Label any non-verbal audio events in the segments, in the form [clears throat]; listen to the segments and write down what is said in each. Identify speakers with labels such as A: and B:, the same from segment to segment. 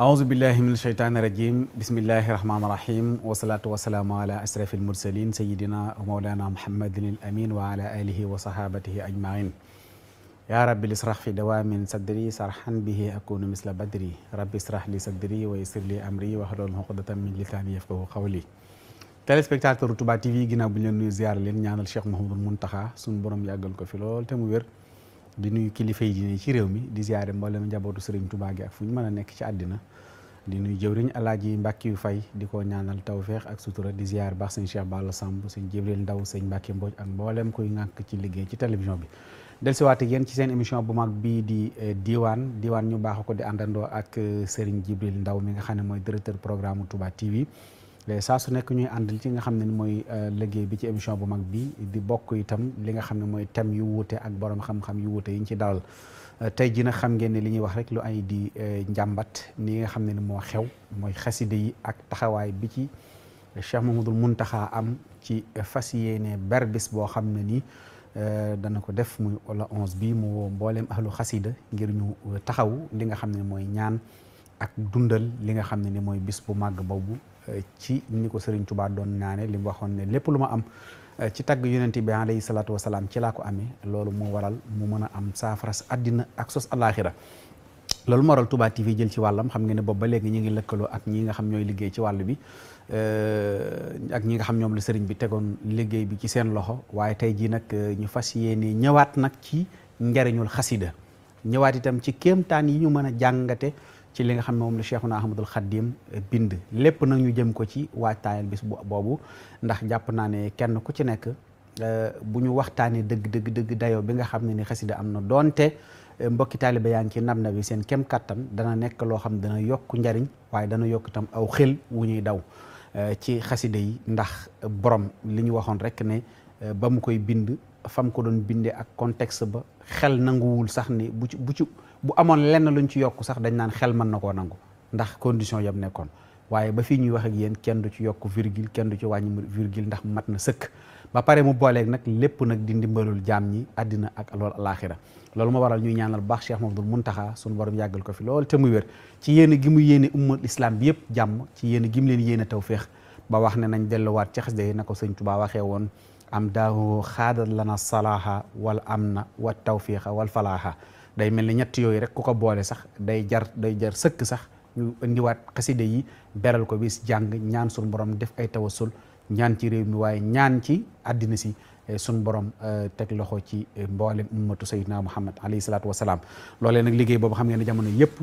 A: أعوذ بالله من الشيطان الرجيم بسم الله الرحمن الرحيم والصلاة والسلام على أسرف المرسلين سيدنا ومولانا محمد الأمين وعلى آله وصحابته أجمعين يا رب اسرح في دوام صدري سرحا به أكون مثل بدري رب اسرح لي صدري ويسر لي أمري واحلل المقدة من لثاني يفقه قولي téléspectateur Touba TV ginnaaw bi ñu زيار nuyu ziar الشيخ محمود المنتخى سنبرم Mountakha suñu borom di nuyu kilifa ji diine ci réew mi di ziare mboolem njabootu Serigne Touba ak fu ñu mën a nekk ci àddina di nuyu jëwriñ alaaji Mbàkke yu fay di ko ñaanal tawféex ak sutura di ziar baax sëñ Cheikh Balla Samb sëñ Jibril Ndaw sëñ Mbàkke Mbooj ak mboolem kuy ŋànk ci liggéey ci télévision bi dellusiwaat ak yéen ci seen émission bu mag bii di eh, diwaan diwaan ñu baax ko di àndandoo ak eh, Serigne Jibril Ndaw mi nga xam ne mooy directeur programme Touba TV Eh, saa su nekk ñuy ànd ci nga xam ne ni mooy eh, liggéey bi ci émission bu mag bi di bokk itam li nga xam ne mooy thème yu wute ak boroom xam-xam yu wuute yi ñu ci dalal eh, tey jii nag xam ngeen ne li ñuy wax rek lu ay di njàmbat ni nga xam ne ni moo xew mooy xaside yi ak taxawaay bi ci Cheikh mun Muntaxa am ci fas yéene berbis boo xam ne nii dana ko def muy la onze bi mu woo mbooleem ahlu xasida ngir ñu taxaw li nga xam ne mooy ñaan ak dundal li nga xam ne ni mooy bis bu màgg boobu Eh, ci ni ko Serigne Touba don ñaane lim waxone lepp ne am eh, ci tag yonenti bi alayhi salatu wassalam ci la ko amé lolu mo waral mu meuna am safras. adina ak sos alakhirah lolu moral Touba TV jël ci walam xam ngeen ne ba léegi ñi ngi lekkelo ak ñi nga xam ñoy liggéey ci walu bi eh, ak ñi nga xam ñom la serigne bi tegoon liggéey bi ci seen loxo waye tay ji nak ñu fasiyene ñewat nak ci njariñul khasida ñewat itam ci kemtane yi ñu meuna jangate ci li nga xam ne moom la Cheikhuna Ahmadul Xaddim bind lépp nag ñu jëm ko ci waajtaayal bis boobu ndax jàpp naa ne kenn ku ci nekk euh, bu ñu waxtaanee dëgg dëgg dëgg dayoo bi nga xam ne ni xasida am na doonte euh, mbokki taaliba yaa ngi ci nab bi seen kem kattan dana nekk loo xam dana yokk njariñ waaye dana yokk itam aw xel wu ñuy daw euh, ci xasida ndax borom li ñu waxoon rek ne ba mu koy bind fam ko doon bindee ak contexte ba xel nanguwul sax ni bu ci bu ci bu amone len luñ ci yokk sax dañ nan xel man nako nangu ndax condition yam nekkon waye ba fii ñuy wax ak yéen kenn du ci yokk virgule kenn du ci wàññi virgule ndax mat na sëkk ba pare mu bolé nak lépp nak di ndimbalul jam ñi adina ak lool alakhirah lool mo waral ñuy ñaanal bax Cheikh Mouhamadoul muntaha sun borom yagal ko fi lool te muy wér ci yeen gi mu yéene ummat islam bi yëpp jam ci yeen gi mu leen yéene tawfiq ba wax ne nañ delu wat ci xasida de na ko sëñ Tuubaa waxee woon am daahu xaadat lana salaaha wal amna wat tawfiqa wal falaha day mel ni ñetti yooyu rek ku ko boole sax day jar day jar sëkk sax ñu indiwaat xaside yi beral ko bis jàng ñaan suñu borom def ay tawasul ñaan ci réew mi waaye ñaan ci àddina si suñ borom tek loxo ci mbolé ummatu sayyidina muhammad alayhi salatu wassalam lolé nak liggéey bobu xam ngeen ne jamono yëpp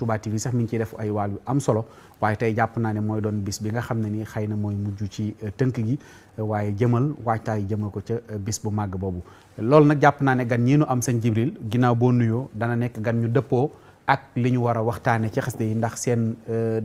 A: Touba TV sax mi ngi ci def ay waal yu am solo waye tay jàpp na ne moy doon bis bi nga xam ne ni xëy moy mujju ci teunk gi waye jëmal waajtaay jëmal ko ci bis bu mag bobu lol nak jàpp na ne gan ñi nu am sëñ Jibril ginaaw bo nuyo dana nek gan ñu dëppoo ak li ñu war a ci xasida yi ndax seen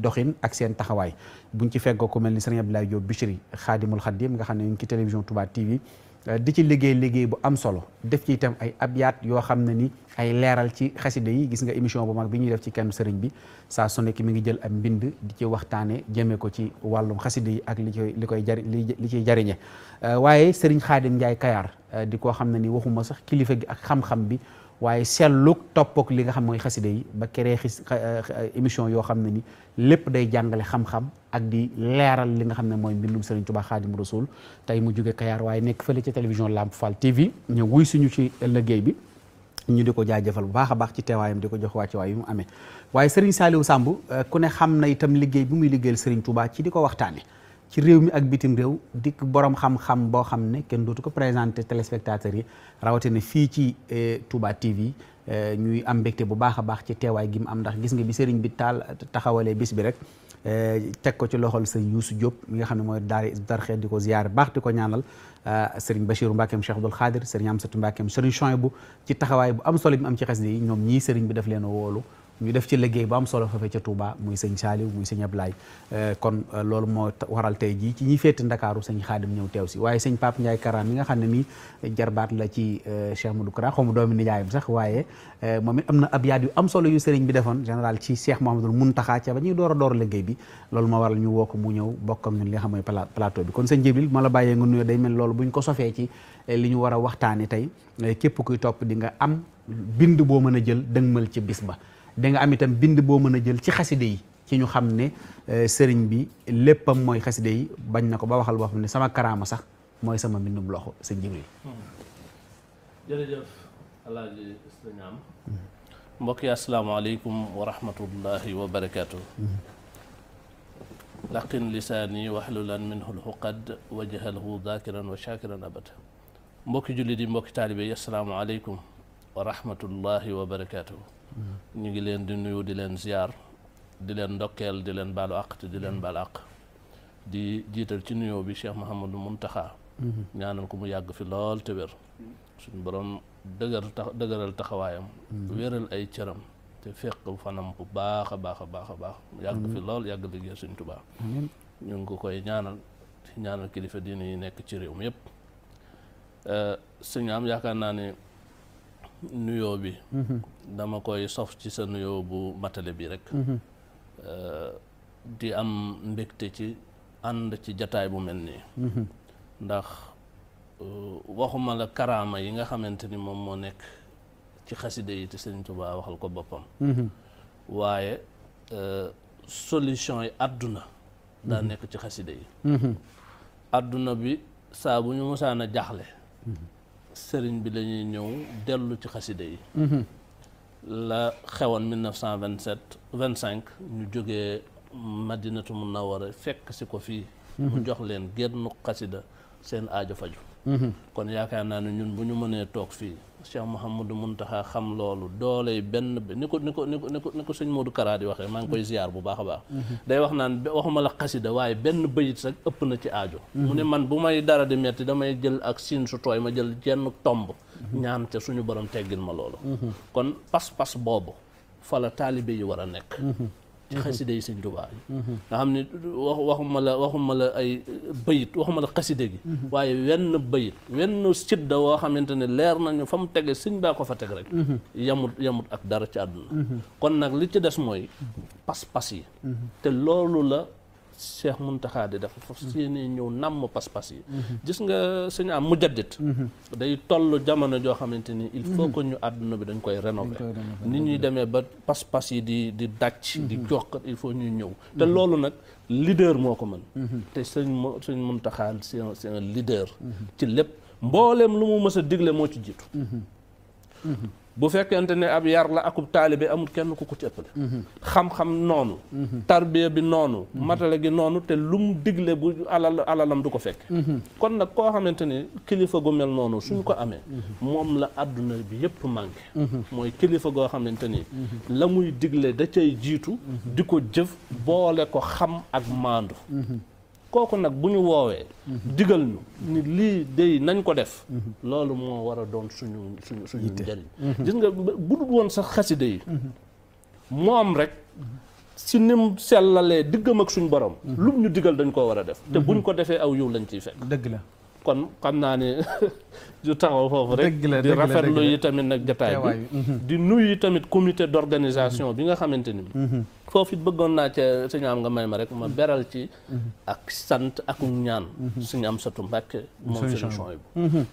A: doxin ak seen taxaway buñ ci fegg ko melni serigne Abdoulaye Diop Bichri khadimul khadim nga xamne ñu ci télévision Touba TV Euh, di ci liggéey liggéey bu am solo def ci itam ay abyaat yoo xam ne ni ay leeral ci xasida yi gis nga émission bu mag bi ñuy def ci kenn sëriñ bi saa su nekk mi ngi jël ab mbind di ci waxtaane jëmee ko ci wàllum xasida yi ak li koy li koy jari li ciy jariñe euh, waaye sëriñ Xaadim Njaay Kayaar euh, di koo xam ne ni waxuma sax kilifa gi ak xam-xam bi waaye seetlu toppook li nga xam mooy xasida yi ba créé émission yoo xam ne ni lépp day jàngale xam-xam ak di leeral li nga xam ne mooy mbindum Serigne Touba Xaadimu Rasuul tey mu jóge Kayaar waaye nekk fële ci télévision Lamp Fall TV ñu suñu ci liggéey bi ñu di ko jaajëfal bu baax a baax ci teewaayam di ko jox wàcc waay mu amee waaye Serigne Saliou Samb eh, ku ne xam na itam liggéey bi muy liggéeyal Serigne Touba ci di ko waxtaane ci réew mi ak bitim réew dikk borom xam-xam boo xam ne kenn dootu ko présenté téléspectateurs yi rawatina fii ci eh, Touba TV eh, ñuy am mbégte bu baax a baax ci teewaay gi mu am ndax gis nga bi Serigne bi taal taxawalee bis bi rek Eh, teg ko ci loxol sëñ Youssou Diop mi nga xam ne mooy daari darxee di ko ziyaare baax di ko ñaanal eh, sëriñ Bachirou Mbackeem Cheikh Abdoul Khadir sëriñ Amsatou Mbackeem sëriñ Chouaïbou bu ci taxawaay bu am solo am ci xes yi ñoom ñii sëriñ bi daf leen a woolu ñu def ci liggéey bu am solo fa ca Touba muy sëñ Saliou muy sëñ Ablaye eh, kon eh, loolu moo waral tey jii ci ñi féete Ndakaaru sëñ Xaadim ñëw teew si waaye sëñ Pape Ndiaye Kara mi nga xam ne nii jarbaat la ci eh, Cheikh Modou Kara xaw ma doomi nijaayam sax waaye moom it am na ab yaat yu am solo yu sëriñ bi defoon général ci Cheikh Mouhamadoul Mountakha ca ba ñuy door a door liggéey bi loolu moo waral ñu woo ko mu ñëw bokk ak ñun li nga xam mooy plateau bi kon sëñ Jibril ma la bàyyee nga nuyoo day mel loolu ko sofee ci ñu war a waxtaani tey képp kuy topp di nga am bind boo mën a jël dëngmal ci bis ba da nga am itam bind boo mën a jël ci xaside yi ci ñu xam ne sëriñ bi léppam mooy xaside yi bañ na ko ba waxal boo ne sama karaama sax mooy sama mbindum loxo sëñ Jibril
B: jërëjëf alaaji sëñ am mbokk yi asalaamaaleykum wa rahmatullahi wa barakaatu laqin lisaani waxlulan minhu lxuqad wajahalhu dakiran wa shakiran abad mbokki jullit yi mbokki taalibe yi asalaamaaleykum wa rahmatullahi wa barakatuh ñu ngi leen di nuyu di leen ziar di leen ndokkeel di leen baalu àq te di leen baal àq di jiital ci nuyoo bi Cheikh Mouhamadou Mountakha mm-hmm. ñaanal ko mu yàgg fi lool te wér suñu borom dëgër tax dëgëral taxawaayam mm-hmm. wéral ay cëram te fekk fanam bu baax a baax a baax a baax yàgg fi mm-hmm. lool yàgg liggéey suñ Tuubaa ñu ngi ko koy ñaanal ci ñaanal kilifa diine yi nekk ci réew mi yépp euh, sëñ am yaakaar naa ne nuyoo bi mhm. dama koy sof ci sa nuyoo bu matale bi rek mhm. euh, di am mbégte ci ànd ci jataay bu mel nii mhm. ndax euh, waxuma la karaama yi nga xamante ni moom moo nekk ci xaside yi te Sëriñ Tuubaa waxal ko boppam waaye euh, solution yi àdduna daa nekk ci xaside yi àdduna bi saabu bu ñu mosaan jaaxle sëriñ bi lañuy ñëw dellu ci xasida yi mhm. la xewoon 1927 25 ñu jógee madinatu a fekk si ko fii mhm. mu jox leen génn xasida seen aajo faju mhm. kon yaakaar naa ne ñun bu ñu mënee toog fii Cheikh Mouhamadou Mountakha xam loolu doole benn ni ko ni ko ni ko ni ko ni ko sëñ Modou Kara di waxee maa ngi koy ziar bu baax a baax day wax naan waxuma la xasida waaye benn bayit sax ëpp na ci aajo mu ne man bu may dara di metti damay jël ak siin su tooy ma jël jenn tomb ñaan ca suñu borom teggil ma loolu mhm. kon pas-pas boobu fa la taalibe yi war a nekk mhm. ci xaside yi sëñ Tuubaa yi mm-hmm. Mm-hmm. nga xam ne wax waxuma la waxuma la ay bayit waxuma la xaside gi mm-hmm. waaye wenn bayit wenn sidda woo xamante ne leer nañu fa mu tegee sëñ baa ko fa teg rek yamut yamut ak dara ci àdduna kon nag li ci des mooy pas-pas yi te loolu la Cheikh Mountakha di def foofu mm-hmm. seen ñëw nàmm pas-pas yi mm-hmm. gis nga suñu am mujaddid mm-hmm. day toll jamono joo xamante ni il faut que ñu àdduna bi dañ koy rénover ni ñuy demee ba pas-pas yi di di dàcc di jox il faut ñuy ñëw te loolu nag leader moo ko mën te sëñ sëñ Mountakha c'est un c'est un leader ci lépp mbooleem lu mu mës a digle moo ci jiitu bu fekkente ne ab yar la akub taalibe amul kenn ku ko ci ëppale xam-xam noonu tarbiya bi noonu matale gi noonu te lu mu digle bu alal alalam du ko fekk kon nag koo xamante ne kilifa gu mel noonu suñ ko amee moom la àdduna bi yépp manqué mooy kilifa goo xamante ni la muy digle da cay jiitu di ko jëf boole ko xam ak maandu kooku nag bu ñu woowee mhm. digal ñu ni lii day nañ ko def mhm. loolu moo war a doon suñu suñu suñu njëriñ mhm. gis nga bu dul woon sax xasida yi moom rek si nim sellalee diggam ak suñ borom lu ñu digal dañ koo war a def te buñ ko defee aw yow lañ ciy fekk dëgg la kon xam naa ne [laughs] ju taxaw foofu rek di rafetlu yi tamit nag jataay bi mhm. di nuyu tamit comité d'organisation bi nga xamante ni mhm. foofu it bëggoon naa ca suñu nga may ma rek ma mhm. beral ci ak sant ak ñaan suñu am satu mbàkke moom solution yi bu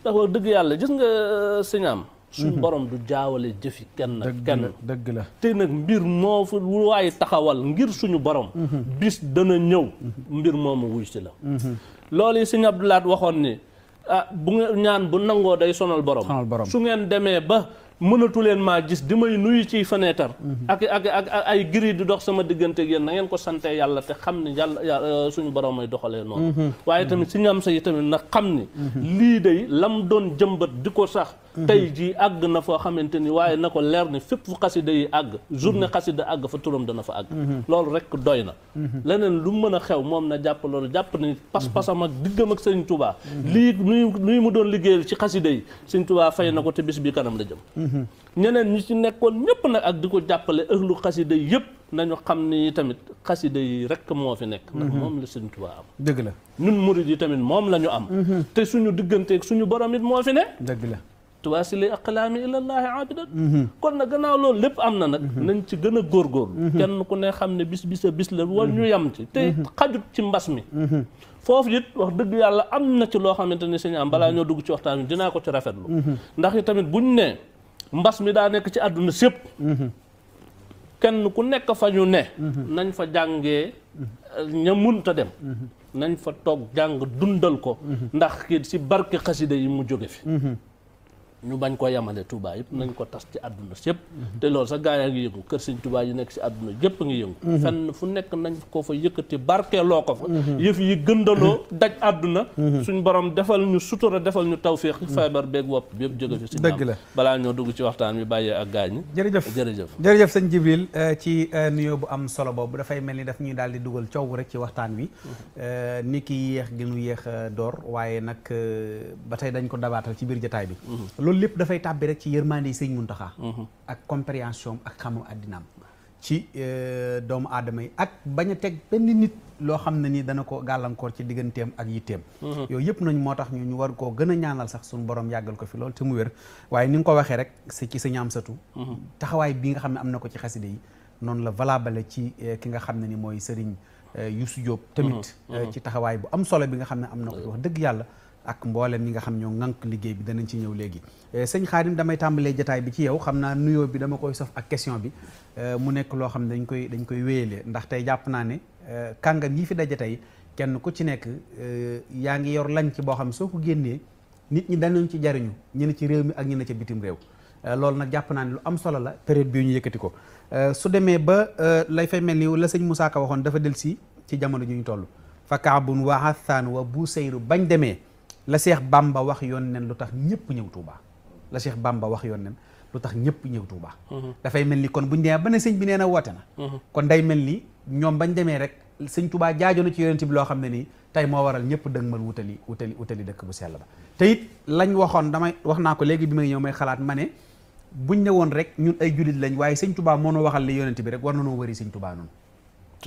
B: ndax dëgg yàlla gis nga euh, suñu suñu borom du jaawale jëfi kenn kenn dëgg la te nag mbir moo fi waaye taxawal ngir suñu borom bis dana ñëw mbir moomu wuy si la loolu yi sëñ Abdou laat waxoon ni ah bu ngeen ñaan bu nangoo day sonal borom. borom su ngeen demee ba mënatu leen maa gis di may nuyu ci fenêtre. Mm-hmm. ak ak ak ay giri di dox sama diggante yéen na ngeen ko sante yàlla te xam ni yàlla euh, suñu borom may doxalee noonu. Mm-hmm. waaye tamit si ñam sa yi tamit na xam ni. Mm-hmm. lii day lam doon jëmbat di ko sax. tey ji àgg na foo xamante ni waaye na ko leer ni fépp fu xasida yi àgg journée xasida àgg fa turam dana fa àgg mhm. loolu rek doy na mhm. leneen lu mën a xew moom na jàpp loolu jàpp ni pas-pasam ak diggam ak Sëriñ Tuubaa mhm. lii nuy mu doon liggéeyal ci xasida yi Sëriñ Tuubaa fay na ko te bis bi kanam la jëm ñeneen ñi ci nekkoon ñëpp nag ak di ko jàppale ëhlu xasida yëpp nañu xam ni tamit xasida yi rekk moo fi nekk moom la Sëriñ Tuubaa am dëgg la ñun murid yi tamit moom la ñu am te suñu digganteeg suñu borom it moo fi ne dëgg la tuwaasile aqlaami ilallaahi aabidan mhm. kon na gannaaw loolu lépp am na nag mhm. nañ ci gën a góorgóorlu mhm. kenn ku ne xam ne bis bi sa bis la war ñu yam ci te xajut ci mbas mi foofu it wax dëgg yàlla am na ci loo xamante ne sëñ am balaa ñoo dugg ci waxtaan wi dinaa ko ci rafetlu ndax i tamit buñ nee mbas mi daa nekk ci àdduna sépp kenn ku nekk fa ñu ne nañ fa jàngee ña munta dem nañ fa toog jàng dundal ko ndax kii si barke xasida yi mu jóge fi ñu bañ ko yemale tubaa yëpp nañ ko tas ci àdduna sépp te loolu sa gaa yaa ngi kër sëñ Touba yi nekk si àdduna yëpp a ngi yëngu mhm. fenn fu nekk nañ ko fa yëkkati barkeeloo ko fa mhm. yëf yi gëndaloo mhm. daj àdduna suñ borom defal ñu sutura defal ñu tawféex feebar beeg wopp bi yëpp jóge fi si dëgg la balaa ñoo dugg ci waxtaan bi bàyyee ak gaa ñi jërëjëf jërëjëf
A: jërëjëf sëñ Jibril euh, ci euh, nuyoo bu am solo boobu dafay mel ni daf ñuy daal di dugal coow rek ci waxtaan wi euh, ni ki yéex gi nu yéex door waaye nag ba tey dañ ko dabaatal ci biir jataay bi loolu lépp dafay tàbbi rek ci yërmande yi sëñ Muntaxa mhm. ak compréhension ak xamam àddinaam ci euh, doomu aadama yi ak bañ a teg benn nit loo xam ne ni dana ko gàllankoor ci digganteem ak yitteem mhm. yooyu yëpp nañ moo tax ñu ñu war koo gën a ñaanal sax suñu borom yàggal ko fi loolu te mu wér waaye ni nga ko waxee rek si ci sëñ Amsatu mhm. taxawaay bi nga xam ne am na ko ci xaside yi noonu la valable ci euh, ki nga xam ne ni mooy sëriñ euh, Youssou Diop tamit ci taxawaay bu am solo bi nga xam ne am na ko wax dëgg yàlla ak mboolem ñi nga xam ñoo ŋànk liggéey bi danañ ci ñëw léegi eh, sëñ Xaadim damay tàmbalee jataay bi ci yow xam naa nuyo bi dama koy sof ak question bi eh, mu nekk loo xam dañ koy dañ koy wéyale jàpp naa ne eh, kàngam yi fi daje tey kenn ku ci nekk yaa ngi yor lañ ci boo xam soo ko génnee nit ñi danañ ci jariñu ñi ne ci réew mi ak ñi ne ca bitim réew loolu nag jàpp naa ne lu am solo la période bii ñu yëkkati ko su demee ba la fay mel ni la sëñ Moussa Ka waxoon dafa del si ci jamono ju ñu toll fa kaabun waa hathaan wa bu seyru bañ demee la Cheikh Bamba wax yoon nen lu tax ñëpp ñëw Touba la Cheikh Bamba wax yoon nen lu tax ñëpp ñëw Touba. Mhm. dafay mel ni kon buñ demee ba ne sëñ bi nee na woote na. Mhm. kon day mel ni ñoom bañ demee rek sëñ Touba jaajoonu ci yonent bi loo xam ne nii tey moo waral ñëpp dëng mën wutali wutali wutali dëkk bu sell ba. te it lañ waxoon damay wax naa ko léegi bi may ñëw may xalaat ma ne buñ ne woon rek ñun ay jullit lañ waaye sëñ Touba moo nu waxal li yonent bi rek war na noo wëri sëñ Touba noonu.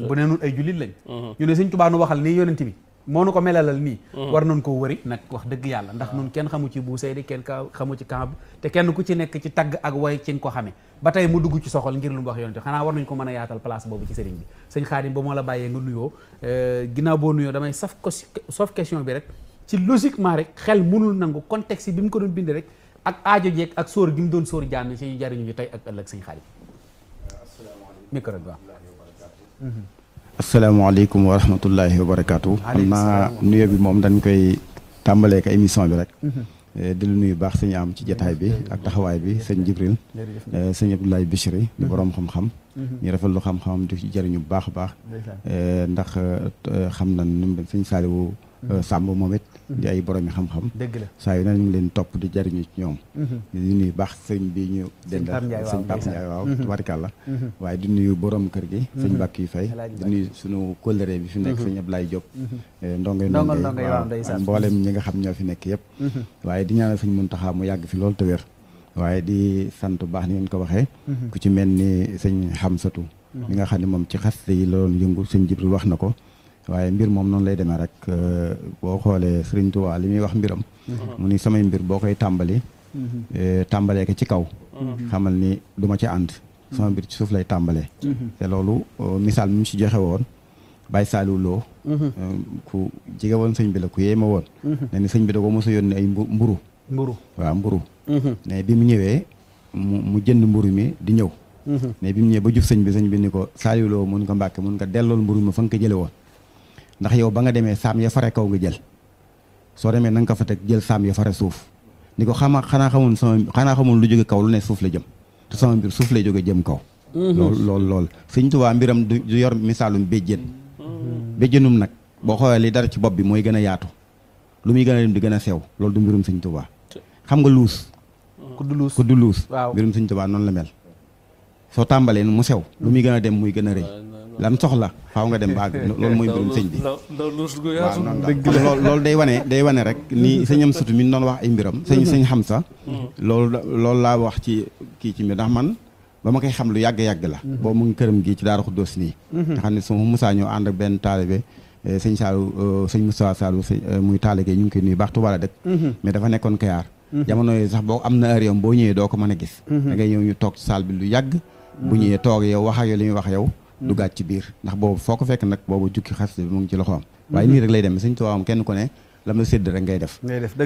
A: bu ne ñun ay jullit lañ. Mhm. ñu ne sëñ Touba nu waxal nii yonent bi moo nu ko melalal nii mm. war nañ koo wëri nag wax dëgg yàlla ndax ah. nun kenn xamu ci Bou Seydi kenn ka xamu ci Kamb te kenn ku ci nekk ci tagg ak way ci nga ko xame ba tey mu dugg ci soxol ngir lu mu wax xanaa war nañ ko mën a yaatal place boobu ci sëriñ bi sëñ Xaadim ba moo la bàyyee nga nuyoo euh, ginnaaw boo nuyoo damay saf ko saf question bi rek ci logiquement rek xel mënul nangu contexte bi mu ko doon bind rek ak aajo jeeg ak sóor gi mu doon sóor jànn ci jariñu ñu tey ak ëllëg sëñ Xaadim micro bi
C: asalaamaaleykum wa rahmatullahi wa barakaatu. xam naa nuyoo bi moom dañ koy tàmbalee ak émission bi rek. Mhm. Eh, di lu nuyu baax sañu am ci jataay bi ak taxawaay bi sëñ Jibril eh, sëñ Abdoulaye Bichri di mhm. borom xam-xam mhm. ñu rafet lu xam-xam di ci jëriñu bu baax a baax eh, ndax xam na nu sëñ Saaliwu Euh, sàmb moom it di ay borom yi xam-xam dëgg la saa yu ne leen topp di jariñu ñoom mhm. di nuyu baax sëñ bi ñu dendal sëñ Pape Ndiaye waaw mhm. tubarkàlla mhm. waaye di nuyu boroom kër gi sëñ Bakk yi fay di nuyu suñu kóllëre bi fi nekk sëñ Ablaye Diop eh, ndongoy ndongoy mboolem ñi nga xam ñoo fi nekk yëpp waaye di ñaanal sëñ Muntaxa mu yàgg fi lool te waaye di sant bu baax ni ngeen ko waxee ku ci mel ni sëñ Xamsatu mi nga xam ne moom ci xas yi la doon yëngu sëñ Jibril wax na ko waaye mbir moom noonu lay demee rek euh, boo xoolee Serigne Touba li muy wax mbiram. Mhm. mu ni samay mbir boo koy tàmbali. Mhm. Euh, tàmbalee ko ci kaw. Mhm. xamal ni duma ci ànd. sama mbir ci suuf lay tàmbalee. te loolu euh, misaal mi mu ci joxe woon Baye Saliou ku jege woon sëñ bi la ku yéeme woon. ne ni sëñ bi da ko mos a yónnee ay mburu mburu waaw mburu ne bi mu ñëwee mu mu jënd mburu mi di ñëw. ne bi mu ñëwee ba jub sëñ bi sëñ bi ni ko Saliou mun nga mbàkke mun nga dellool mburu mi fa nga ko jëlee woon. ndax yow ba nga demee saam ya fare kaw nga jël soo demee na nga ko fa teg jël saam ya fare suuf ni ko xamaa xanaa xamul sama xanaa xamul lu jóge kaw lu ne suuf la jëm te sama mbir suuf lay jóge jëm kaw mhm. lool lool lool sëñ mbiram du yor misaalum béjjén mhm. béjjénum nag boo xoolee li dara ci bopp bi mooy gën a yaatu lu muy gën a dem di gën a sew loolu du mbirum sëñ Tuubaa xam nga luus mhm. kuddu luus kuddu luus mbirum sëñ Tuubaa noonu la mel soo tàmbalee mu sew lu muy gën a dem muy gën a lan soxla faaw nga dem baag [laughs] loolu mooy mbirum sëñ bi
B: waaw noonu loolu day
C: wane day wane rek nii mm-hmm. sëñam sutu mi doon wax ay mbiram sëñ mm-hmm. sëñ xam sa mm-hmm. loolu loolu laa wax ci kii ci mbir ndax man ba ma koy xam lu yàgg-yàgg la boo mu ngi këram gii ci daara xuddoos nii nga xam ne su ma musaa ñoo ànd ak benn taalibe eh, sëñ Saalou eh, sëñ Moustapha Saalou eh, muy taalibe ñu ngi koy nuyu baax Tuubaa la dëkk mais dafa nekkoon Kayaar jamono yi sax boo am na heure boo ñëwee doo ko mën a gis da ngay ñëw ñu toog ci saal lu yàgg bu ñëwee toog yow wax li ñuy wax yow dugaat ci biir ndax boobu foo ko fekk nag boobu jukki xasida bi mu ngi ci loxoom mhm. waaye nii rek lay dem sëñ Tuubaa am kenn ku ne lam sédd rek ngay def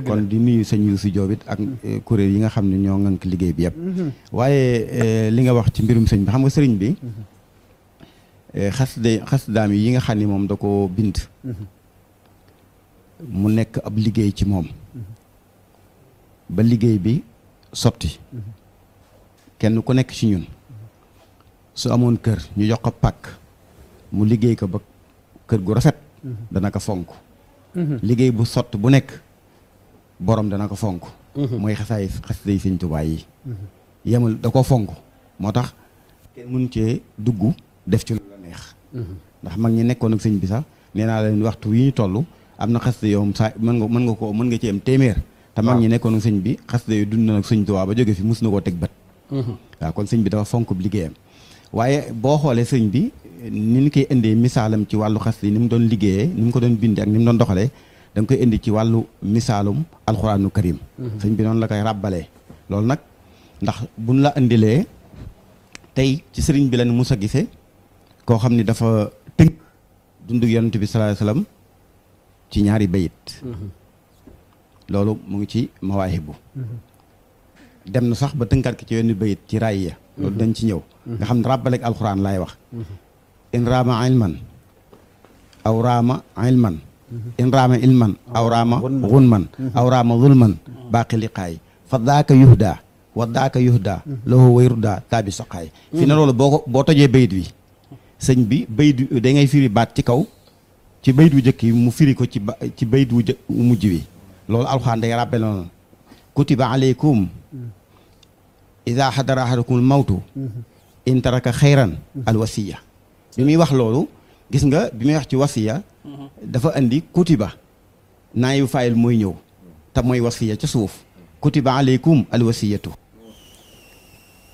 C: kon di nuyu sëñ Yuusu Joob it ak mhm. eh, kuréel yi nga xam ne ñoo ngànk liggéey bi yëpp mhm. waaye eh, li nga wax ci mbirum sëñ bi xam nga sëriñ bi xasida eh, xasidaam yi nga xam ne moom da ko bind nekk ab liggéey ci moom ba liggéey bi sotti kenn ku nekk ci ñun su amoon kër ñu jox ko pàkk mu liggéey ko ba kër gu rafet mhm. dana ko fonk mhm. liggéey bu sott bu nek borom dana ko fonk moy mhm. xassay xassay yi touba yi yamul da ko fonk motax ken kenn mun cee dugg def ci lu neex ndax mag ñi nekkon ak sëñ bi sax nee leen waxtu yi ñu tollu amna xassay yow nga ko man nga ci am témèr ta mag ñi nekkon ak bi xassay yu dund nak ak touba ba joge fi mus na kon bi dafa fonk liggéeyam waaye boo xoolee sëñ bi ni ñu koy indee misaalam ci wàllu xas li ni mu doon liggéeyee ni mu ko doon bindee ak ni mu doon doxalee da koy indi ci wàllu misaalum alxuraanu karim mhm. sëñ bi noonu la koy ràbbalee loolu nag ndax buñ la indilee tey ci sëriñ bi la mus a gisee koo xam ni dafa tënk dundug yonent bi sallallahu alayhi ci ñaari bayit mhm. loolu mu ngi ci mawaahibu mhm. dem na sax ba tënkaat ki ci wenn bayit ci raay ya loolu dañ ci ñëw nga xam ne ràbbaleeg alxuraan laay wax in raama ilman aw raama ilman in raama ilman aw raama gunman aw raama zulman baaqi liqaay fa daaka yuhda wa daaka yuhda lahu wayruda taabi soqaay fi na loolu boo ko boo tojee bayit wi sëñ bi bayit wi da ngay firi baat ci kaw ci bayit wu jëkk yi mu firi ko ci ci bayit wu mujj wi loolu alxuraan day ràbbale noonu kutiba aleykum اذا حضر احدكم الموت ان ترك خيرا الوصيه بيمي واخ لولو غيسغا بيمي واخ تي وصيه دا فا اندي كتب نايو فايل موي نيو تا موي وصيه تي سوف كتب عليكم الوصيه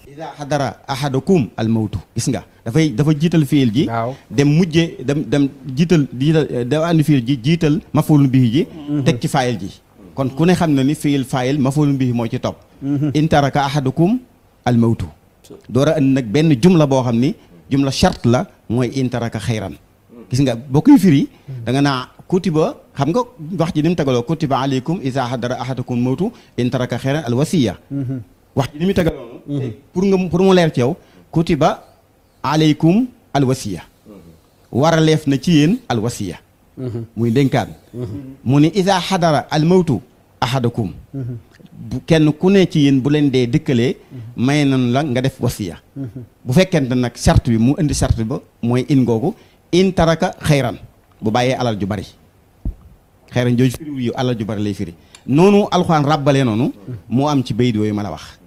C: اذا حضر احدكم الموت غيسغا دا فاي دا فا جيتال فيل جي نعم. دم موجي دم دم جيتال دا اندي فيل جي جيتال مفعول به جي تك تي فايل جي kon ku ne xam na ni fiil faayil mafoolu mbii mo ci topp intaraka ahadukum al maut door a indi nag benn jumla bo xamni jumla shart la mooy intaraka xayran gis nga bokuy firi da nga na kutiba xam nga wax ji nim tagalo kutiba alaykum iza hadara ahadukum mawtu intaraka xayran al wasiya wax ji nim tagalo pour nga pour mo leer ci yow kutiba alaykum al wasiya waralef na ci yéen al wasiya muy dénkaan mu ni isa xadara al mawtu ahadakum kenn ku ne ci yéen bu leen dee dëkkalee may nañ la nga def wasiya bu fekkente nag charte bi mu indi sart ba mooy in googu in taraka xayran bu bàyyee alal ju bari xayran jooju firiwu yu alal ju bari lay firi noonu alxuraan ràbbalee noonu moo am ci bayit yooyu ma la wax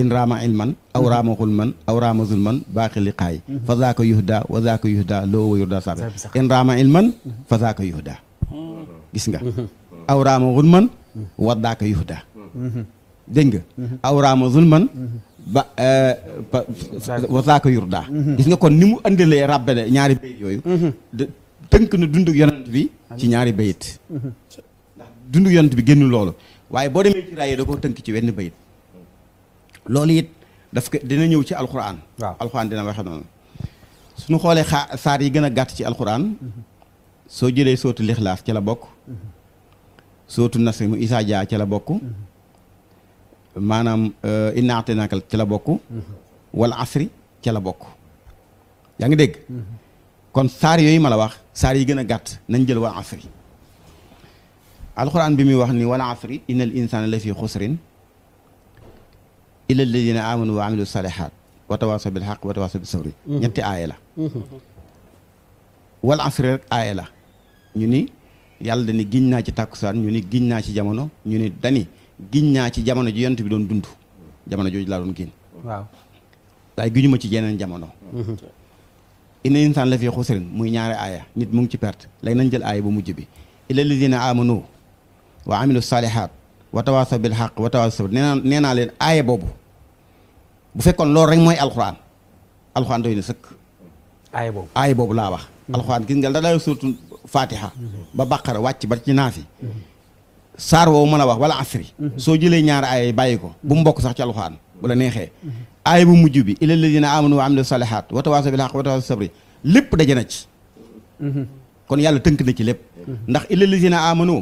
C: إن رام علما أو رام غلما أو رام ظلما باقي اللقاء فذاك يهدى وذاك يهدى لو ويهدى صابر إن رام علما فذاك يهدى gis nga aw raama xulman waddaaka yuhda dégg nga aw raama zulman ba waddaaka yurda gis nga kon ni mu andilee ràbbale ñaari bayit yooyu tënk na dundu yonent bi ci ñaari bayit ndax dundu yonent bi génn loolu waaye boo demee ci raay da ko tënk ci wenn bayit loolu it daf ko dina ñëw ci alxuraan. waaw alxuraan dina waxe noonu. su suñu xoolee xaa saar yi gën a gàtt ci alxuraan. soo jëlee sootu lixlaas ca la bokk. sootu nasimu mu jaa ca la bokk. maanaam euh, innaa a'taynaakal ca la bokk. wal asri ca la bokk. yaa ngi dégg. kon saar yooyu ma la wax saar yi gën a gàtt nañ jël wal asri. alxuraan bi muy wax ni wal asri innal insaana la fi xusrin illa alladina amanu wa amilu salihat wa tawasaw bil haq wa tawasaw bis sabri ñetti aaya la wal asri rek aaya la ñu ni yàlla dani giñ naa ci tàkkusaan ñu ni giñ naa ci jamono ñu ni dani giñ naa ci jamono ji yonent bi doon dund jamono jooju laa doon giñ waaw waaye giñu ma ci yeneen jamono inna insaan la fi xusrin muy ñaari aaya nit mu ngi ci perte léegi nañ jël aaya bu mujj bi illa alladina amanu wa amilu salihat watawaasaw bil xaq watawaasaw nee naa nee naa leen aaye boobu bu fekkoon loolu rek mooy alxuraan alxuraan doy na sëkk. aaye boobu aaye boobu laa wax. alxuraan gis nga da lay surtout Fatiha. ba Baqara wàcc ba ci naafi. saar woowu mën a wax wala asri. soo jëlee ñaari aaye bàyyi ko. bu mu bokk sax ci alxuraan bu la neexee. aaye bu mujj bi illal ladina amanu wa amilu salihaat watawaasaw bil xaq watawaasaw sabri lépp daje na ci. kon yàlla tënk na ci lépp. ndax illal ladina amanu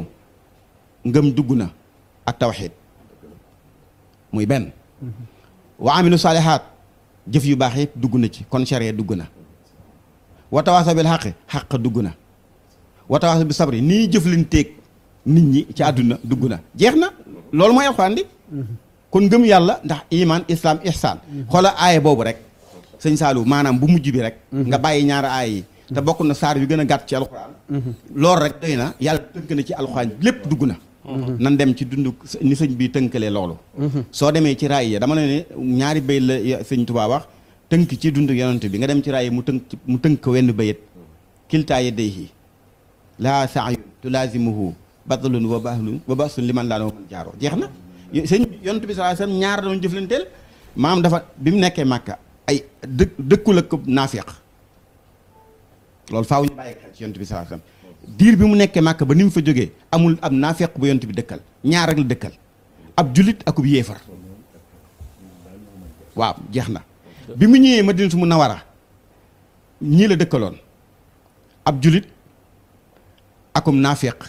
C: ngëm dugg na. ak tawxiid muy benn wa amilu saalihaat jëf yu baax yëpp dugg na ci kon sharia dugg na wa tawaasaw bil xaq xaq dugg na wa tawaasaw bi sabri nii jëflanteeg nit ñi ci àdduna dugg na jeex na loolu mooy alxuraan di kon ngëm yàlla ndax iman islam ihsaan xoola aaya boobu rek sëñ saalu maanaam bu mujj bi rek nga bàyyi ñaari aaya yi te bokk na saar yu gën a gàtt ci alxuraan mhm. loolu rek doy na yàlla tënk na ci alxuraan lépp dugg na Mhm. nan dem ci dund ni sëñ bi tënkalee loolu mhm. soo demee ci raay yi dama ne ñaari bay la sëñ Tuubaa wax tënk ci dund yonent bi nga dem ci raay mu tënk mu tënk wenn bayit kiltaa yadayhi laa saayun tulaazimuhu batalun wa bahlun wa basun liman laa noo mën jaaroo jeex na sëñ yonent bi saa sallam ñaar doon jëflanteel maam dafa bi mu nekkee màkka ay dë la ak naafiq loolu faaw ñu bàyyi xel ci yonent bi saa sallam diir bi mu nekkee màkk ba ni mu fa jógee amul am naafeq bu yont bi dëkkal ñaar rek la dëkkal ab julit akub yéefar waaw jeex na bi mu ñëwee Madinatu Munawara ñii la dëkkaloon ab julit akum naafeq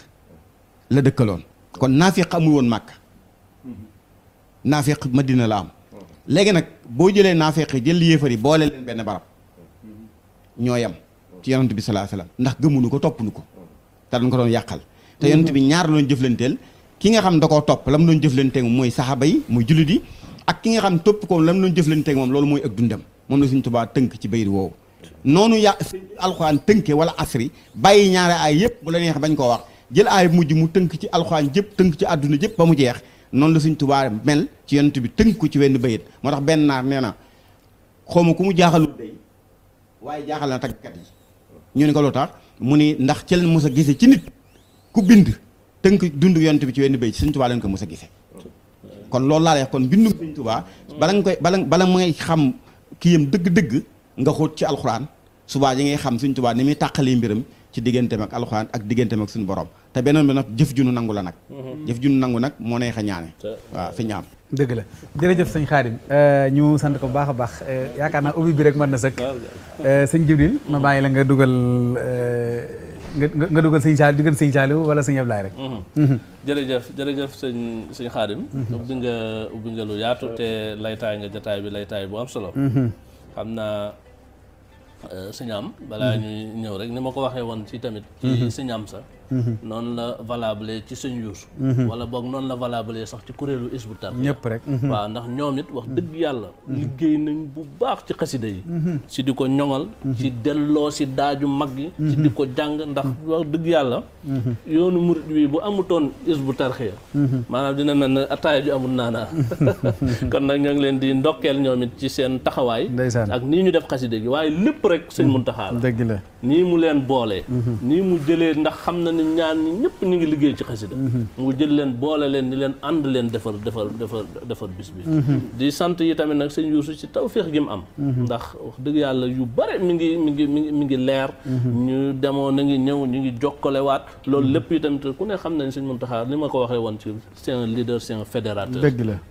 C: la dëkkaloon kon naafeq amul woon màkk naafeq Madina la am léegi nag boo jëlee naafeq yi jël yéefar yi boole leen benn barab ñoo am ci yonent bi salaa salaam ndax gëmuñu ko toppuñu ko te dañ ko doon yàqal te yonent bi ñaar loon jëflanteel ki nga xam da koo topp la mu doon jëflanteeg moom mooy saxaaba yi muy jullit yi ak ki nga xam topp ko la mu doon jëflanteeg moom loolu mooy ak dundam moom la Sëriñ Tuubaa tënk ci bayit woowu noonu yà alxuraan tënke wala asri bàyyi ñaare aay yëpp bu la neex bañ koo wax jël aay mujj mu tënk ci alxuraan jëpp tënk ci àdduna jëpp ba mu jeex noonu la suñ tubaar mel ci yonent bi tënk ko ci wenn bayit moo tax benn naar nee na xawma ku mu jaaxalul day waaye jaaxal na tàggkat yi ñu ne ko lu tax mu ni ndax ci leen mos a gise ci nit ku bind tënk dund yonent bi ci wenn béy ci sëñ Tuubaa leen ko mos a gise kon loolu laa lay wax kon bindu sëñ Tuubaa bala nga koy bala bala ngay xam kii kiyam dëgg-dëgg nga xóot ci alxuraan subaa yi ngay xam sëñ Tuubaa ni muy tàqalee mbiram ci digganteem ak alxuraan ak digganteem ak suñu borom te beneen bi nag jëf junu nangu la nag mhm. jëf junu nangu nag moo neex a ñaane fi ñaam
A: dëgg la jërëjëf sëñ Xaadim euh, ñu sant ko bu baax a baax euh, yaakaar naa ubbi bi rek man na sëkk euh, sëñ Jibril ma bàyyi la nga dugal nga dugal sëñ Saaliw digal sëñ Saaliw wala sëñ Ablaay rek mhm. Mhm.
B: jërëjëf jërëjëf sëñ sëñ Xaadim ubbi nga ubbi nga lu yaatu te laytaay nga jataay bi laytaay bu am solo xam naa sëñ am balaa ñuy ñëw rek ni ma ko waxee woon ci tamit ci sëñ sa Mm-hmm. noonu la valable ci sëñ Yuusu mm-hmm. wala boog noonu la valable sax ci kuréelu isbu tarxiya
A: ñëpp rek mm-hmm. waaw
B: ndax ñoom it wax dëgg yàlla liggéey nañ bu baax ci xasida yi si di ko ñoŋal ci delloo si daaju mag yi si di ko jàng ndax wax dëgg yàlla yoonu murit bi bu amutoon bu tarxiya maanaam dina mel ne ataaya ju amul naanaa [laughs] kon nag ñoo leen di ndokkeel ñoom ci seen taxawaay ak nii ñu def xasida gi waaye lépp rek sëñ Muntaxa la la nii mu leen boolee nii mu jëlee ndax ni ñaan ñi ñëpp ñu ngi liggéey ci xasida mhm. mu jël leen boole leen ni leen ànd leen defar defar defar defar bis bi mhm. di sant yi tamit nag gi mu am mhm. ndax wax dëgg yàlla ñu demoo na ngi ñëw ñu loolu lépp yi tamit ku ne xam nañ sëñ Muntaxa li ma ko waxee woon ci c'est la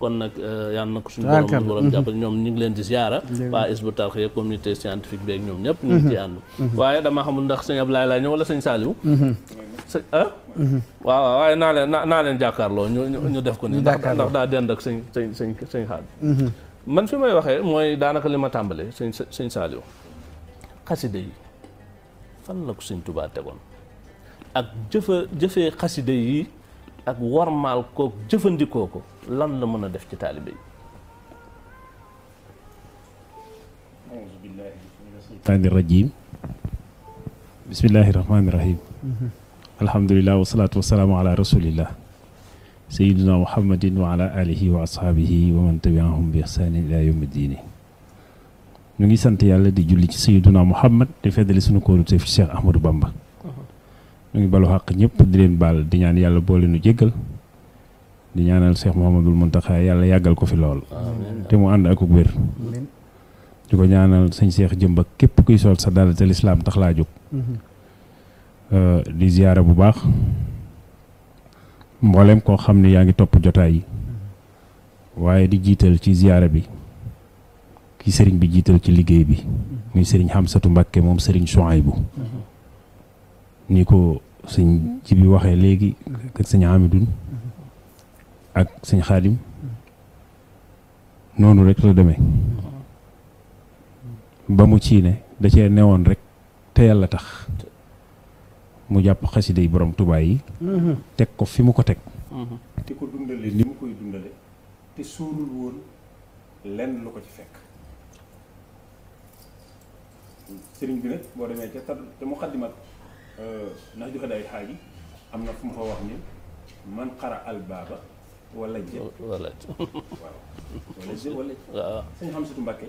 B: kon euh, na ko suñu borom borom jàppale ñoom ñu ngi leen di ziara waa Hizbut Tarqiyyah communauté scientifique beeg ñoom waaye dama xamul ndax sëñ Ablaye laa ñëw wala sëñ Saliou sëñ ah? waaw waaye naa leen naa leen jàkkaarloo ñu ñu def ko nii. ndax daa dend ak sëñ sëñ sëñ sëñ mhm. man fi may waxee mooy daanaka li ma tàmbalee sëñ sëñ Saliou yi fan la ko sëñ Tuubaa tegoon ak jëfa jëfee xaside yi ak warmaal kook jëfandikoo ko lan la mën a def ci taalibe yi.
D: auzu billaahi mina shaytaani alhamdulilah wasalaatu wasalaamu ala rasulillah sayiduna muhammadin wa ala ngi sant yàlla di julli ci sayiduna muhammad di feddali sunu kóoruteef ci Cheikh Ahmadou ngi balu xàq ñëpp di leen baal di ñaan yàlla boole nu jéggal di ñaanal Cheikh Mouhamadul yàlla yàggal ko fi lool te mu ànd ko ñaanal sëñ Cheikh jëmb képp kuy sol sa dara te tax laa jóg mhm. Euh, di ziyaara bu baax mboolem koo xam ne yaa ngi topp jotaay yi waaye di jiital ci ziyaara bi ki sëriñ bi jiital ci liggéey bi muy sëriñ Xamsatu Mbàkke moom sëriñ Suwaybu ni ko sëñ ci waxee léegi ak sëñ Amidun ak sëñ Xaadim noonu rek la demee ba mu ci da cee newoon rek te yàlla tax mu japp xasida yi borom Tuubaa yi mhm. tek ko fi mu ko tek te mhm. ko dundale ni mu koy dundale te sóolul woon len lu ko ci fekk serigne bi nag boo demee ca tar te muqaddimat euh, ndax joxe day haaji amna fu mu wax ni man al baba wala jë wala [laughs] waaw wala jë wala waaw suñu xam satu mbàkke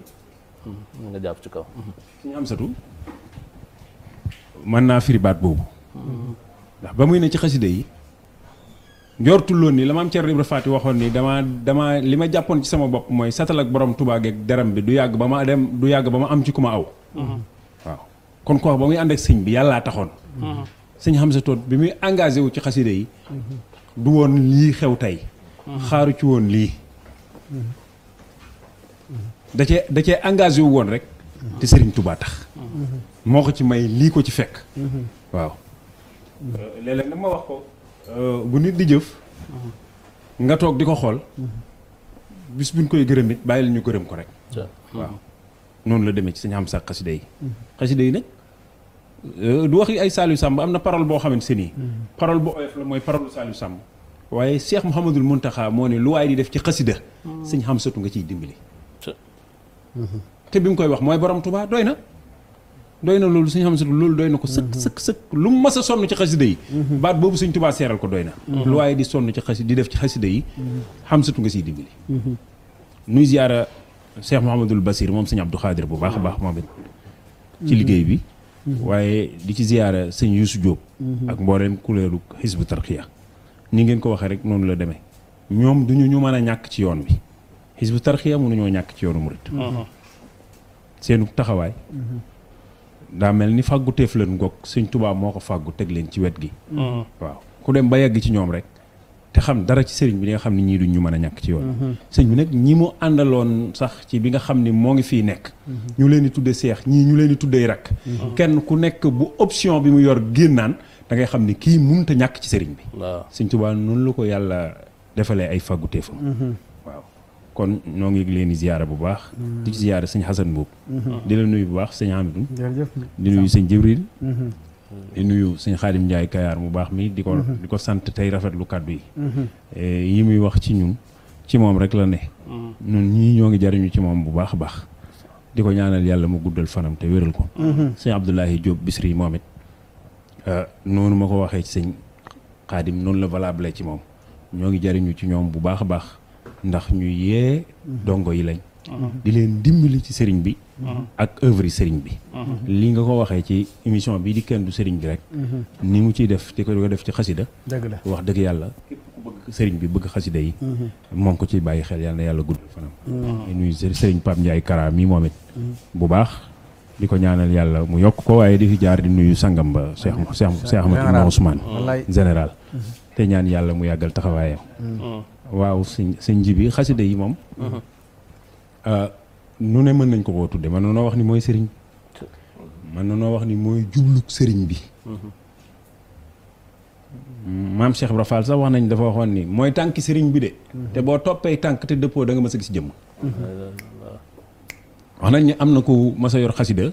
B: mhm. nga japp ci kaw suñu xam satu
D: mën naa firi ndax ba muy ne ci xasida yi njortuloon ni la maam Thierno Ibra Faty waxoon nii damaa damaa li ma jàppoon ci sama bopp mooy satal ak borom Tuubaa geeg deram bi du yàgg ba ma dem du yàgg ba ma am ci ku ma aw. Mm-hmm. waaw kon koo ba muy ànd ak sëñ bi yàllaa taxoon. Mm-hmm. sëñ sa Todd bi muy engagé wu ci xasida yi. Mm-hmm. du woon lii xew tey. xaaru ci woon lii. da cee da wu woon rek. te sëriñ Tuubaa tax. moo ko ci may lii ko ci fekk. waaw. Euh, léeg-léeg nag ma wax ko euh, bu nit di jëf nga toog di ko xool bis buñ koy gërëm bàyyi bàyyil ñu gërëm ko rek waaw noonu la demee ci sañ am sax xasida yi mm-hmm. xasida yi nag euh, du wax ay Saliou Samb am na parole boo xamante se nii mm-hmm. parole bu oyof la mooy parole Saliou Samb waaye Cheikh Mouhamadul Mountakha moo ne lu waay di def ci xasida mm-hmm. sëñ xam satu nga ciy dimbali te bi mu koy wax mooy borom Touba doy na doy na loolu suñu xam ne loolu doy na ko sëkk mhm. sëkk sëkk lu mu mës a sonn ci xasida yi mhm. baat boobu suñ tubaa seeral ko doy na mhm. lu waaye di sonn ci xasi di def ci xasida yi xam satu nga si dimbali nuy ziyaara Cheikh Mouhamadul Basir moom sëñ Abdou Khadir bu baax a baax moom it ci liggéey bi waaye di ci ziyaara sëñ Youssou Diop ak mbooleem kuréelu Hizbu Tarqiya ni ngeen ko waxee rek noonu la demee ñoom duñu ñu mën a ñàkk ci yoon bi Hizbu Tarqiya ñoo ñàkk ci yoonu murit seenu taxawaay daa mel ni fàgguteef leen goog sëñ Tuubaa moo ko fàggu teg leen ci wet gi mm-hmm. waaw ku dem ba yegg ci ñoom rek te xam dara ci sëriñ bi di nga xam ne ñii duñ ñu mën a ñàkk ci yoon mm-hmm. sëñ bi nag ñi mu àndaloon sax ci bi nga xam ni moo ngi fii nekk mm-hmm. ñu leen di tudde seex ñii ñu leen di tuddee rakk kenn ku nekk bu option bi mu yor da ngay xam ni ki mënut a ñàkk ci sëriñ bi waaw sëñ Tuubaa noonu la ko yàlla defalee ay kon ñoo ngi leen di ziyaara bu baax. di ci ziyaara sëñ Xasan Mbuub. di la nuyu bu baax sëñ Amidou. di nuyu sëñ Jibril. Mhm. di nuyu sëñ Xaadim Njaay Kayaar mu baax mi di ko mhm. di ko sant tey rafetlu kàddu yi. Mhm. E, yi muy wax ci ñun ci moom rek la ne. ñun ñii ñoo ngi jariñu ci moom bu baax a baax. di ko ñaanal yàlla mu guddal fanam te wéral ko. sëñ Abdoulahi Diop Bisri moom it. E, noonu ma ko waxee ci sëñ Xaadim noonu la valable ci moom ñoo ngi jariñu ci ñoom bu baax a baax. ndax ñu yee mhm. dongo yi lañ mhm. di leen dimbali ci sëriñ bi mhm. ak œuvre yi sëriñ bi li nga ko waxee ci émission bi di kenn du sëriñ bi rek ni mu ciy def di ko def ci xasida wax dëgg yàlla képp ku bëgg sëriñ bi bëgg xasida yi moom ko ci bàyyi xel yàlla yàlla gudd fanam nuyu sëriñ Pape Ndiaye Kara mi moom it bu baax di ko ñaanal yàlla mu yokk ko waaye di fi jaar di nuyu sangam ba Cheikh Cheikh Cheikh Ahmadou Ousmane général te ñaan yàlla mu yàggal taxawaayam waaw sëñ sëñ ji bi xasida yi moom. Uh-huh. Ah, nu ne mën nañ ko koo tudde man noo wax ni mooy sëriñ. man noo wax ni mooy jubluk sëriñ bi. Uh-huh. maam Cheikh Ibra Fall sax wax nañ dafa waxoon ni mooy tànki sëriñ bi de. Uh-huh. te boo toppee tànk te dëppoo da nga mës a gis jëmm. wax nañ ne am na ko ma a yor xasida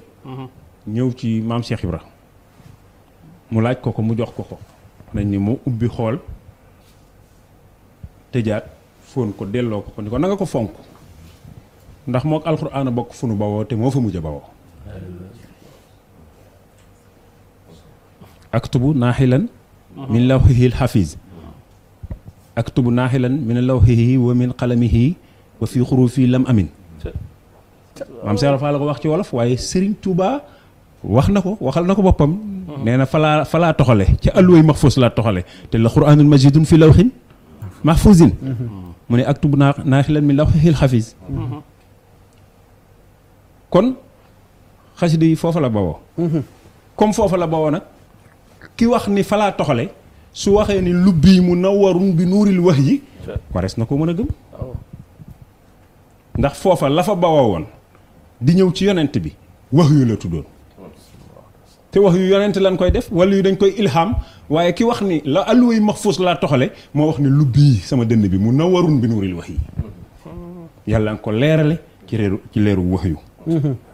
D: ñëw ci maam Cheikh ra mu laaj ko ko mu jox ko ko. wax nañ ni mu ubbi xool. tëjaat fóon ko delloo ko ko ni ko na nga ko fonk ndax mook alxuraan a bokk fu nu bawoo te moo fa mujj a bawoo aktubu naaxilan min lawxihi alxafiz aktubu naaxilan min lawxihi wa min qalamihi wa fi xurufi lam amin maam Seex Faal la ko wax ci wolof waaye Sëriñ Tuubaa wax na ko waxal na ko boppam nee na falaa falaa toxale ca alluway maxfuus laa toxale te la quraanul majidun fi lawxin mahfuzin mu ne aktub naa naaxilan min lawhil xafiis kon xasida yi foofa la bawoo comme foofa la bawoo nag ki wax ni falaa toxale su waxee ni lubbi mu nawarun bi nuuril wax yi warees na ko mën a gëm ndax foofa la fa bawoo woon di ñëw ci yonent bi wax yu la tuddoon te wax yu yonent lañ koy def wala yu dañ koy ilham waye ki wax ni la alluway maxfuus la toxale mo wax ni lu bi sama dënn bi mu nawarun bi nuril wahyi yàlla ko léralé ci réru ci léru wahyu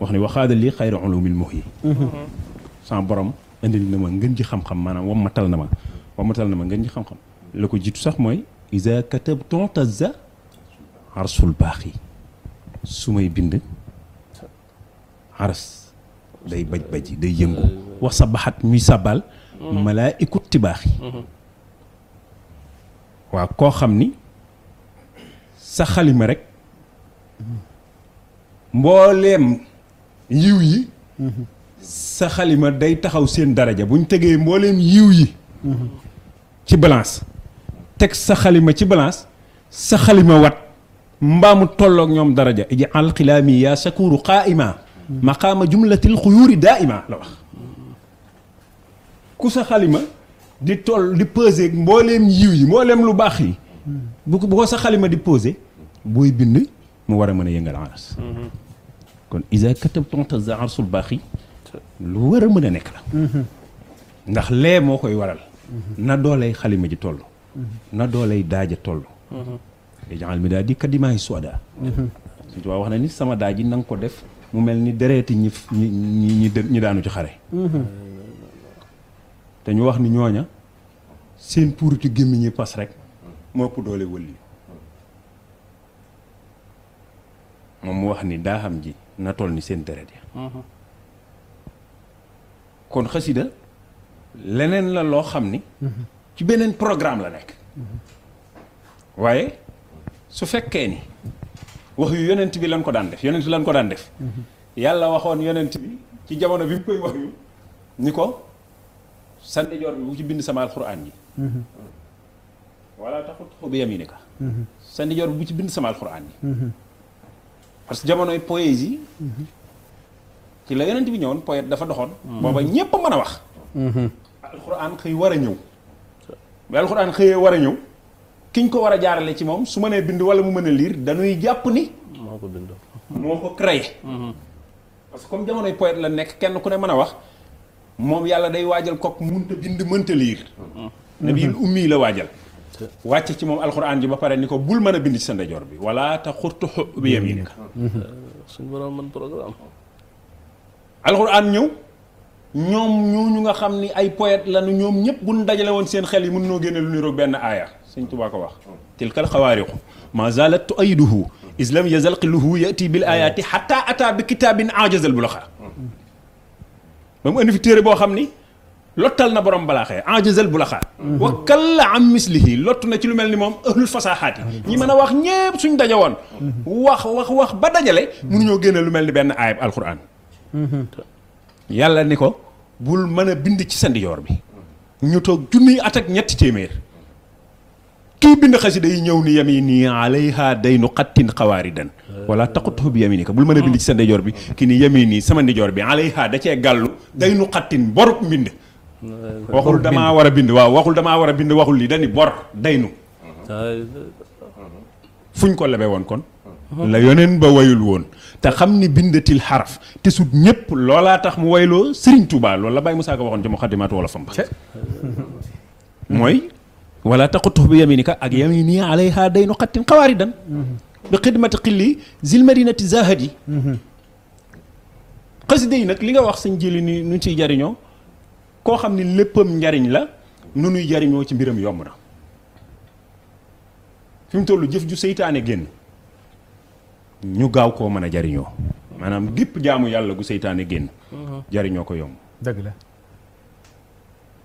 D: wax ni wa khad li khayru ulumil mox yi sans borom indil na ma ngeen ci xam-xam manam maanaam matal na ma matal na ma ngeen ci xam-xam la ko jiitu sax mooy isa katabton tazza arsul baqi sumay bind aras day baj baji day yëngu wax sa baxat muy sabal malaa ikut tibaax yi mhm. waaw koo xam ni sa xalima rek mbooleem yiw yi mhm. sa xalima day taxaw seen daraja buñ tegee mbooleem yiw yi mhm. ci balance teg sa xalima ci balance sa xalima wat mbaamu tolloog ñoom daraja iji alxilaami yaa sakuru qaaima maqaama jumlatil xuyuuri daaima la wax ku sa xalima di toll di peser mbooleem yiw yi mbooleem lu baax yi bu bu sa xalima di poser booy bind mu war a mën a yëngal aras kon isa katab tontas arsul baax yi lu war a mën a nekk la ndax lee moo koy waral na doolay xalima ji toll na doolay daaja toll mhm. jaxal mi daal di kadimaay suada mhm. suñu tubaab wax na ni sama daaj yi na nga ko def mu mel ni dereeti ñi ñi ñi daanu ci xare mhm. te ñu wax ni ñooña seen puuritu gémmiñ ñi pas rek moo ëpp doole wëlli moom mu wax ni daaxam ji na toll ni seen deret ya mhm. kon xasida leneen la loo xam ni mhm. ci beneen programme la nekk waaye su fekkee ni wax yu yonent bi lañ ko daan def yonent lañ ko daan def yàlla waxoon yonent bi ci jamono bi mu koy wax ni ko sa ndijoor bu ci bind sama alxuraan ji wala taxut bi yaminika sa ndijoor bi bu ci bind sama alxuraan ji parce que jamonoy poésie ci la yonent bi ñëwoon poète dafa doxoon booba ñépp mën a wax alxuraan xëy war a ñëw bi alxuraan xëyee war a ñëw ki ñu ko war a jaarale ci moom su mënee bind wala mu mën a liir dañuy jàpp ni. moo ko bind. moo ko créé. Mm-hmm. parce que comme jamonoy poète la nekk kenn ku ne mën a wax moom yàlla day waajal kook mënta bind mënta liir. Mm-hmm. nabiil mm-hmm. ummi la waajal. wàcce ci moom alxuraan ji ba pare ni ko bul mën a bind ci sa ndeyjoor bi wala te xurtu xu bi yaminika. Euh, suñu borom mën programme. alxuraan ñëw. ñoom ñu nga xam ni ay poète lañu ñoom ñëpp bu ñu dajale woon seen xel yi mën noo génne lu benn aaya. sëñ Tuubaa ko wax tilkal xawaariqu ma zalat tuayiduhu is lam yazal qilluhu yati bil ayaati xata ata bi kitaabin ajazal bu loxa ba mu indi fi téere boo xam ni lottal na borom balaaxee ajazal bu loxa wakkal la am mislihi lottu na ci lu mel ni moom ahlul fasaxaati ñi mën a wax ñépp suñ daje woon wax wax wax ba dajale mënuñoo génne lu mel ni benn ayib alquran yàlla ni ko bul mën a bind ci sa ndijoor bi ñu toog junniy at ak ñetti téeméer kii bind xasida yi ñëw ni yami ni alayha day nu xattin xawaari dan wala taqutu bi yaminika bul mën a bind ci sa ndijoor bi ki ni yami nii sama ndijoor bi alayha da cee gàllu day nu xattin borub mbind waxul dama war a bind waaw waxul damaa war a bind waxul li dani bor day nu fuñ ko lebe woon kon la yoneen ba wayul woon te xam ni bindatil xaraf te sut ñëpp loolaa tax mu wayloo Serigne Touba lool la Baye Moussa waxoon ci mu xaddimaatu wala fam mooy wala taqutuhu bi yaminika ak yamini alayha daynu xattin xawaaridan mhm. bi xidmati xilli zil madinati zahadi mhm. xaside yi nag li nga wax sañ jëli ni nu ciy jariñoo koo xam ni léppam njariñ la nu nuy jariñoo ci mbiram yomb na fi mu toll jëf ju seytaane génn ñu gaaw koo mën a jariñoo maanaam gépp jaamu yàlla gu seytaane génn mhm. jariñoo ko yomb dëgg la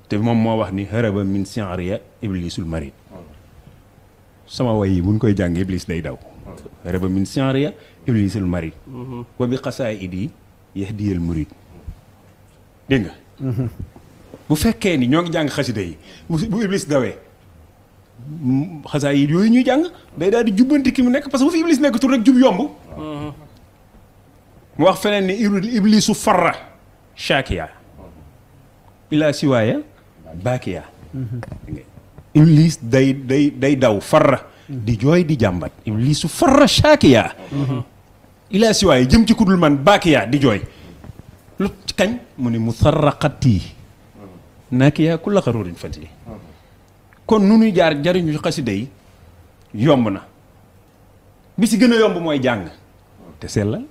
D: te moom moo wax ni haraba min si'riya iblisul marid sama way yi buñ koy jàng iblis day daw haraba min si'riya iblisul marid mhm. wa bi qasaa'idi yahdiyal murid dégg nga mhm. bu fekkee ni ñoo ngi jàng xasida yi bu iblis dawee xasaa yi yooyu ñuy jàng day daal di jubbanti ki mu nekk parce que bu fi iblis nekkatul rek jub yomb mhm. mu wax feneen ni iblisu farra shakiya ila siwaaya baakiya iblis day day day daw farra di jooy di jàmbat liisu farra shaakiya ilaa siwaay jëm ci kudul man baakiya di jooy lu kañ mu ne mu sarraqati ku la xaruurin fati kon nu nuy jaar jariñu xasida yi yomb na bi si gën a yomb mooy jàng te sellal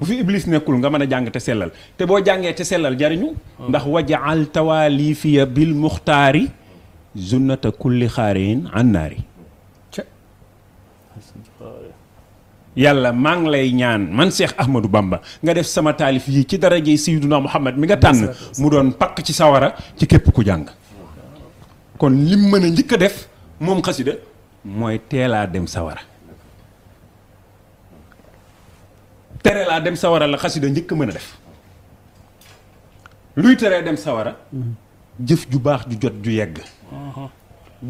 D: bu fi iblis nekkul nga mën a jàng te sellal te boo jàngee te sellal jariñu ndax wajaal tawaalifiya bil muxtaari zunnata kulli xaariin annaari yàlla maa ngi lay ñaan man Cheikh Ahmadou Bamba nga def sama taalif yi ci dara daraje Sayyiduna Muhammad mi nga tànn mu doon pakk ci sawara ci képp ku jàng kon lim mën a njëkk a def moom xasida mooy teelaa dem sawara tere la dem sawara la khassida njëkk mën def luy dem sawara jëf ju baax ju jot ju yegg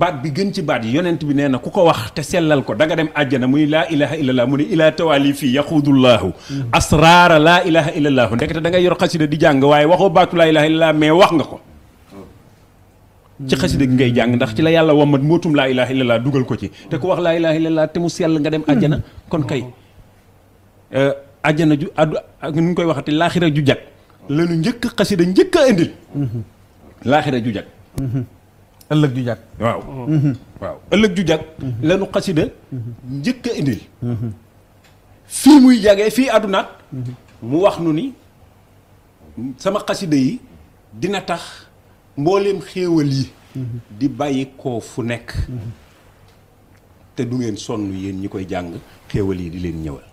D: baat bi gën ci baat yi yonent bi neena na ku wax te selal ko danga dem aljana muy la ilaha illallah mu ila tawali fi fii yaxudullaahu asraara ilaha illallahu ndekete da ngay yor khassida di jang waye waxo baatu la ilaha illallah mais wax nga ko ci khassida ngay jang ndax ci la yalla womat motum la ilaha illallah dugal ko ci te ku wax la ilaha illallah te mu sel nga dem aljana kon kay euh, aljana ju adu ñu koy waxati laaxira ju jag lanu njëkk xasida njëkk a indil laaxira ju jak ëllëg ju jak waaw mhm. waaw ëllëg ju jag mhm. lanu xasida mhm. njëkk a indil fii muy jagee fi àddunaat mu wax nu ni sama xasida yi dinatah tax mbooleem xéewal yi di bàyyi ko fu nekk te du ngeen sonu yeen ñi koy di leen ñëwal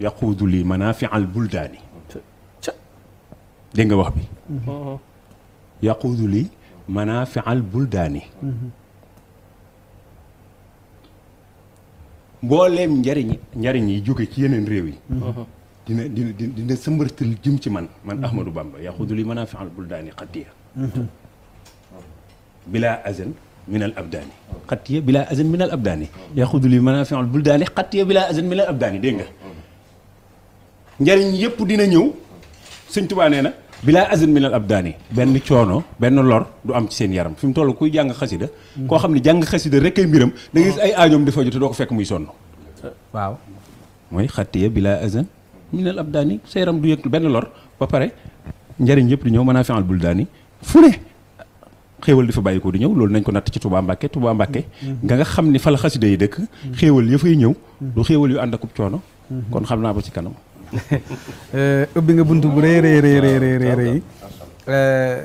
D: يقود لمنافع البلدان دينغ وحبي يقود لي منافع البلدان بولم نجاري نجاري ني جوكي كي ينن ريوي دينا دينا دينا سمبرتل جيم سي مان مان احمد بامبا يقود لي منافع البلدان قديه بلا اذن من الابدان قطية بلا اذن من الابدان يقود لي منافع البلدان قطية بلا اذن من الابدان دينغ njariñ yëpp dina ñëw sëñ Tuubaa nee na bilaa azin minal daani benn coono benn lor du am ci seen yaram fi mu toll kuy jàng xasida koo xam ne jàng xasida rek ay mbiram da gis ay aajoom di faju te doo ko fekk muy sonn waaw mooy xattiya bilaa azin minal abdaani sa yaram du yëg benn lor ba pare njariñ yëpp di ñëw mën a fenal bul daani fu ne xéewal di fa bàyyi ko di ñëw loolu nañ ko natt ci Touba Mbacké Touba Mbacké nga nga xam ni fal xasida yi dëkk xéewal ya ñëw du xéewal yu ànd akub coono mm-hmm. kon xam naa ba ci kanam
A: Eh, ubbi nga bunt bu rëy rëy rëy rëy eh,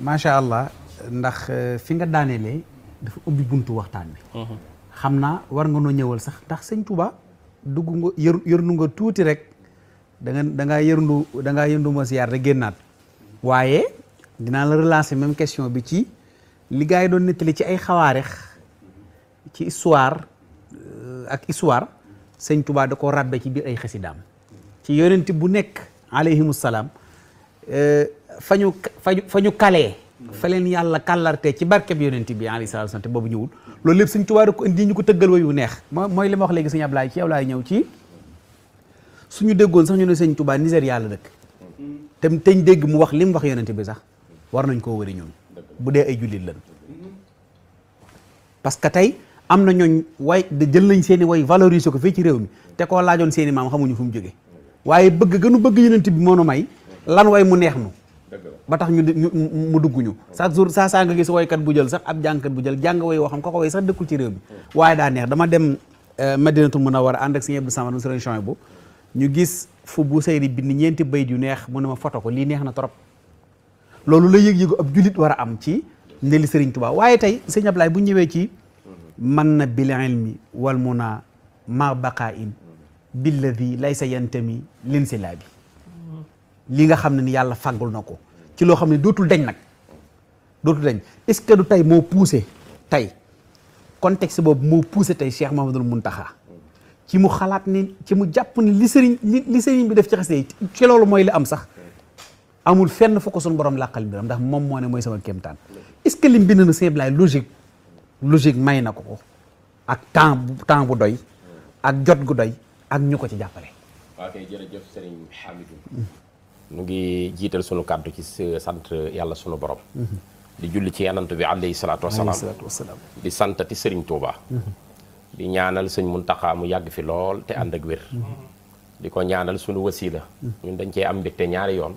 A: macha allah ndax eh, fi nga daaneelee dafa ubbi buntu waxtaan bi mhm. xam naa war nga noo ñëwal sax ndax sëñ Touba dugg nga yër nu nga tuuti rek da nga da ngaa yërndu da ngaa yërndu ma siyaar rek génnaat waaye dinaa la relancer même question bi ci li gars yi doon nettali ci ay xawaarix ci histoire ak histoire sëñ Touba da ko ràbbe ci biir ay xasidaam ci yonent bu nekk alayhimu salaam euh, fa ñu fa ñu kalee fa leen yàlla kàllarte ci barkeb yonent bi alayhi salaatu sant boobu ñëwul loolu lépp suñ tubaa rek ko indi ñu ko tëggal wayu neex mooy li wax léegi sëñ Ablaye ci yow laay ñëw ci suñu déggoon sax ñu ne sëñ tubaa Nigéria la dëkk te teñ dégg mu wax li mu wax yonent bi sax war nañ koo wëri ñun bu dee ay jullit lañ parce que tey am na ñooñ way jël nañ seeni i way valoriser ko fii ci réew mi te koo laajoon seen i fu mu jógee waaye bëgg gënu bëgg yonent bi moo moonu may lan way mu neex nu ba tax ñu mu dugg ñu chaque jour saa saa nga gis woykat bu jël sax ab jàngkat bu jël jàng way woo xam ko ko way sax dëkkul ci réew mi waaye daa neex dama dem euh, madinatul munawwara ànd ak sëñ Abdou Samad mu sëriñ Chouaïb ñu gis fu bu sayri bind ñeenti bay yu neex mu ne ma foto ko lii neex na trop loolu la yëg-yëgu ab julit war a am ci ndeli sëriñ Tuubaa waaye tey sëñ Ablaay bu ñëwee ci mm-hmm. man na bil ilmi wal muna ma baqaa in billadi laysa yantami lin si laa bi li nga xam ne ni yàlla fàggul na ko ci loo xam ne dootul dañ nag dootul dañ est-ce que du tey moo poussé tey contexte boobu moo poussé tey Cheikh Mamadou taxaa ci mu xalaat ni ci mu jàpp ni li sëriñ li li sëriñ bi def ci xasida yi ci loolu mooy li am sax amul fenn fokk suñu borom làqal biram ndax moom moo ne mooy sama kéemtaan est-ce que lim bind na sëñ Ablaay logique logique may na ko ko ak temps temps bu doy ak jot doy ak ñu ko ci jàppale.
E: mu ngi jiital sunu kàddu ci sant yàlla sunu borom. di julli ci yanant bi alayhi salaatu wasalaam di santati Serigne Touba. di ñaanal sëñ mun Muntaxa mu yàgg fi lool te ànd ak wér. di ko ñaanal sunu wasila. ñun dañ cee am mbégte ñaari yoon.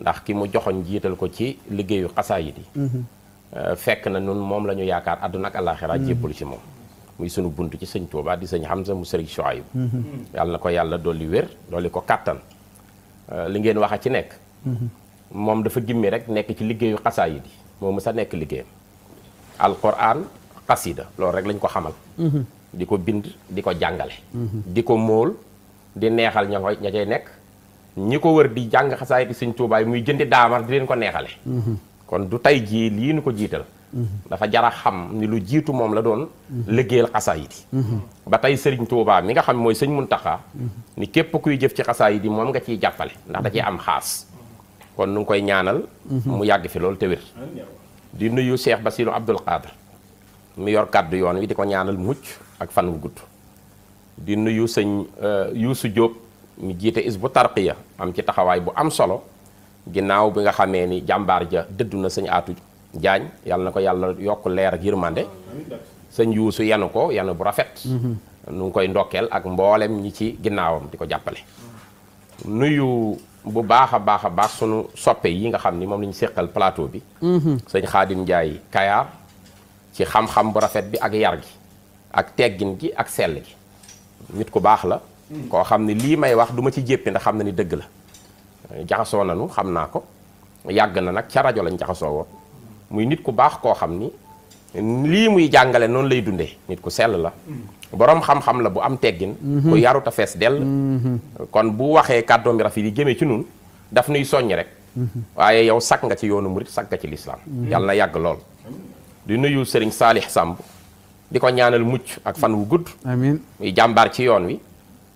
E: ndax ki mu joxoñ jiital ko ci liggéeyu xasaayid yi. Mhm. Euh, fekk na ñun moom la ñu yaakaar àdduna ak àllaaxira jébbal ci moom. muy sunu bunt ci sëñ Touba di xam Hamza mu sëriñ Chouaib yàlla na ko yàlla dolli wér dolli ko kàttan euh, li ngeen wax a ci nekk moom dafa gimmi rek nekk ci liggéeyu xasaayid yi moom mu sa nekk liggéeyam alquran xasida loolu rek lañ ko xamal di ko bind di ko jàngale di ko móol di neexal ña koy ña cay nekk ñi ko wër di jàng xasaayid yi sëñ Touba muy jëndi daamar di leen ko neexale mm-hmm. kon du tey jii lii nu ko jiital dafa jara xam ni lu jiitu moom la doon liggéeyal xasaayid yi ba tey sëriñ Tuubaa mi nga xam mooy sëñ mun taxa ni képp kuy jëf ci xasaayid yi moom nga ciy jàppale ndax da ciy am xaas kon nu ngi koy ñaanal mu yàgg fi loolu te wér di nuyu Cheikh Basiru Abdul Qadir mu yor kàddu yoon wi di ko ñaanal mucc ak fan wu gudd di nuyu sëñ Yuusu Jóob mu jiite is Hizbut Tarqiyyah am ci taxawaay bu am solo ginnaaw bi nga xamee ni jàmbaar ja dëddu na sëñ aatu jaañ yàlla na ko yàlla yokk leer ak yërmande sëñ yuusu yanu ko yanu bu rafet nu ngi koy ndokkeel ak mboolem ñi ci ginnaawam di ko jàppale nuyu bu baax a baax a baax sunu soppe yi nga xam ni moom la ñu séqal plateau bi sëñ xaadim njaay kayaar ci xam-xam bu rafet bi ak yar gi ak teggin gi ak sell gi nit ku baax la koo xam ne lii may wax duma ci jéppi ndax xam na ni dëgg la jaxasoo nanu xam naa ko yàgg na nag ca rajo lañ jaxasoo woon muy nit ku baax koo xam ni lii muy jàngale noonu lay dundee nit ku sell la boroom xam-xam la bu am teggin mhm. ku yaruta fees dell mhm. kon bu waxee kàddoom bi rafet yi jëmee ci nun daf nuy soññ rek mhm. waaye yow sag nga ci yoonu murit sakk nga ci lislaam yàlla na yàgg lool di nuyu sëriñ Saalix sàmb di ko ñaanal mucc ak fan wu gudd muy jàmbaar ci yoon wi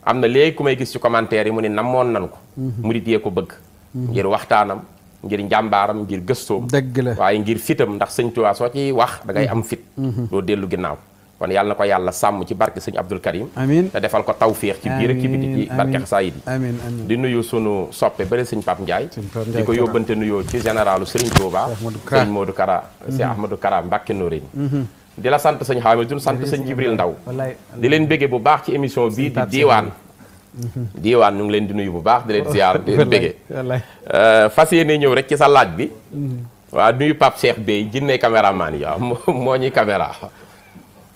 E: am na léegi ku may gis ci commentaire yi mu ne namoon nan ko murit yee ko bëgg ngir waxtaanam ngir njàmbaaram ngir gëstoom dëgg la waaye ngir fitam ndax sëñ Tuubaa soo ci wax da ngay mm-hmm. am fit mm-hmm. doo dellu ginnaaw kon yàlla ko yàlla sàmm ci barke sëñ Abdul Karim amiin te defal ko tawféex ci biir ak ci biti ci barke xasaayid yi amiin amiin di nuyu sunu soppe bëri sëñ Pape Ndiaye di ko yóbbante nuyoo ci généralu Serigne Touba sëñ Modou Kara sëñ mm-hmm. Ahmadou Kara Mbacke Noreyni di la sant sëñ Hamidou sant sëñ Jibril Ndaw di leen béggee bu baax ci émission bii di diiwaan diiwaan ñu ngi leen di nuyu bu baax di leen ziar di leen bége euh, fas yéene ñëw rek ci sa laaj bi mhm. waa nuyu Pape seex Bey jinne caméraman yi waaw [laughs] moo ñuy caméra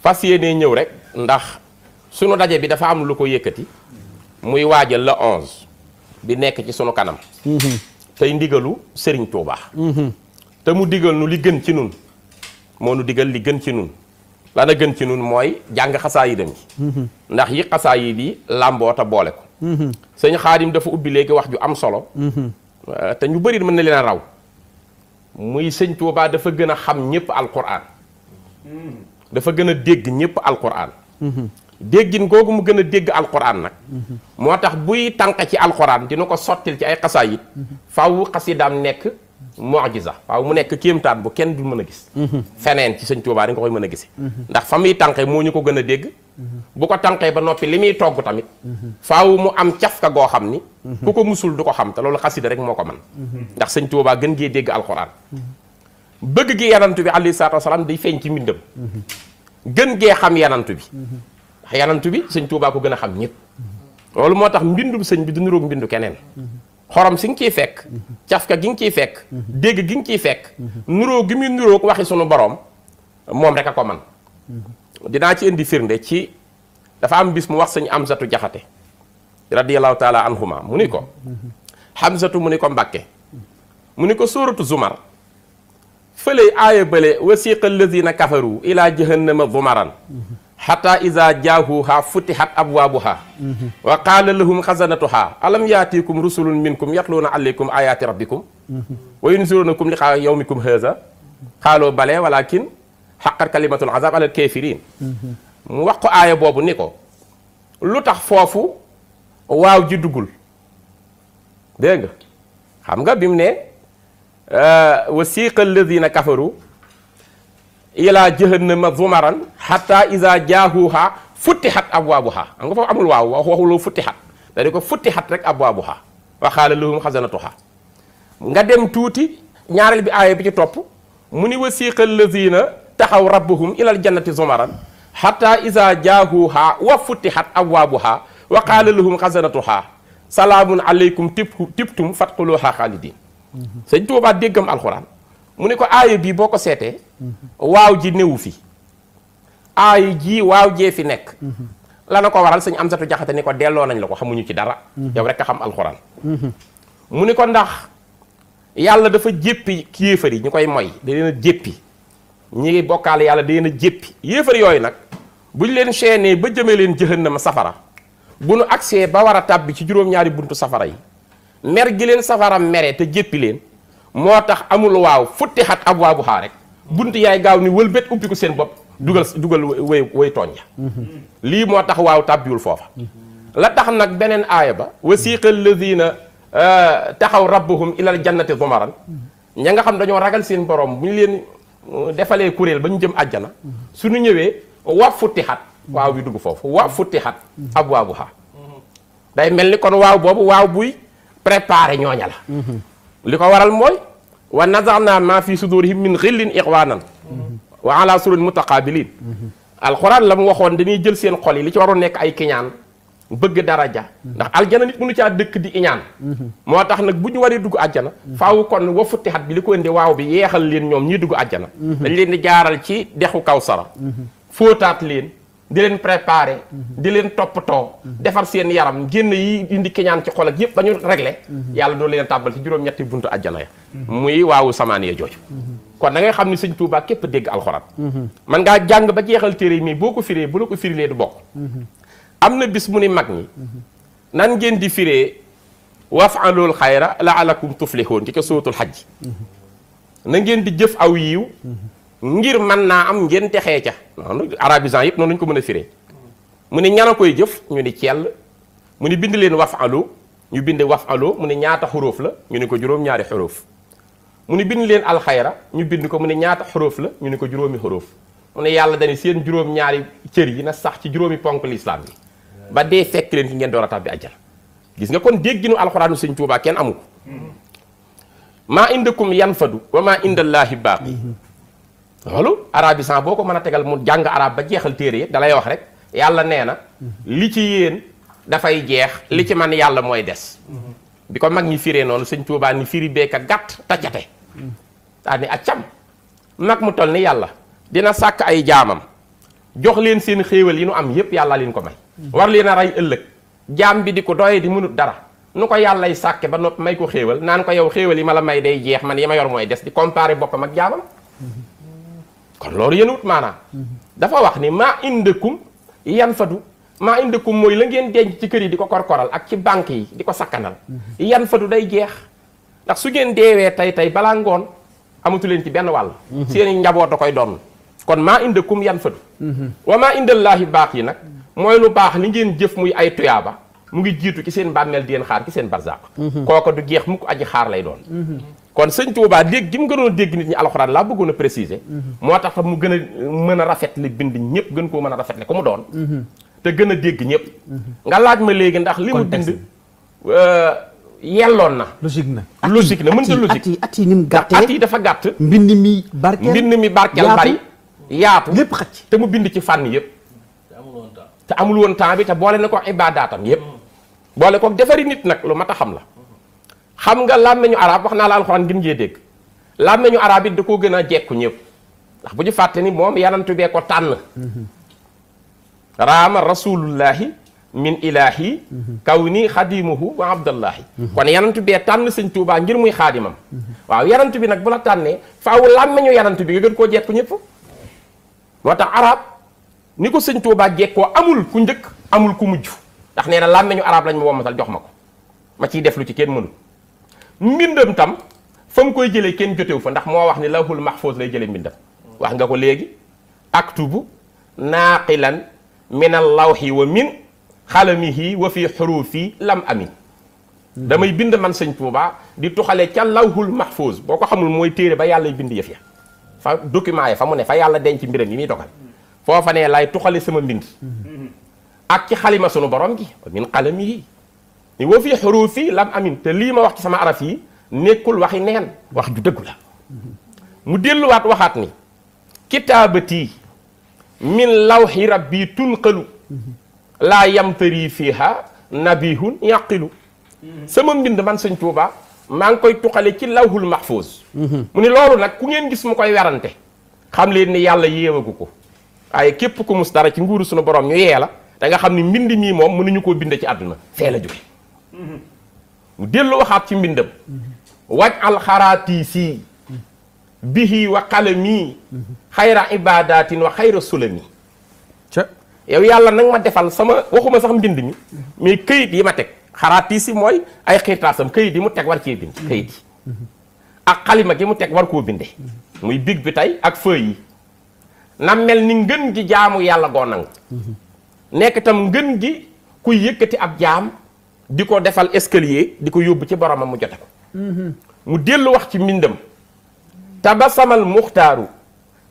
E: fas yéene ñëw rek ndax sunu daje bi dafa am lu ko yëkkati muy waajal la onze bi nekk ci sunu kanam mhm. tey ndigalu sëriñ Touba. Mhm. te mu digal nu li gën ci nun moo nu digal li gën ci nun lana gën ci nun mooy jàng xasaayidam
F: yi
E: ndax yi xasaayid yi làmboota boole ko sëñ xaadim dafa ubbi léegi wax ju am solo te ñu bëri mën na leen a raw muy sëñ Tuubaa dafa gën a xam ñëpp alquran dafa gën a dégg ñëpp alquran déggin googu mu gën a dégg alquran nag moo tax buy tànq ci alquran dina ko sottil ci ay xasaayid faaw xasidaam nekk mujiza waaw mu nekk kéemtaan bu kenn dul mën a gis feneen ci sëñ Tuubaa di mën a gise ndax fa muy moo ñu ko gën a dégg bu ko tànqee ba noppi li muy togg tamit faaw mu am cafka goo xam ni ku ko musul du ko xam te loolu xasida rek moo ko man ndax sëñ Tuubaa gën gee dégg alxuraan bëgg gi yanantu bi alayhi salaatu salaam day feeñ ci mbindam gën gee xam yanantu bi ndax bi sëñ Tuubaa ko gën a xam ñëpp loolu moo tax mbindum sëñ bi du niroog mbindu keneen xorom si nga ciy fekk cafka gi nga ciy fekk dégg gi nga ciy fekk nuróo gi muy nuróo ko waxi sunu boroom moom rek a ko man dinaa ci indi firnde ci dafa am bis mu wax sëñ Amzatu Jaxate radiyallahu taala anhuma mu ni ko Hamzatu mu ni ko Mbàkke mu ni ko sóoratu Zumar fële aaya bële wasiqa allazina kafaru ila jahannama zumaran xataa iza jaahuha futihat abwaabuha wa qaala lahum xasanatuha alam yaatikum rusulun minkum yatluuna aleykum ayaati rabbikum wa yunzirunakum liqaa yawmikum haza xaaloo bale walakin xaqat kalimatul azab alal kafirin mu wax ko aaya boobu ni ko lu tax foofu waaw ji duggul dégg nga xam nga bi mu ne wasiqa alladina kafaru ilaa jahannama zumaran xataa isa jaahuha futtihat abwaabuha am nga foofu amul waaw wax waxuloo futtihat da di ko futtihat rek abwaabuha wa xaala lahum xasanatuha nga dem tuuti ñaareel bi aaya bi ci topp mu ni wasiqa lazina taxaw rabbuhum ilal jannati zumaran xataa isa jaahuha wa futtihat abwaabuha wa qaala lahum xasanatuha salaamun aleykum tibtum fatxuluha xaalidin sëñ Tuubaa déggam alxuraan mu ne ko aaya bii boo ko seetee waaw ji néwu fi aaya ji waaw jee fi nekk lana ko waral sëñ Amsatu Jaxate ni ko delloo nañ la ko xamuñu ci dara yow rekk a xam alxuraan mu ni ko ndax yàlla dafa jéppi yéefar yi ñu koy moy da leen a ngi bokkaale yàlla da leen a yooyu nag buñ leen chaîné ba jëmee leen ma safara bu nu agsee ba war a tàbbi ci juróom-ñaari buntu safara yi mer gi leen safara mere te jéppi leen motax amul waw futti xat ab waabu rek buntu yaay gaaw ni welbet uppi ko seen bop dugal dugal way way tooñ ya lii moo tax waaw fofa la tax nak benen aya ba wasiqa alladina euh, taxaw rabbahum ilal jannati zumaran ña nga xam dañu ragal seen borom buñ leen euh, defalee kuréel jëm aljana suñu ñëwee wa futti xat waaw bi dugg wa futti xat ab waabu day melni kon waw bobu waw buy préparer ñoña la li ko waral mooy wa nazana ma fi sudurihim min xillin ixwaanan wa ala sururin mutaqabilin alxuraan la mu waxoon dañuy jël seen xol yi li ci waroon nekk ay kiñaan bëgg daraja ndax aljana nit mënu caa dëkk di iñaan moo tax nag bu ñu waree dugg àjjana faaw kon wafutixat bi li ko indi waaw bi yeexal leen ñoom ñii dugg àjjana dañ leen di jaaral ci dexu kaw sara fóotaat leen di leen préparer. Mhm. di leen toppatoo. Mhm. defar seen yaram ngénn yi indi keñaan ci xol ak yëpp ba ñu mhm. yàlla doo leen tàbbal ci juróom-ñetti buntu àjjana ya muy waawu samaan ya jooju. kon da ngay xam ni sëñ Touba képp dégg alxuraan. man ngaa jàng ba jeexal téere yi mi boo ko firee bu la ko firilee du bokk. am na bis mu ni mag ñi. nan ngeen di firee waf'alul xayra la'alakum tuflihun ci ko sootul xaj. na ngeen di jëf aw yiw. ngir man naa am ngeen texee ca noonu arabisant yëpp noonu lañ ko mën a firee mu ne ñan koy jëf ñu ni cell mu ni bind leen waf alo ñu bind waf alo mu ne ñaata xuróof la ñu ni ko juróom-ñaari mu ni bind leen alxayra ñu bind ko mu ne ñaata xuróof la ñu ni ko juróomi xuróof mu ne yàlla dañu seen juróom-ñaari cër yi na sax ci juróomi ponk lislaam yi ba dee fekk leen ki ngeen door a tabbi gis nga kon dégginu alxuraanu sëñ Tuubaa kenn amu ko mm-hmm. maa indakum yanfadu wa maa indallaahi baax mm-hmm. halo arabi boo mana tegal mu jang arab ba jeexal téré yëpp da wax rek yalla nee li ci da fay jeex li ci man yalla moy dess biko mag ni firé non seigne touba ni firi ka gat ta daa tani accam mag mu tolni yalla dina sak ay jaamam jox leen seen xéewal yi nu am yépp yalla leen ko may war leena ray ëlëk jaam bi di doye di mënut dara nu ko yàllay sakke ba nopp may ko xéewal naan ko yow xéewal yi mala may day jeex man yima ya yor moy dess di comparer bopam ak jaamam loolu yéen wut maanaam dafa wax ni maa indakum yan fadu maa indakum mooy la ngeen denc ci kër yi di ko korkoral ak ci banque yi di ko sakkanal yan fadu day jeex ndax su ngeen deewee tey tey balaa ngoon amatu leen ci benn wàll mhm. seeni njaboot a koy doon kon maa indakum yan fadu mhm. wa maa indallaahi baax yi nag mooy lu baax li ngeen jëf muy ay tuyaaba mu ngi jiitu ci seen bàmmeel di leen xaar ci seen barzaq mhm. kooka du jeex mukk aji xaar lay doon kon sëñ Touba dégg gi mu gënoon dégg nit ñi alxuraan laa bëggoon a préciser. Mhm. moo tax mu gën a mën a rafet rafetle bind ñëpp gën koo mën a rafetle ku mu doon. Mhm. te gën a dégg ñëpp. Mhm. nga laaj ma léegi ndax li mu bind. Euh, yelloon na. logique na logique na mënta logique at yi at yi ni dafa gàtt. mbind mi barkeel mbind mi barkeel bari. yaatu lépp xaj te mu bind ci fànn yëpp. te amul woon temps bi te boole na ko ibadaatam yëpp. Mm. boole ko defari nit nag lu mat a xam la. xam nga làmmeñu arab wax naa la alxuraan gën jee dégg làmmeñu arab it da koo gën a jekku ñëpp ndax bu ñu fàtte ni moom yanantu bee ko tànn raama rasulullahi min ilahi kaw ni xadimuhu wa abdallahi kon yanantu bee tànn sëñ Tuubaa ngir muy xaadimam waaw yanantu bi nag bu la tànnee faaw làmmeñu yanantu bi nga gën koo jekku ñëpp moo tax arab ni ko sëñ Tuubaa jekkoo amul ku njëkk amul ku mujj ndax nee na làmmeñu arab lañ ma wommatal jox ma ko ma ciy def lu ci kenn mënu mbindam tam fa mu koy jëlee kenn jotewu fa ndax moo wax ni lawhul mahfuz lay jëlee mbindam wax nga ko léegi aktubu naaqilan min allawhi wa min xalamihi wa fi xurufi lam amin damay bind man sëñ Touba di tuxale ca lawhul mahfuz boo ko xamul mooy téere ba yàllay bind yëf ya fa document ya fa mu ne fa yàlla denc mbiram yi muy dogal foofa ne lay tuxale sama mbind ak ci xalima sunu borom gi min xalamihi ni wo fi hurufi lam amin te li ma wax ci sama araf yi nekul waxi neen wax ju dëggu la mu wat waxat ni kitabati min lawhi rabbi tunqalu la yamtari fiha nabihun yaqilu sama mbind man seigne touba mang koy tukale ci lawhul mahfuz mu ni loolu ku ngeen gis mu koy werante xam leen ni yalla yeewagu ko waaye képp ku mus ci nguru sunu borom ñu yela da nga xam ni mbind mii moom mënuñu ko bind ci aduna la mu dellu waxaat ci mbindam waj alxaraati sii bihi wa qalami xayra ibadatin wa xayra sulami yow yàlla nag ma defal sama waxuma sax mbind mi mais këyit yi ma teg xaraati si mooy ay xiirtaasam këyit yi mu teg war cee bind këyit yi ak xalima gi mu teg war koo binde muy big bi tey ak fëy yi na mel ni ngën gi jaamu yàlla goo nangu nekk itam ngën gi kuy yëkkati ab jaam di ko defal escalier di ko yóbbu ci boromam mu jote ko mu dellu wax ci mbindam tabasamal muxtaaru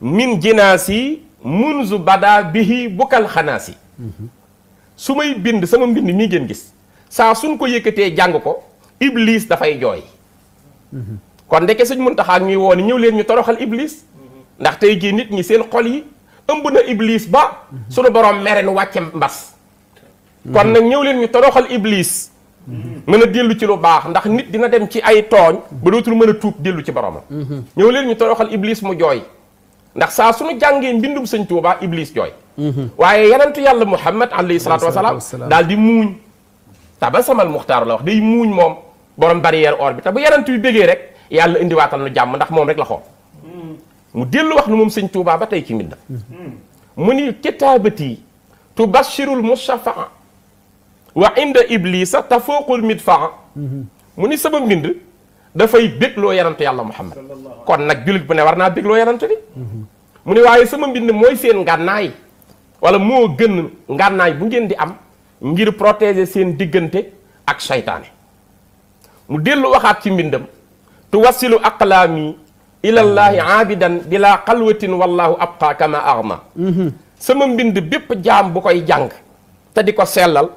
E: min jinaasi munzu bada bihi bukkal xanaasi su may bind sama mbind mii ngeen gis saa suñ ko yëkkatee jàng ko iblis dafay jooy kon ndeke suñ mun taxaak ñuy woon ñëw leen ñu toroxal iblis ndax tey jii nit ñi seen xol yi ëmb na iblis ba suñu borom mere nu wàcce mbas kon nag ñëw leen ñu toroxal iblis. mën a dellu ci lu baax ndax nit dina dem ci ay tooñ. ba dootul mën a tuub dellu ci boromam. ñëw leen ñu toroxal iblis mu jooy. ndax saa suñu jàngee mbindum sëñ Tuubaa iblis jooy. waaye yenentu yàlla Muhammad alayhi salaatu wasalaam daal di muuñ. tabasamal muxtaar la wax day muuñ moom borom barrière or bi te bu yenentu yu bégee rek yàlla indiwaatal nu jàmm ndax moom rek la xool. mu dellu wax nu moom sëñ ba tey ci mbindam. mu ni kitaabati tubashirul wa inda iblisa tafooqul midfaa mu ni sama mbind dafay bégloo yarante yàlla muhammad kon nag jullit bu ne war naa bégloo yarante bi mu ni waaye sama mbind mooy seen ngànnaay wala moo gën ngànnaay bu ngeen di am ngir protéger seen diggante ak seytaane mu dellu waxaat ci mbindam tuwasilu aqlaami ilallaahi aabidan bila xalwatin wallahu abqa kama arma mhm. sama mbind bépp jaam bu koy jàng te di ko sellal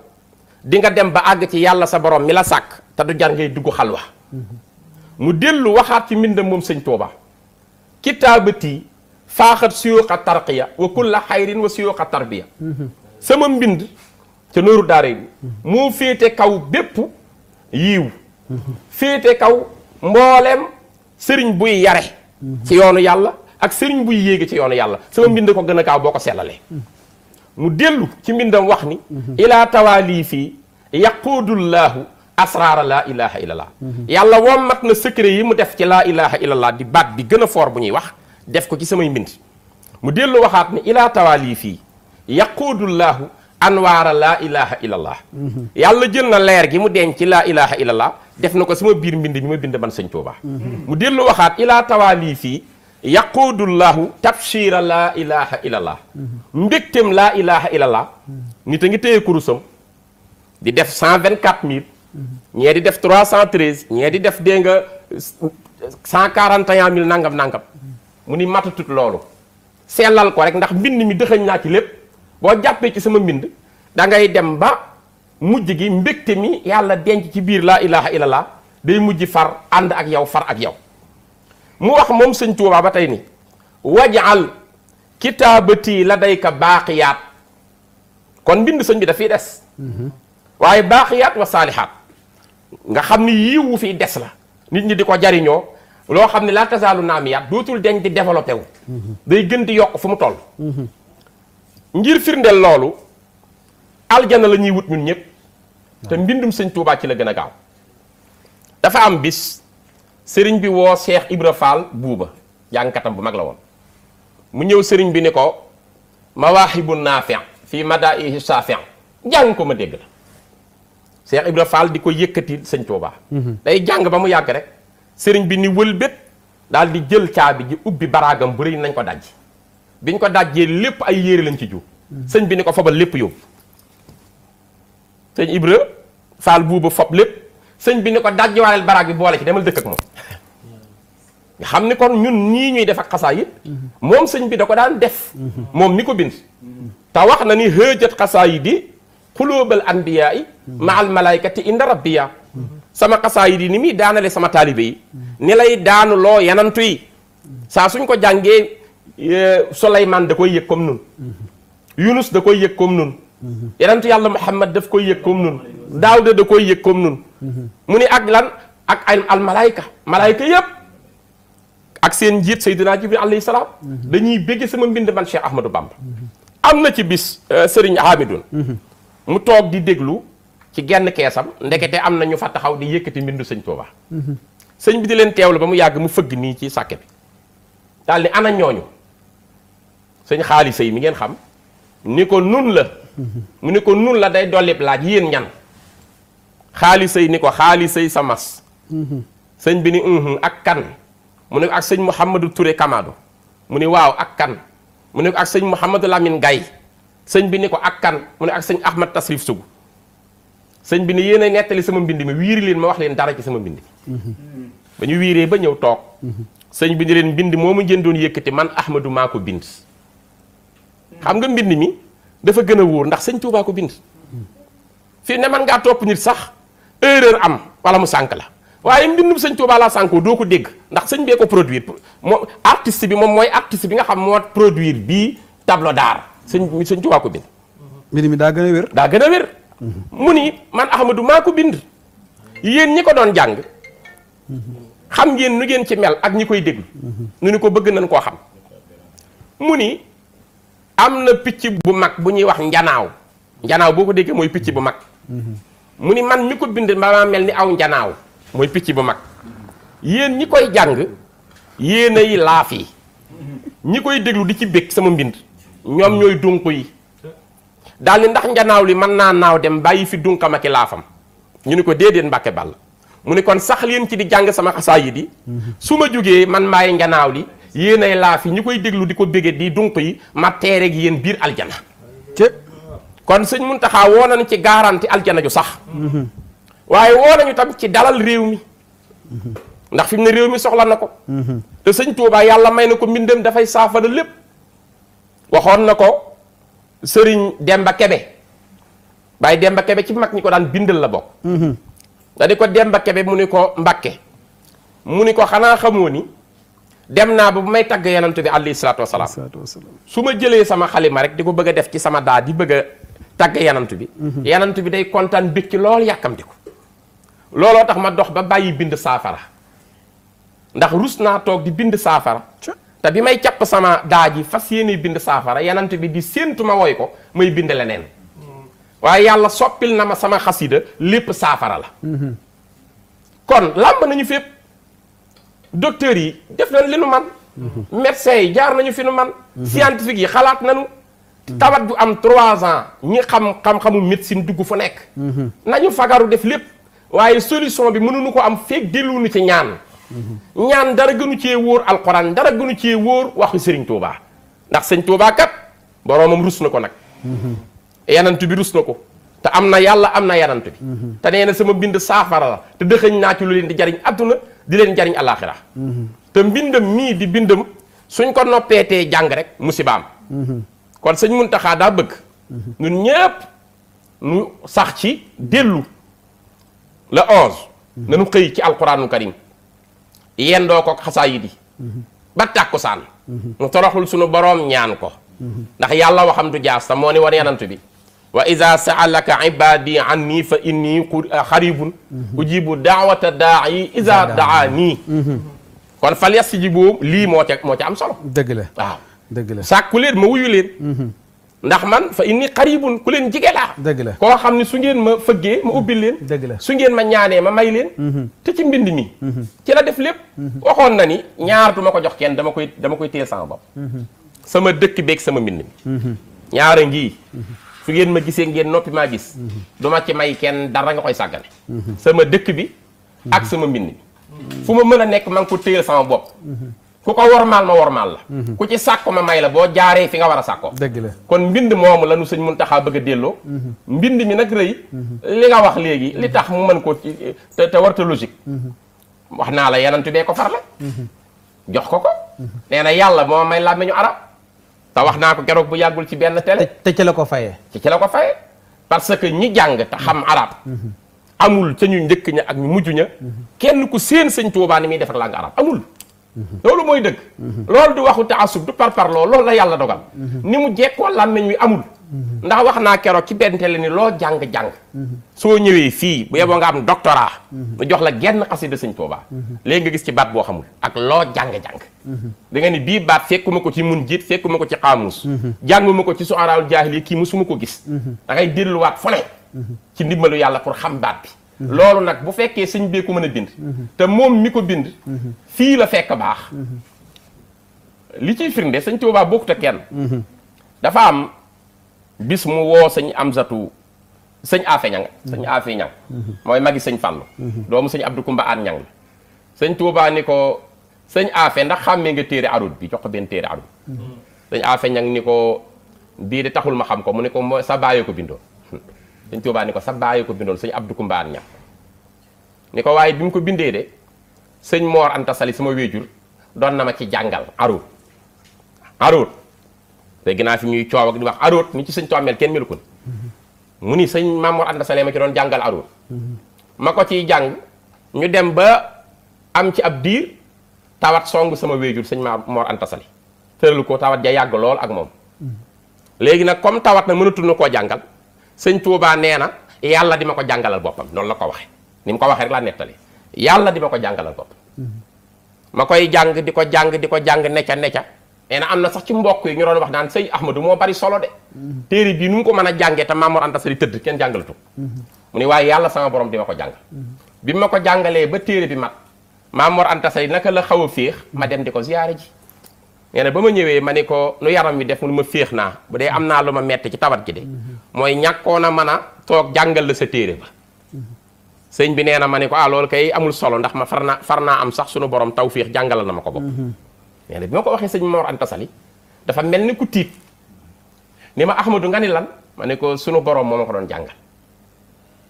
E: di nga dem ba àgg ci yàlla sa borom mi la sàkk te du jar ngay dugg xalwa mu dellu waxaat ci mbindam moom sëñ Tuuba kitaabati faaxat suyuuqa tarqiya wa kulla xayrin wa suyuuqa tarbiya sama mbind ca nooru daara bi moo féete kaw bépp yiw féete kaw mbooleem sëriñ buy yare ci yoonu yàlla ak sëriñ buy yéege ci yoonu yàlla sama mbind ko gën a gaaw boo ko sellalee mu dellu ci mbindam wax ni ilaa tawaalii yaquudullaahu asraara laa ilaha illallah yàlla wommat na secret yi mu def ci laa ilaha illallah di baat bi gën a foor bu ñuy wax def ko ci samay mbind mu dellu waxaat ne ilaa tawaali fii yaquudullaahu anwaara laa ilaha illallah yàlla jël na leer gi mu denc ci laa ilaha def na ko sama biir mbind mi ma bind man sëñ Tuuba mu dellu waxaat ilaa tawaali fii yaquudullaahu laa ilaha illallah mbégtem laa ilaha illallah nit a ngi téye kurusam di def 124000 ñee di def 313 ñee di def de nga 141000 nangam nangam mu ni matatut lolu selal ko rek ndax mbind mi dexeñ na ci lepp bo jappé ci sama mbind da ngay dem ba mujj gi mbekté mi yalla denc ci bir la ilaha illallah day mujj far and ak yow far ak yow mu wax mom sëñ touba ba tay ni wajal kitaabati la day ka baaqiyaat kon mbind sëñ bi dafiy des waye baqiyat wa salihat nga xamni ni fi dess la nit ñi di jariño lo xamni la tazalu namiyat tasaalu dootul deñ di développer wu day gën di yokk fu mu toll ngir firndel lolu aljana lañuy wut ñun ñepp te mbindum sëñ touba ci la gëna gaaw dafa am bis serigne bi wo Cheikh Ibra Fall buba jàngkatam bu mag la won mu ñew serigne bi ne ko mawahibun nafi' fi mada'ihi safi' jang ko ma degg la Cheikh Ibra Fall di ko yëkkati sëñ Touba. Mhm. day jàng ba mu yàgg rek sëriñ bi ni wëlbét daal di jël caabi ji ubbi baraagam bu nañ ko dajj biñ ko dajjee lépp ay yére lañ ci ju mhm. sëñ bi ni ko fobal lépp yóbbu sëñ Ibra Fall buuba fob lépp sëñ bi ni ko dajjiwaaleel baraag bi boole ci demal dëkk ak moom [laughs] xam ni kon ñun ñii ñuy def ak xasaayit mhm. moom sëñ bi da ko daan def moom mi ko bind te wax na ni hëjat xasaayit yi xulóobal anbiyaa yi maal malaykati inda rabbiya sama xasaayid yi ni muy daanale sama taalibe yi ni lay daanu loo yanantu yi saa suñ ko jàngee Souleymane da koy yëg comme nun Yunus da koy yëg comme nun yanantu yàlla Muhammad daf koy yëg comme nun Daawda da koy yëg comme nun mu ni ak lan ak ay al malayka malayka yëpp ak seen njiit Seydina Jibril alayhi salaam dañuy bégge sama mbind man Cheikh Ahmadou Bamba am na ci bis euh, Serigne Hamidoun mu toog di déglu ci genn keesam ndekete am na ñu fa taxaw di yëkkati mbindu sëñ Touba. Mhm. sëñ bi di leen teewlu ba mu yàgg mu fëgg nii ci sàkke bi daal ni ana ñooñu sëñ xaalisa yi mi ngeen xam ni ko nun la mhm. mu ni ko nun la day dollib laaj yéen ñan xaalisa yi ni ko xaalisa yi sa mas mhm. sëñ bi ni ak kan mu ne ko ak sëñ Mouhamadou Touré Kamado mu ni waaw ak kan mu ne ko ak sëñ Mouhamadou Lamine Gaye sëñ bi ne ko ak kan mu ne ak seigne Ahmad Tasrif Sougou seigne bi ne yene netali sama bindi mi wiri len ma wax len dara ci sama bindi
F: mi
E: ba ñu wiiree ba ñëw toog seigne bi ne len bindi momu jëndoon yëkëti man Ahmadu mako bind xam nga bindi mi dafa gëna woor ndax seigne touba ko bind fi ne man nga top nit sax erreur am wala mu sank la waye bindu seigne touba la sanko doo ko dégg ndax seigne bee ko produire artiste bi mom moy artiste bi nga xam mo produire bi tableau d'art sëñ sëñ Tuubaa ko bind. mi daa gën a man Ahmadou mako bind. yeen ñi ko doon jang xam ngeen nu ngeen ci mel ak ñi koy déglu. nu ni ko bëgg nañ ko xam. mu ni am picc bu mag bu ñi wax njanaaw. njanaaw boko ko moy picc bu mag. mu man mi ko bind mel ni aw njanaaw. moy picc bu mag. yeen ñi koy jang yeenay ay laaf ñi koy deglu di ci bekk sama mbind. ñoom ñooy dunk yi eh. daal ni ndax njanaaw li mën naa naaw dem bàyyi fi dunkam ak i laafam ñu ni ko déedéet mbàkke bàll mu ne kon sax leen ci di jàng sama xasaayid yi mm-hmm. su ma jógee man maay njanaaw li yéen ay laaf yi ñu koy déglu di ko bége di dunk yi ma teereg yéen biir aljana kon sëñ Muntaxa woo nañu ci garanti aljana ju sax mm-hmm. waaye woo nañu tamit ci dalal réew mi mm-hmm. ndax fi ne réew mi soxla na ko te sëñ Tuubaa yàlla may na ko mbindam dafay saafara lépp waxon nako serigne demba kebe bay demba kebe ci mag ni ko daan bindal la bokk mhm. da di ko demba kebe muniko ni muniko xana xamoni demna ko xanaa xamoo ni dem naa Sallallahu bu may tagg yonante bi alayhi salaatu wasalaam sama khalima rek diko beug def ci sama da di beug tag tagg bi mhm. yanant bi day contane bég ci lol yakam diko lolo tax ma dox ba bayyi bind safara ndax rusna tok di bind safara te bi may capp sama daa ji fas yéene bind saafara yanant bi di séentu ma woy ko may bind leneen waaye yàlla soppil na ma sama xasida lépp saafara la mhm. kon làmb nañu fépp docteurs yi def nañ li nu man mhm. médecins yi jaar nañu fi nu man mhm. scientifique yi xalaat nañu tawat ju am trois ans ñi xam xam-xamu médecine dugg fu nekk nañu fagaru def lépp waaye solution bi mënuñu ko am feeg delluwuñu ci ñaan ñaan dara gënu cee wóor alxuraan dara gënu cee wóor waxu sëriñ tuubaa ndax sëñ Touba kat boroomam rus na ko nag. yanant bi rus na ko. te am na yàlla am na yanant bi. te nee sama mbind saafara la te dëxëñ naa ci lu leen di jariñ àdduna di leen jariñ alaaxira te mbindam mii di bindam suñ ko noppeetee jàng rek musibaam. kon sëñ Muntaxa daa bëgg. ñun ñëpp nu sax ci dellu. la onze. nanu xëy ci alxuraanu karim. yendoo ko xasaayid yi ba tàkkusaan mhm. mu toroxul sunu boroom ñaan ko mhm. ndax yàlla waxam du jaas ta moo ni war bi wa ida saalaka ibadi an fa inni ah, xaribun mhm. ujibu daawata daayi ida daa nii kon fal yastajibu lii moo ca moo ca am solo
A: dëgg dëgg
E: la leen ma wuyu leen ndax man fa inni qaribun ku leen jige laa dëgg la koo xam ne su ngeen ma fëggee ma ubbil leen dëgg la su ngeen ma ñaanee ma may leen mhm. te ci mbind mi mhm. ci la def lépp mhm. waxoon na ni ñaar du ma ko jox kenn dama koy dama koy teel sama bopp sama dëkk beeg sama mbind mi ñaara ngii su ngeen ma gisee ngeen noppi maa gis du ci may kenn dara nga koy sàggane sama dëkk bi ak sama mbind mi fu ma mën a nekk ma ngi ko téyel sama bopp ku ko normal ma wormaal la mhm. ku ci sakko ma may la bo jaare fi nga wara sakko la kon mbind moomu lañu señ muntaha bëgg a
F: mhm.
E: mbind mi nak reuy mhm. li nga wax léegi li tax mu mën ko ci te warta logique wax la yenantu be ko far la jox ko ko nee yalla mo may la meñu arab ta wax naa ko kérok bu yagul ci ben télé te ci la ko fayee ci ci la ko parce que ñi jang ta xam arab amul ci ñu ñëk ñi ak ñu ñi kenn ku seen señ touba ni mi def ak arab amul loolu mooy dëgg. loolu du waxu taasub du parparloo loolu la yàlla dogal. Mhm. ni mu jekkoo làmmiñ wi amul. Mhm. ndax wax naa keroog ci benn télé ni loo jàng jàng. Mhm. soo ñëwee fii bu yeboo nga am doctorat. mu jox la genn xasida sëñ Tuubaa. léegi nga gis ci baat boo xamul ak loo jàng jàng. da nga ni bii baat fekkuma ko ci mun jiit fekkuma ko ci xaamuus. jànguma ko ci su araawul jaahil yi kii musuma ko gis. da ngay delluwaat fole. ci ndimbalu yàlla pour xam baat bi. loolu nag bu fekkee sëñ bee ko mën a bind te moom mi ko bind fii la fekk baax li ciy firnde sëñ Tuubaa bokkut ak kenn dafa am bis mu woo sëñ Amsatu sëñ Afe Ñang sëñ Afe Ñang mooy magi sëñ Fàllu doomu sëñ Abdu Kumba aan Ñang la sëñ Tuubaa ni ko sëñ Afe ndax xàmmee nga téere arut bi jox ko benn téere arut mm-hmm. sëñ Afe Ñang ni ko bii de taxul ma xam ko mu ne ko sa bàyyee ko bindoo sëñ Tuubaa ko sa bàyyi ko bindoon sëñ Abdu Kumbaan ñam ni ko waaye bi mu ko bindee de sëñ Moor Anta sama wéjur doon na ma ci jàngal aróot aróot dégg naa fi ñuy coow ak di wax aróot ni ci sëñ Tuubaa mel kenn melu ko ni mu ni sëñ Maam Moor Anta Sali ma ci doon jàngal aróot ma ko ciy jàng ñu dem ba am ci ab diir tawat song sama wéjur sëñ Maam Moor Anta Sali tëralu ko tawat ja yàgg lool ak moom mm-hmm. léegi nag comme tawat na mënatul na koo jàngal sëñ Tuubaa nee na yàlla di ma ko jàngalal boppam noonu la ko waxee ni mu ko waxee rek laa nettali yàlla di ma ko jàngalal boppam ma koy jàng di ko jàng di ko jàng necca necca nee na am na sax ci mbokk yi ñu doon wax naan sëñ Ahmadou moo bari solo de téere bii nu mu ko mën a jàngee te Mamour Anta Sali tëdd kenn jàngalatu
F: mu
E: ne waaye yàlla sama borom di ma ko jàngal bi ma ko jàngalee ba téere bi mat Mamour Anta Sali naka la xaw a féex ma dem di ko ziyaare ji nee bama ba ma ko lu yaram wi def luma ma bu dé amna luma metti ci tawat gi de moy ñàkkoon a mën a la sa téré ba sëñ bi néna ah lool kay amul solo ndax ma farna farna am sax sunu borom tawfiq jangal na mako ko bopp bima ko waxé sëñ Mor Anta dafa mel ku tiit ma ngani lan ma sunu borom moo ma ko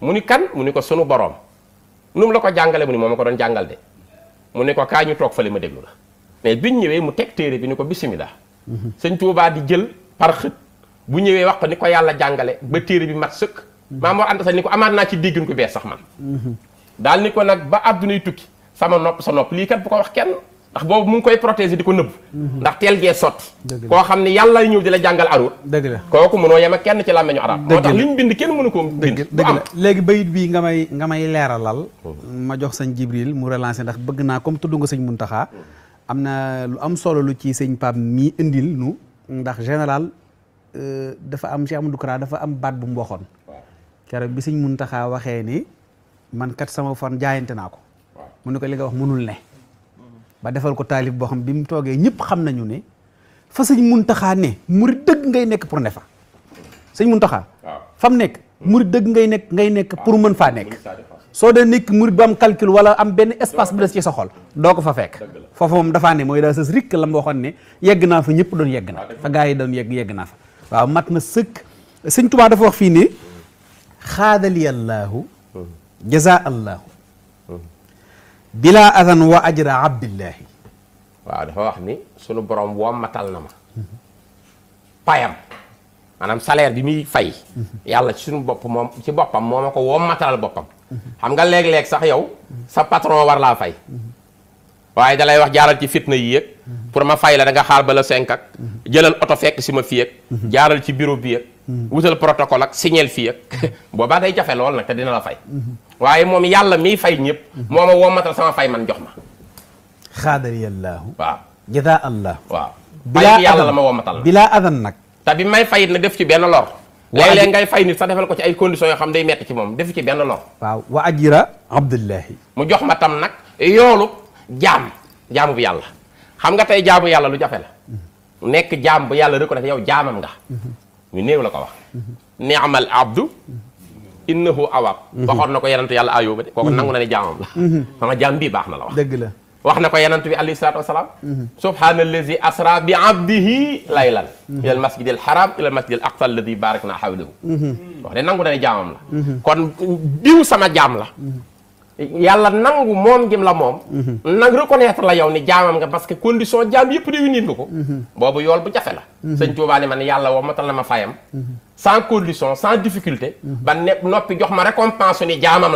E: doon kan muni ko sunu borom num janggal la ko jangalé muni ko doon de mu ko kañu tok fa fale déglu la mais biñ ñëwee mu teg téere bi ni ko sen sëñ ba di jël par khut, bu ñëwee wax ko ni ko yàlla jàngale ba téere bi mat sëkk. mo ànd sax ni ko amaat naa ci déggin ko bees sax man. dal ni ko ba tukki sama nopp sa nopp lii kat bu ko wax kenn. ndax boobu mu ngi koy protéger di ko ndax tel gee sotti ko ne ñëw di la jàngal arut dëgg la kooku mënoo yem kenn ci làmmeñu arab moo tax li ñu bind kenn mënu ko bind du am
A: léegi bayit bii nga may nga may leeralal hmm. ma jox sëñ Jibril mu relancer ndax bëgg naa comme tudd nga sëñ Muntaxa Amna, lu am solo lu ci seigne pap mi indil nu ndax euh dafa am Cheikh Amadou Kara dafa am bat bu mu waxon keroog bi seigne Muntaxa waxee ni man kat sama fan jaayante naa ko mu ne ko li nga wax munul ne ba defal ko talib bo xam bim toge xam nañu ne fa seigne ne murid deug ngay nek pour nefa seigne muntaha fam nek murid deug ngay nek ngay nek pour mën fa nek soo dee nekk murid bu am calcul wala am benn espace bu des ci sa xol doo ko fa fekk foofu moom dafaa ne mooy daa sës rikk la ma waxoon ne yegg naa fa ñëpp doon yegg na fa gaa yi yegg naa fa waaw mat na sëkk sëñ Tuubaa dafa wax fii ne xaadali allaahu jaza allaahu
E: bila wa ajra abdillahi waaw dafa wax ni sunu borom wommatal na ma payam maanaam bi muy fay mhm. yàlla ci sunu bopp moom ci boppam moo ma ko wommatalal boppam xam nga leg leg sax yow sa patron war la fay waye dalay wax jaaral ci fitna yi yek pour ma fay la da nga xal ba la 5 ak jeulal auto fek ci ma fi yek jaaral ci bureau bi yek wutal protocole ak signal fii ak boobaa day jafe lol nak te dina la fay waye mom yàlla mi fay ñep moma ma woomatal sama fay man jox ma
A: khadir yàllaahu waaw jazaa allah
E: wa bilaa yàlla la bila adan nak ta bi may fay na def ci ben lor léeg-léeg ngay fay nit sax defal ko ci ay conditions yoo xam day metti ci moom defu ci benn lor waaw wa ajira abdullahi mu jox ma tam nag yoolu jaam jaamu bu yàlla xam nga tey jaamu yàlla lu jafe la mm-hmm. nekk jaam bu yàlla rek ko def yow jaamam nga mm-hmm. ñu néew la ko wax mm-hmm. ni'mal abdu innahu awab waxoon na ko yenantu yàlla ayóba de kooku nangu na ne jaamam la sama jaam bii baax na la wax dëgg la wax na ko yonent bi alayhi salaatu wasalaam subhaanallazi asra bi abdihi laylan ila al masjid al haram ila al masjid al aqsa alladi barak naa hawlahu wax de nangu dane jaamam la kon diw sama jaam la yàlla nangu moom gim la moom nang reconnaître la yow ni jaamam nga parce que condition jaam yëpp réunir nga ko boobu yool bu jafe la sëñ Tuubaa ne man yàlla woo matal na ma fayam sans condition sans difficulté ba noppi jox ma récompense ni jaamam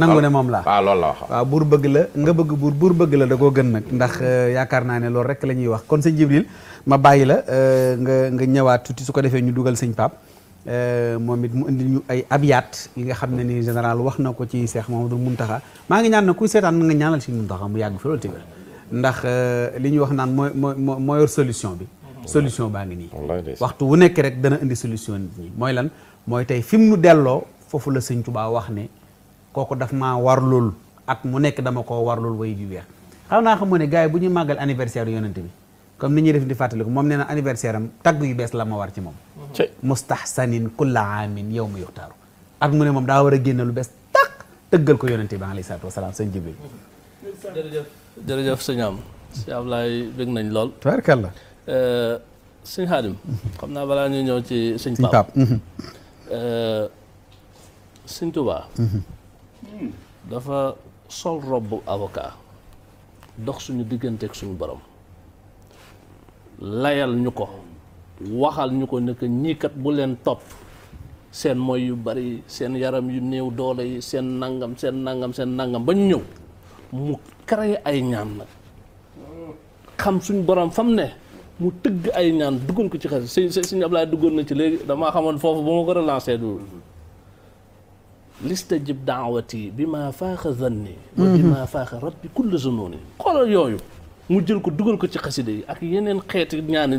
A: nangu ne moom laa waaw la wax waaw buur bëgg la nga bëgg buur buur bëgg la da koo gën nag ndax euh, yaakaar naa ne loolu rek la ñuy wax kon sa Jibril ma bàyyi la euh, nga nga ñëwaat tuuti su ko defee ñu dugal sëñ Pape euh, moom it mu indi ñu ay abiyaat yi nga xam ne ni général wax na ko ci seex Cheikh Mamadou Mountakha maa ngi ñaan na kuy seetaan nga ñaanal si Mountakha mu yàgg fi loolu téwér ndax li ñuy wax naan mooy mooy mooy solution bi solution baa ngi nii waxtu wu nekk rek dana indi solution nit ñi mooy lan mooy tey fi mu nu la sëñ Tuubaa wax kooku daf maa warlul at mu nekk dama koo warlul way ju weex xam naa xamoo ne gars yi bu ñuy màggal anniversaire yonente bi comme ni ñuy def di fàttaliku moom nee na anniversaire am tagg yu bees la ma war ci moom mhm. mustahsanin kulla aamin yow mu yuxtaaru at mu ne moom daa war a génne lu bees tàq tëggal ko yonente bi alayhi salaatu wasalaam sëñ Jibril
B: jërëjëf jërëjëf sëñ am si Ablaye bég nañ lool tabaarkalla eh, sëñ Xaadim xam naa balaa ñu ñëw ci sëñ Pape sëñ eh, Tuubaa mhm. dafa sol robb avocat dox suñu ak suñu borom layal ñuko wahal waxal ñuko nyikat ne top, ñi kat bu len top sen moy yu bari sen yaram yu neew doole yi sen nangam sen nangam sen nangam ba ñew mu créé ay ñaan nak xam suñu borom fam ne mu teug ay ñaan dugal ko ci xel seigne na ci legi dama xamone fofu bu ko لاستجب دعوتي بما فاخ ظني وبما فاخ ربي كل ظنوني قال يويو مو جيل كو دوغل كو سي قصيده اك يينن خيت نيان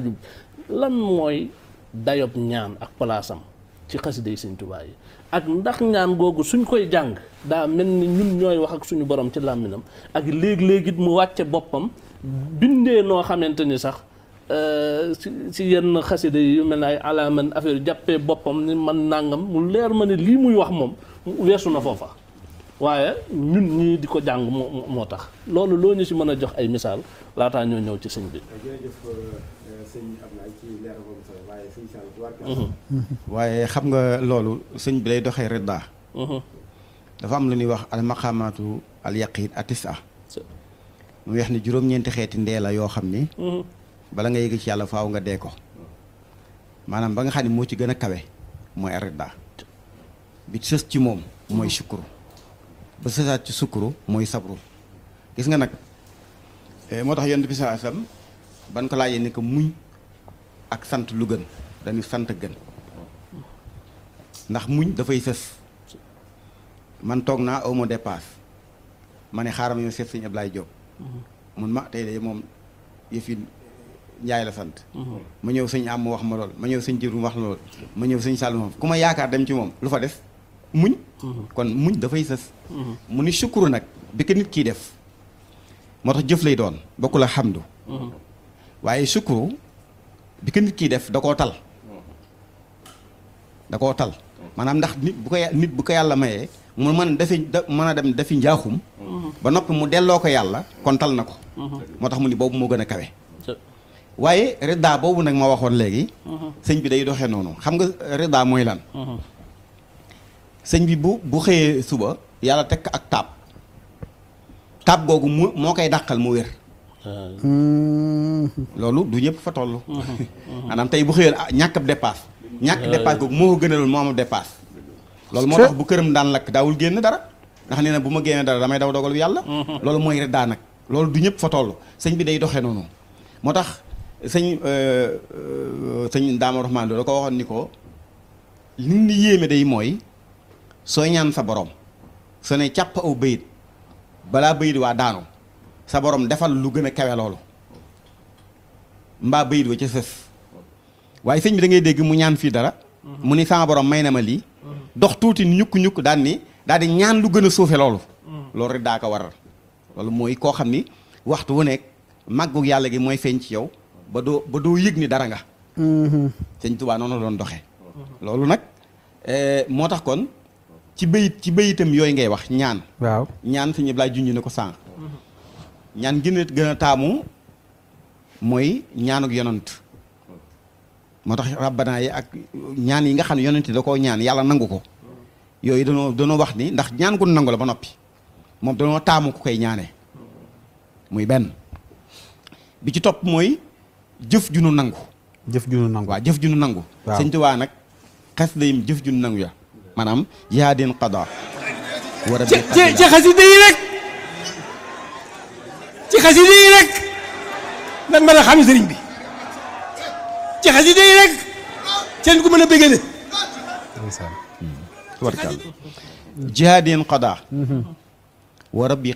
B: لان موي دايوب نيان اك بلاصام سي قصيده سين توباي اك نداخ نيان غوغو سون كوي جانغ دا ملني نين نوي واخ اك سونو بروم سي لامينام اك ليغ ليغيت مو واتي بوبام بيندي نو خامنتني صاح si yenn xaside yu mel ne ay ala affaire jàppee boppam ni man nangam mu leer ma ne muy wax moom weesu na foofa waaye ñun ñii di ko jàng moo moo tax loolu loo ñu si mën a jox ay misaal laataa ñoo ñëw ci sëñ bi. Euh, mhm. waaye
C: xam nga loolu sëñ bi lay doxee ridda mhm. dafa am lu ñuy wax al maqaamaatu al yaqiin atisa mu wax ni juróom-ñeenti xeeti ndee la yoo xam ni. Mhm. bala nga yëg ci yàlla faaw nga dee ko maanaam ba nga xam ne moo ci gën a kawe mooy ridda bi sës ci moom mooy sukkuru ba sësaat ci sukkuru mooy sabru gis nga nag eh, moo tax yonent bi saa sam ban ko laajee ni ko muñ ak sant lu gën dañu sant gën ndax muñ dafay sës man toog naa aw ma dépasse ma ne xaaral ma seet sëñ Ablaye Diop mun ma tey de moom yëf yi Njaay la sant ma ñëw sëñ am mu wax ma lool ma ñëw sëñ Jiru wax ma lool ma ñëw sëñ Sall moom ku ma yaakaar dem ci moom lu fa des muñ mhm. kon muñ dafay sës mhm. mu ni sukuru nag bi ko nit kiy def moo tax jëf lay doon bokkul ak xamdu mhm. waaye sukuru bi ko nit kiy def da koo tal da koo tal maanaam ndax nit bu ko nit bu ko yàlla mayee mu mën dafi mën a dem dafi njaaxum ba noppi mu delloo ko yàlla kon tal na ko moo tax mu ni boobu moo gën a kawe waaye rida boobu nag ma waxoon léegi sëñ bi day doxee noonu xam nga rida mooy lan sëñ bi bu bu xëyee suba yàlla teg ak taab taab googu mu moo koy dàqal mu wér. Hmm. loolu du ñëpp fa toll. Hmm. Hmm. [laughs] maanaam tey bu xëyoon ah ñàkk ab ñàkk euh. dépasse googu moo loolu moo tax bu këram daan lakk daawul génn dara. ndax nee na bu ma génnee dara damay daw dogal bi yàlla. loolu mooy rek daa nag loolu du ñëpp fa toll sëñ bi day doxee noonu. moo tax sëñ euh, euh, sëñ Daama Rahmaan da ko waxoon ni ko li ñu yéeme day mooy. sooy ñaan sa borom soo ne càpp aw bayit balaa bayit waa daanu sa boroom defal lu gën a kawe loolu mbaa bayit wa ca sës waaye sëñ bi dangay dégg mu ñaan fii dara mu ni sama borom may na ma lii dox tuuti ñukk-ñukk daan ni daal di ñaan lu gën a suufe loolu loolu rek daa ko waral loolu mooy koo xam ni waxtu wu nekk màggu yàlla gi mooy feeñ ci yow ba doo ba doo yëg ni dara nga mm-hmm. sëñ Tuubaa noonu doon doxee loolu nag eh, moo tax kon ci bayit ci bayitam yooyu ngay wax ñaan. waaw ñaan suñu laa junj ne ko sànq. ñaan gi nit gën a taamu mooy ñaanuk yonant moo tax rabbana yi ak ñaan yi nga xam ne yonent da koo ñaan yàlla nangu ko yooyu danoo danoo wax ni ndax ñaan gu nangu la ba noppi moom danoo taamu ku koy ñaane muy benn bi ci topp mooy jëf ju nu nangu. jëf ju nu nangu waaw jëf ju nangu. waaw sëñ Tuubaa nag xes dayim jëf ju nu nangu ya maanaam jihaadin qada war a ci hmm. wa rabbi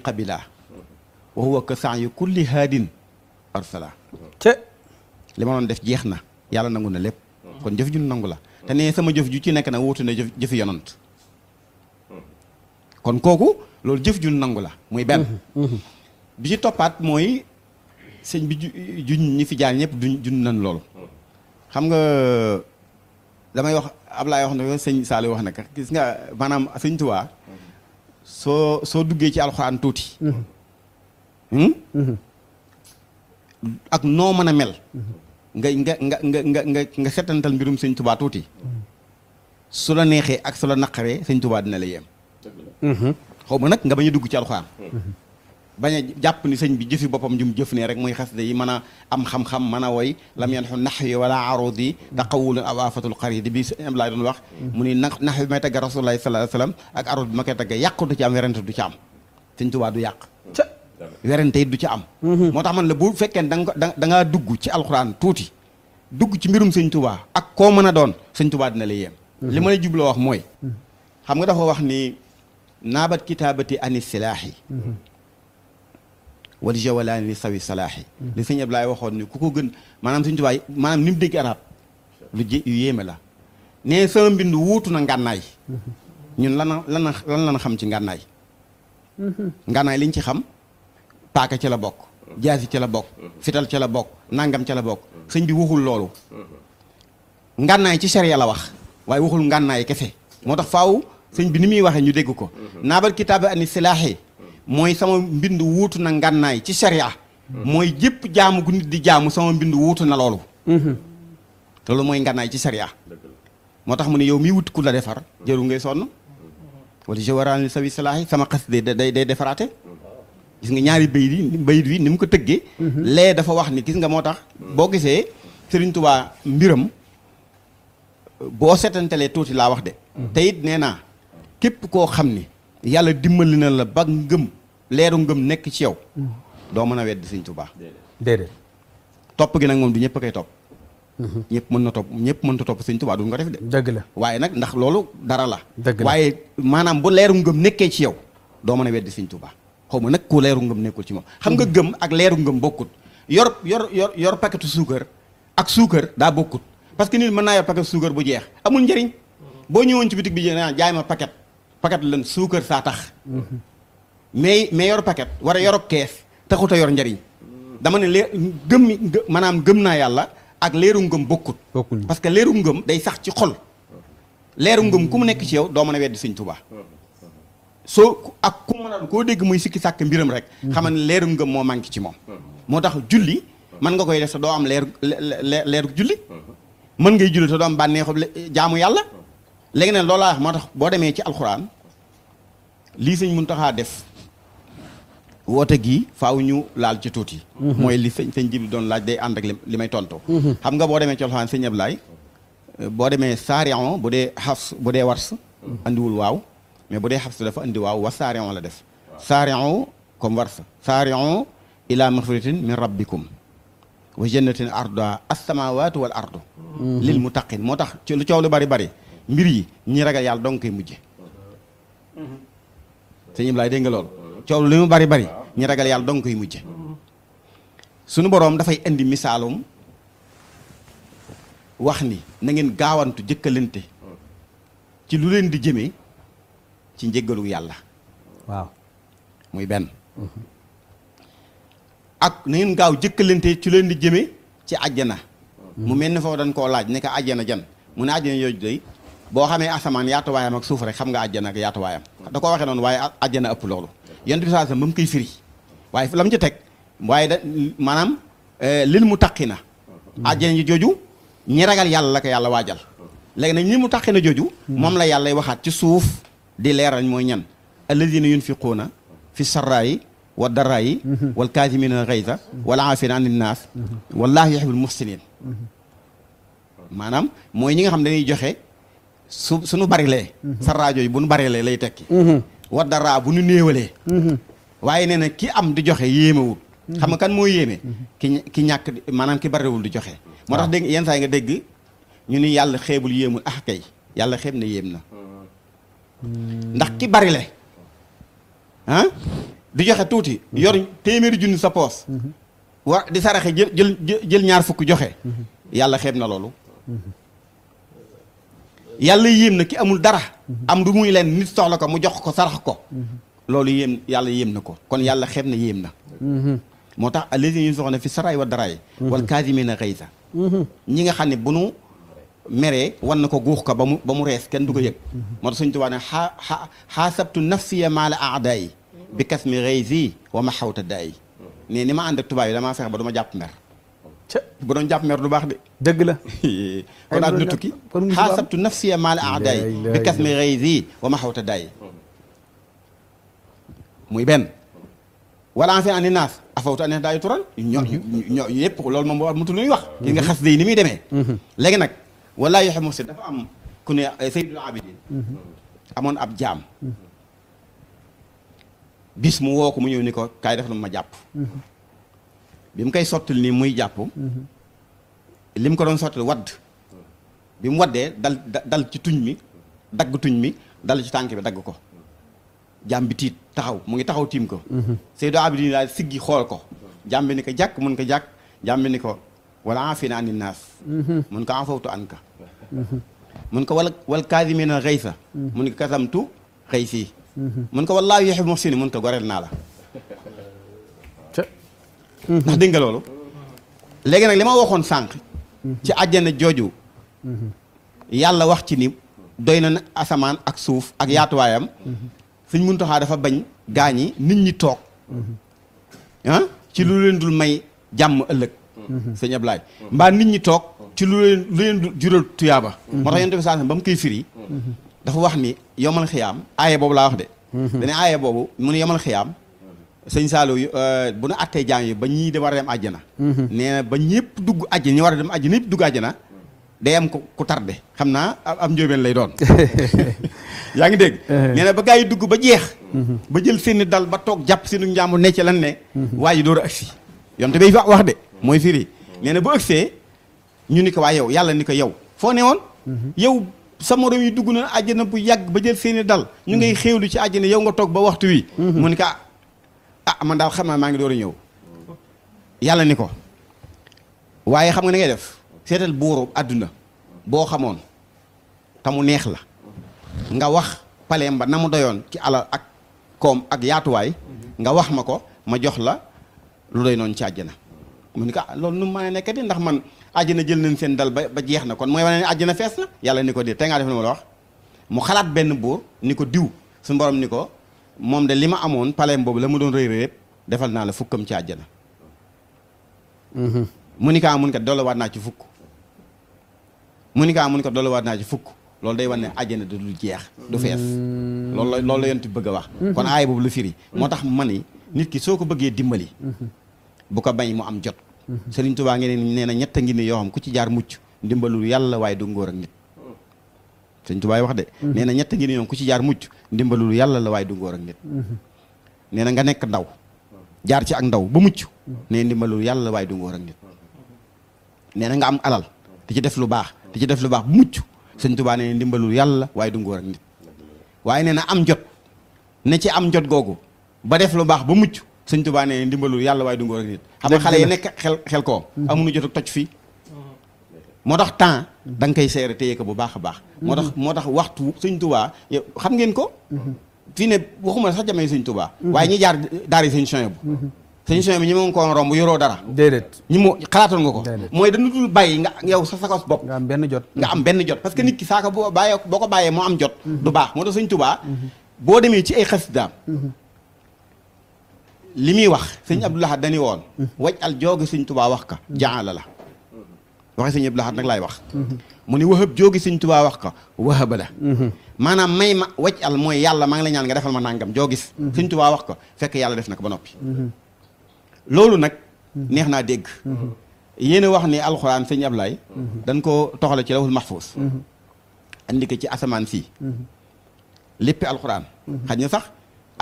C: ka sa'yi kulli haadin arsala li ma doon def jeex na yàlla nangu na lépp kon jëf ju nangu la te nee sama jëf ju ci nekk nag wuutu na jëf jëfi yonant kon kooku loolu jëf ju nangu la muy benn bi ci toppaat mooy sëñ bi ju ñi fi jaar ñëpp duñ jun nan loolu xam nga damay wax Ablaye wax na ko sëñ Saliou wax na ko gis nga maanaam sëñ Tuubaa soo soo duggee ci alxuraan tuuti mm-hmm. Hmm? Mm-hmm. ak noo mën a mel mm-hmm. nga nga nga nga nga nga xetantal mbirum sëñ tubaa su la neexee ak su la naqaree sëñ tubaa dina la yem xaw ma nag nga bañ dugg ci alxuraan bañ a jàpp ni sëñ bi jëfi boppam jum jëf nee rek muy xasida yi mën a am xam-xam mën a woy lam yan xu nax yi wala arud yi taqawulun aw afatul xaridi bi sëñ Ablaay doon wax mu ni nax nax bi may tagga rasulullahi sallallahu alayhi ak arud bi ma koy tagga yàqu ci am werante du ci am sëñ tubaa du yàq werante it du ci am mhm. moo tax man la bu fekkee da dangaa dugg ci alxuraan tuuti dugg ci mbirum sëñ tubaa ak koo mën a doon sëñ tubaa dina la yéem mhm. li ma la jubloo wax mooy mhm. xam nga dafa wax ni naabat kitaabati ani silaahi wal jawalaani li sawi salaahi li sëñ Ablaay waxoon ni ku ko gën maanaam sëñ tubaa maanaam ni mu dégg arab lu j yu yéeme la ne sama mbind wuutu na ngànnaay ñun lan lan lan xam ci ngànnaay ngànnaay liñ ci xam paka ci la bok jaasi ci la bok fital ci la bok nangam ci la bok señ bi waxul lolu ngannaay ci sharia la wax way waxul ngannaay kefe motax faaw señ bi nimuy waxe ñu dégg ko nabal kitab an silahi moy sama bindu wuutu na ngannaay ci sharia moy jep jaamu gu nit di jaamu sama bindu wuutu na loolu lolu moy ngannaay ci sharia motax mu ne yow mi wut ku la defar jëru ngay sonn wala je sabi sawi sama qasdi day de de gis nga ñaari bayit yi bayit wi ni mu ko tëggee mhm. lee dafa wax ni gis nga moo tax boo gisee Sëriñ Tubaa mbiram boo setantalee tuuti laa wax de mhm. te it nee naa képp koo xam ni yàlla dimbali na la ba ngëm leeru ngëm nekk ci yow mhm. doo mën a weddi Sëriñ Tubaa déedéet topp gi nag moom du ñëpp koy topp ñëpp mën na topp ñëpp mën na topp Sëriñ Tubaa duñ ko def de la waaye nag ndax loolu dara la waaye maanaam bu leeru ngëm nekkee ci yow doo mën a weddi Sëriñ Tubaa xaw ma nag ku leeru ngëm nekkul ci moom xam nga hmm. gëm ak leeru ngëm bokkut yor yor yor yor paquetu suukar ak suukar daa bokkut parce que nit mën naa yor paquet suukar bu jeex amul njariñ boo ñëwoon ci bitig bi jaay ma paquet paquet lan suukar saa tax hmm. mais mais yor paquet war a kees taxut a yor njëriñ dama ne leer gëm maanaam gëm naa yàlla ak leeru ngëm bokkut parce que leeru ngëm day sax ci xol leeru ngëm ku mu nekk ci yow doo mën a weddi sëñ soo ak ku mën a koo dégg muy sikki sàkk mbiram rek xaman leerum ngëm moo manqué ci moom moo tax julli mën nga koy def sa doo am leer leeru julli mën ngay julli te doo am bànneexu jaamu yàlla léegi nag loolaa moo tax boo demee ci alxuraan lii sëñ taxaa def woote gii faaw ñu laal ci tuuti mooy li sëñ sëñ Jibril doon laaj day ànd ak li may tontu xam nga boo demee ci alxuraan sëñ Ablaay boo demee saarion bu dee xafs bu dee wars àndiwul waaw mais bu dé xabsu dafa andi waw wa la def sari'u comme warsa sari'u ila magfiratin min rabbikum wa jannatin arda as samawati wal ardu mhm. lil muttaqin motax ci lu ciowlu bari bari mbir yi ñi ragal yalla dong koy mujjé mhm. sëñ Ibrahima dénga lool ciowlu bari bari ñi ragal donc dong mujjé suñu borom da fay indi misalum wax ni na ngeen gawantu jëkkelenté ci lu leen di jëmee ci njëggalu yàlla waaw muy benn mhm. ak na ngeen gaaw jëkkalante ci leen di jëme ci àjjana mhm. mu mel ne foofu dan koo laaj ne ko àjjana jan mu ne àjjana yooyu day boo xamee asamaan yaatuwaayam ak suuf rek xam nga àjjana ak yaatuwaayam da ko waxee noonu waaye àjjana ëpp loolu yonent bi saa sam ba mu koy firi waaye lam ci teg waaye da maanaam eh, li mu taqi na mhm. àjjana ji jooju ñi ragal yàlla la ko yàlla waajal léegi nag lil mu taqi na jooju moom la yàlla waxaat ci suuf di leeral mooy ñan alladina yunfiquuna fi sarraayi wa daraayi mhm. wal kaazimina gayza wal aafina anin naas mhm. wallaahu yuhibbul muhsinin maanaam mooy ñi nga xam dañuy joxe su suñu barilee mhm. sarraa yooyu bu nu barilee lay tekki wa daraa bu nu néewalee waaye nee nag ki am di joxe yéemewul xam nga kan moo yéeme ki ki ñàkk maanaam ki bariwul di joxe moo tax dégg yenn saa yi nga dégg ñu ni yàlla xeebul yéemul ah kay yàlla xeeb na yéem na hmm. Hmm. ndax ki bari le ah di joxe tuuti hmm. yor téeméeri junni sa poos hmm. war di saraxe jël jël jël ñaar fukk joxe yàlla xeeb na loolu yàlla yéem na ki amul dara am du muy leen nit soxla ko mu jox ko sarax ko loolu yéem yàlla yéem na ko kon yàlla xeeb na yéem na moo tax alésine yi soxna fi saraay wa daraay wal kaasimiina xëy sa ñi nga xam ne bu nu meree wan ko guux ko ba mu ba rees kenn du ko yëg mhm. moo tax suñ tubaa ne xaa a xaasabtu nafsiya maala aada bi kas mi rëy si wa ma xawta dayi ne ni ma ànd ak tubaab yi damaa fexe ba du ma jàpp mer bu doon jàpp mer du baax de la [laughs] kon àdduna tukki xaasabtu ma xawta dayi muy benn wala wax gis nga mhm. xas day ni muy demee mhm. léegi nag wala yoxe mufsid dafa am ku ne eh, Seydul Abidin mhm. amoon ab jaam mhm. bis mu woo ko mu ñëw ni ko kaay def la ma jàpp mhm. bi mu koy sottil nii muy jàpp li mu ko doon sottil wadd bi mu waddee dal dal ci tuñ mi dagg tuñ mi dal ci tànk bi dagg ko jaam bi tiit taxaw mu ngi taxaw tiim ko Seydul Abidin daal siggi xool ko jaam bi ni ko jàkk mun ko jàkk jaam bi ni ko والعافين عن الناس منك عفوت عنك منك والكاذمين الغيث منك كذمت غيثي منك والله يحب محسن منك goreel naa la ndax dégg nga loolu léegi nag li ma waxoon sànq ci àjjana jooju yàlla wax ci ni doy na asamaan ak suuf ak yaatuwaayam suñ muntaxaa dafa bañ gaañi nit ñi toog ah ci lu leen dul may jàmm ëllëg Mm-hmm. sëñ Ablaay mbaa nit ñi toog ci lu leen lu leen jural tuyaaba mm-hmm. moo tax yonent bi saa ba mu koy firi mm-hmm. dafa wax ni yomal xiyaam aaye boobu laa wax de dana aaye boobu mu ne yomal xiyaam sëñ Saalou euh, bu nu attee jaam yi ba ñii de war a dem àjjana nee na ba ñëpp dugg àjjana ñi war a dem àjjana ñëpp dugg àjjana day am ku tardé xam naa am njóobeen lay doon [laughs] yaa ngi dégg eh. nee ba gaa yi dugg ba jeex ba jël seeni dal ba toog jàpp seenu njàmbur ne ci lan ne waa ji a yonte bay wax de mooy firi nee na bu ëgsee ñu ni ko waa yow yàlla ni ko yow foo ne woon mhm. yow sa morom yi dugg na àjjana bu yàgg ba jël seeni dal ñu ngay mhm. xéewlu ci àjjana yow nga toog ba waxtu wi mhm. mu ni ko ah man daal xam naa maa ngi door a ñëw yàlla ni ko waaye xam nga ni ngay def seetal buuru àdduna boo xamoon te mu neex la nga wax paleem ba na mu doyoon ci alal ak koom ak yaatuwaay nga wax ma ko ma jox la lu doy noonu ci àjjana mu ni ko ah loolu nu ma mën nekk di ndax man àjjana jël nañ seen dal ba ba jeex na kon mooy wane ne àjjana fees na yàlla ni ko di tey ngaa def na ma la wax mu xalaat benn buur ni ko diw su borom ni ko moom de li ma amoon paleem boobu la mu doon rëy rëy yëpp defal naa la fukkam ci àjjana mu ni ah, mun ko dolliwaat naa ci fukk mu ni kaa ah, mun ko dolliwaat naa ci fukk loolu day wane ne àjjana da lu jeex du fees loolu la loolu la yonent bëgg a wax mm-hmm. kon aay boobu lu firi ko bëggee dimbali mm-hmm. bu ko bañ mu am jot serigne touba ngeen nee na ñett ngi ni yoo xam ku ci jaar muccu dimbalul yalla way du ngor ak nit serigne touba wax de mm-hmm. neena ñett ngi ni yoo ku ci jaar muccu dimbalul yalla la way du ngor ak nit mm-hmm. neena nga nek ndaw jaar ci ak ndaw bu muccu mm-hmm. ne dimbalul yalla way du ngor ak nit neena nga am alal di ci def lu baax di ci def lu baax muccu serigne touba ne dimbalul yalla way du ngor ak nit waye neena am jot ne ci am jot ba def lu baax bu muccu sëñ Tuubaa ne ndimbalul yàlla waaye du ngóor ak nit xam nga xale yi nekk xel xel koo mhm. amuñu jot ak toj fii moo tax temps da koy seere téye ko bu baax a baax mhm. moo tax moo tax waxtu sëñ Tuubaa xam ngeen ko mhm. fii ne waxuma sax jamee sëñ Tuubaa waaye ñi jaar daari sëñ Soñ bu sëñ Soñ bi ñi moom koo romb yoroo dara déedéet ñi moo xalaatoon nga ko mooy dañu dul bàyyi nga yow sa sakos bopp nga am benn jot nga am benn jot parce que nit ki saaka boo bàyyee boo ko bàyyee am jot baax moo tax sëñ Tuubaa boo demee ci ay xasidaam li muy wax sëñ Abdou Lahad dañu woon waj al joogi suñ Tubaa wax ka jaala la waxe sëñ Abdou Lahad nag laay wax mu ni wahab joogi suñ Tubaa wax ko wahaba la maanaam may ma waj al mooy yàlla maa ngi la ñaan nga defal ma nàngam joogis sëñ Tubaa wax ko fekk yàlla def na ba noppi loolu nag neex naa dégg yéen a wax ni alxuraan sëñ Ablaay dañ koo toxale ci lawul mahfuus andi ko ci asamaan si léppi alxuraan xaj na sax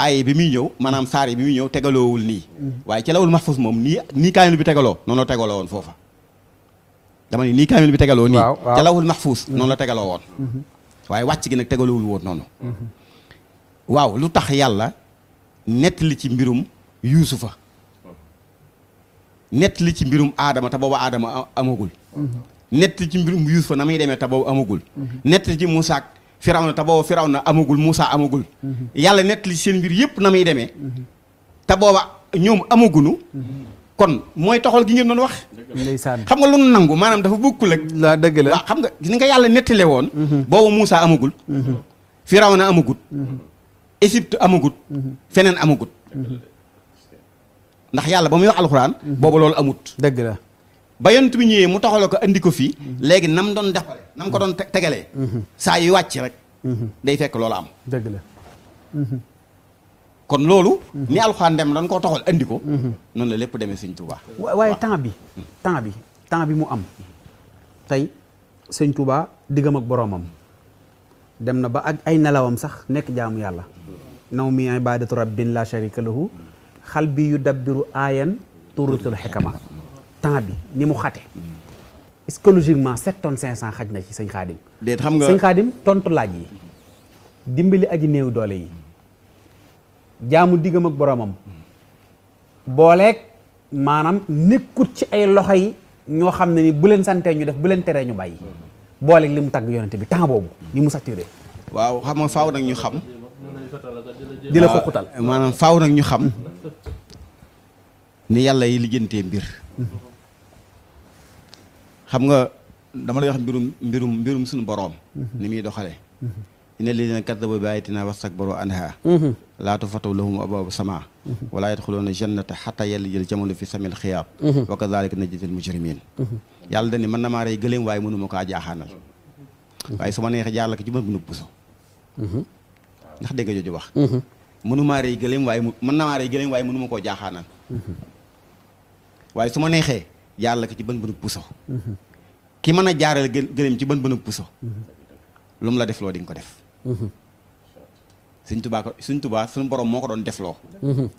C: ay bi muy ñëw maanaam saar bi muy ñëw tegaloowul nii waaye ci lawul mahfuz moom nii nii kaamil bi tegaloo noonu la tegaloo woon foofa dama ni nii kaamil bi tegaloo nii ca lawul mahfuz mm-hmm. noonu la tegaloo woon mm-hmm. waaye wàcc gi nag tegaloowul woon noonu mm-hmm. waaw lu tax yàlla nettali ci mbirum yuusufa nettali ci mbirum aadama te boobu aadama amagul nettali ci mbirum yuusufa na muy demee te boobu amagul nettali ci Musaa firawna te booba na amagul Moussa amagul mhm. yàlla nettali seen mbir yëpp na muy demee mhm. te booba ñoom amagunu mhm. kon mooy toxal gi ngeen doon wax xam nga lu nu nangu maanaam dafa bokkul ak la dëgg la waaw xam nga gis nga yàlla nettale woon booba Moussa amagul firawna amagul Égypte amagul feneen amagul ndax yàlla ba muy wax alxuraan booba loolu amut dëgg la ba yonent bi ñëwee mu taxale ko indi ko fii léegi nam doon defale nam ko doon tegalee saa yi wàcc rek day fekk loolu am dëgg la kon loolu ni alxuraan
A: dem dañ koo taxal indi ko
C: noonu la lépp demee sëñ Touba
A: waaye temps bi temps bi temps bi mu am tey sëñ Touba diggam ak boroomam dem na ba ak ay nelawam sax nekk jaamu yàlla naw mi ibadatu rabbin la sharika lahu xal bi yu dabbiru aayan turutul xikama temps bi ni mu xate est-ce que logiquement sept tonnes cinq cent xaj na ci sëñ xaadim déet xam nga sëñ xaadim tontu laaj yi dimbali aji néew doole yi jaamu diggam ak boromam booleeg maanaam kut ci ay loxo yi ñoo xam ne ni bu leen santee ñu def bu leen teree ñu bàyyi booleeg li mu tagg yonente bi temps boobu ni mu saturé waaw xam nga faaw nag ñu xam
C: di la foqutal maanaam faaw nag ñu xam ni yàlla yi lijjantee mbir xam nga dama lay wax mbirum mbirum mbirum suñu borom ni mi doxale inna lladiina kaddabu bi ayatina wastakbaru anha la tufatu lahum abwaabu sama wala yadkhuluna jannata hatta yalijal jamalu fi samil khiyab wa kadalika najzil mujrimin yàlla dani man na ma ray gëléem way munu mako jaxanal way su ma neexee jaar la ko ci mën buso ndax dégg nga wax munu ma ray gëléem way man na ma ray gëléem way munu mako jaxanal way suma ma neexee yalla ko ci bën bënu puso mhm. ki mën jaaral jaarale ci bën bënu puso hmm lum la def lo di ko def mhm. seigne touba ko seigne touba suñu borom moko don def mhm. def hmm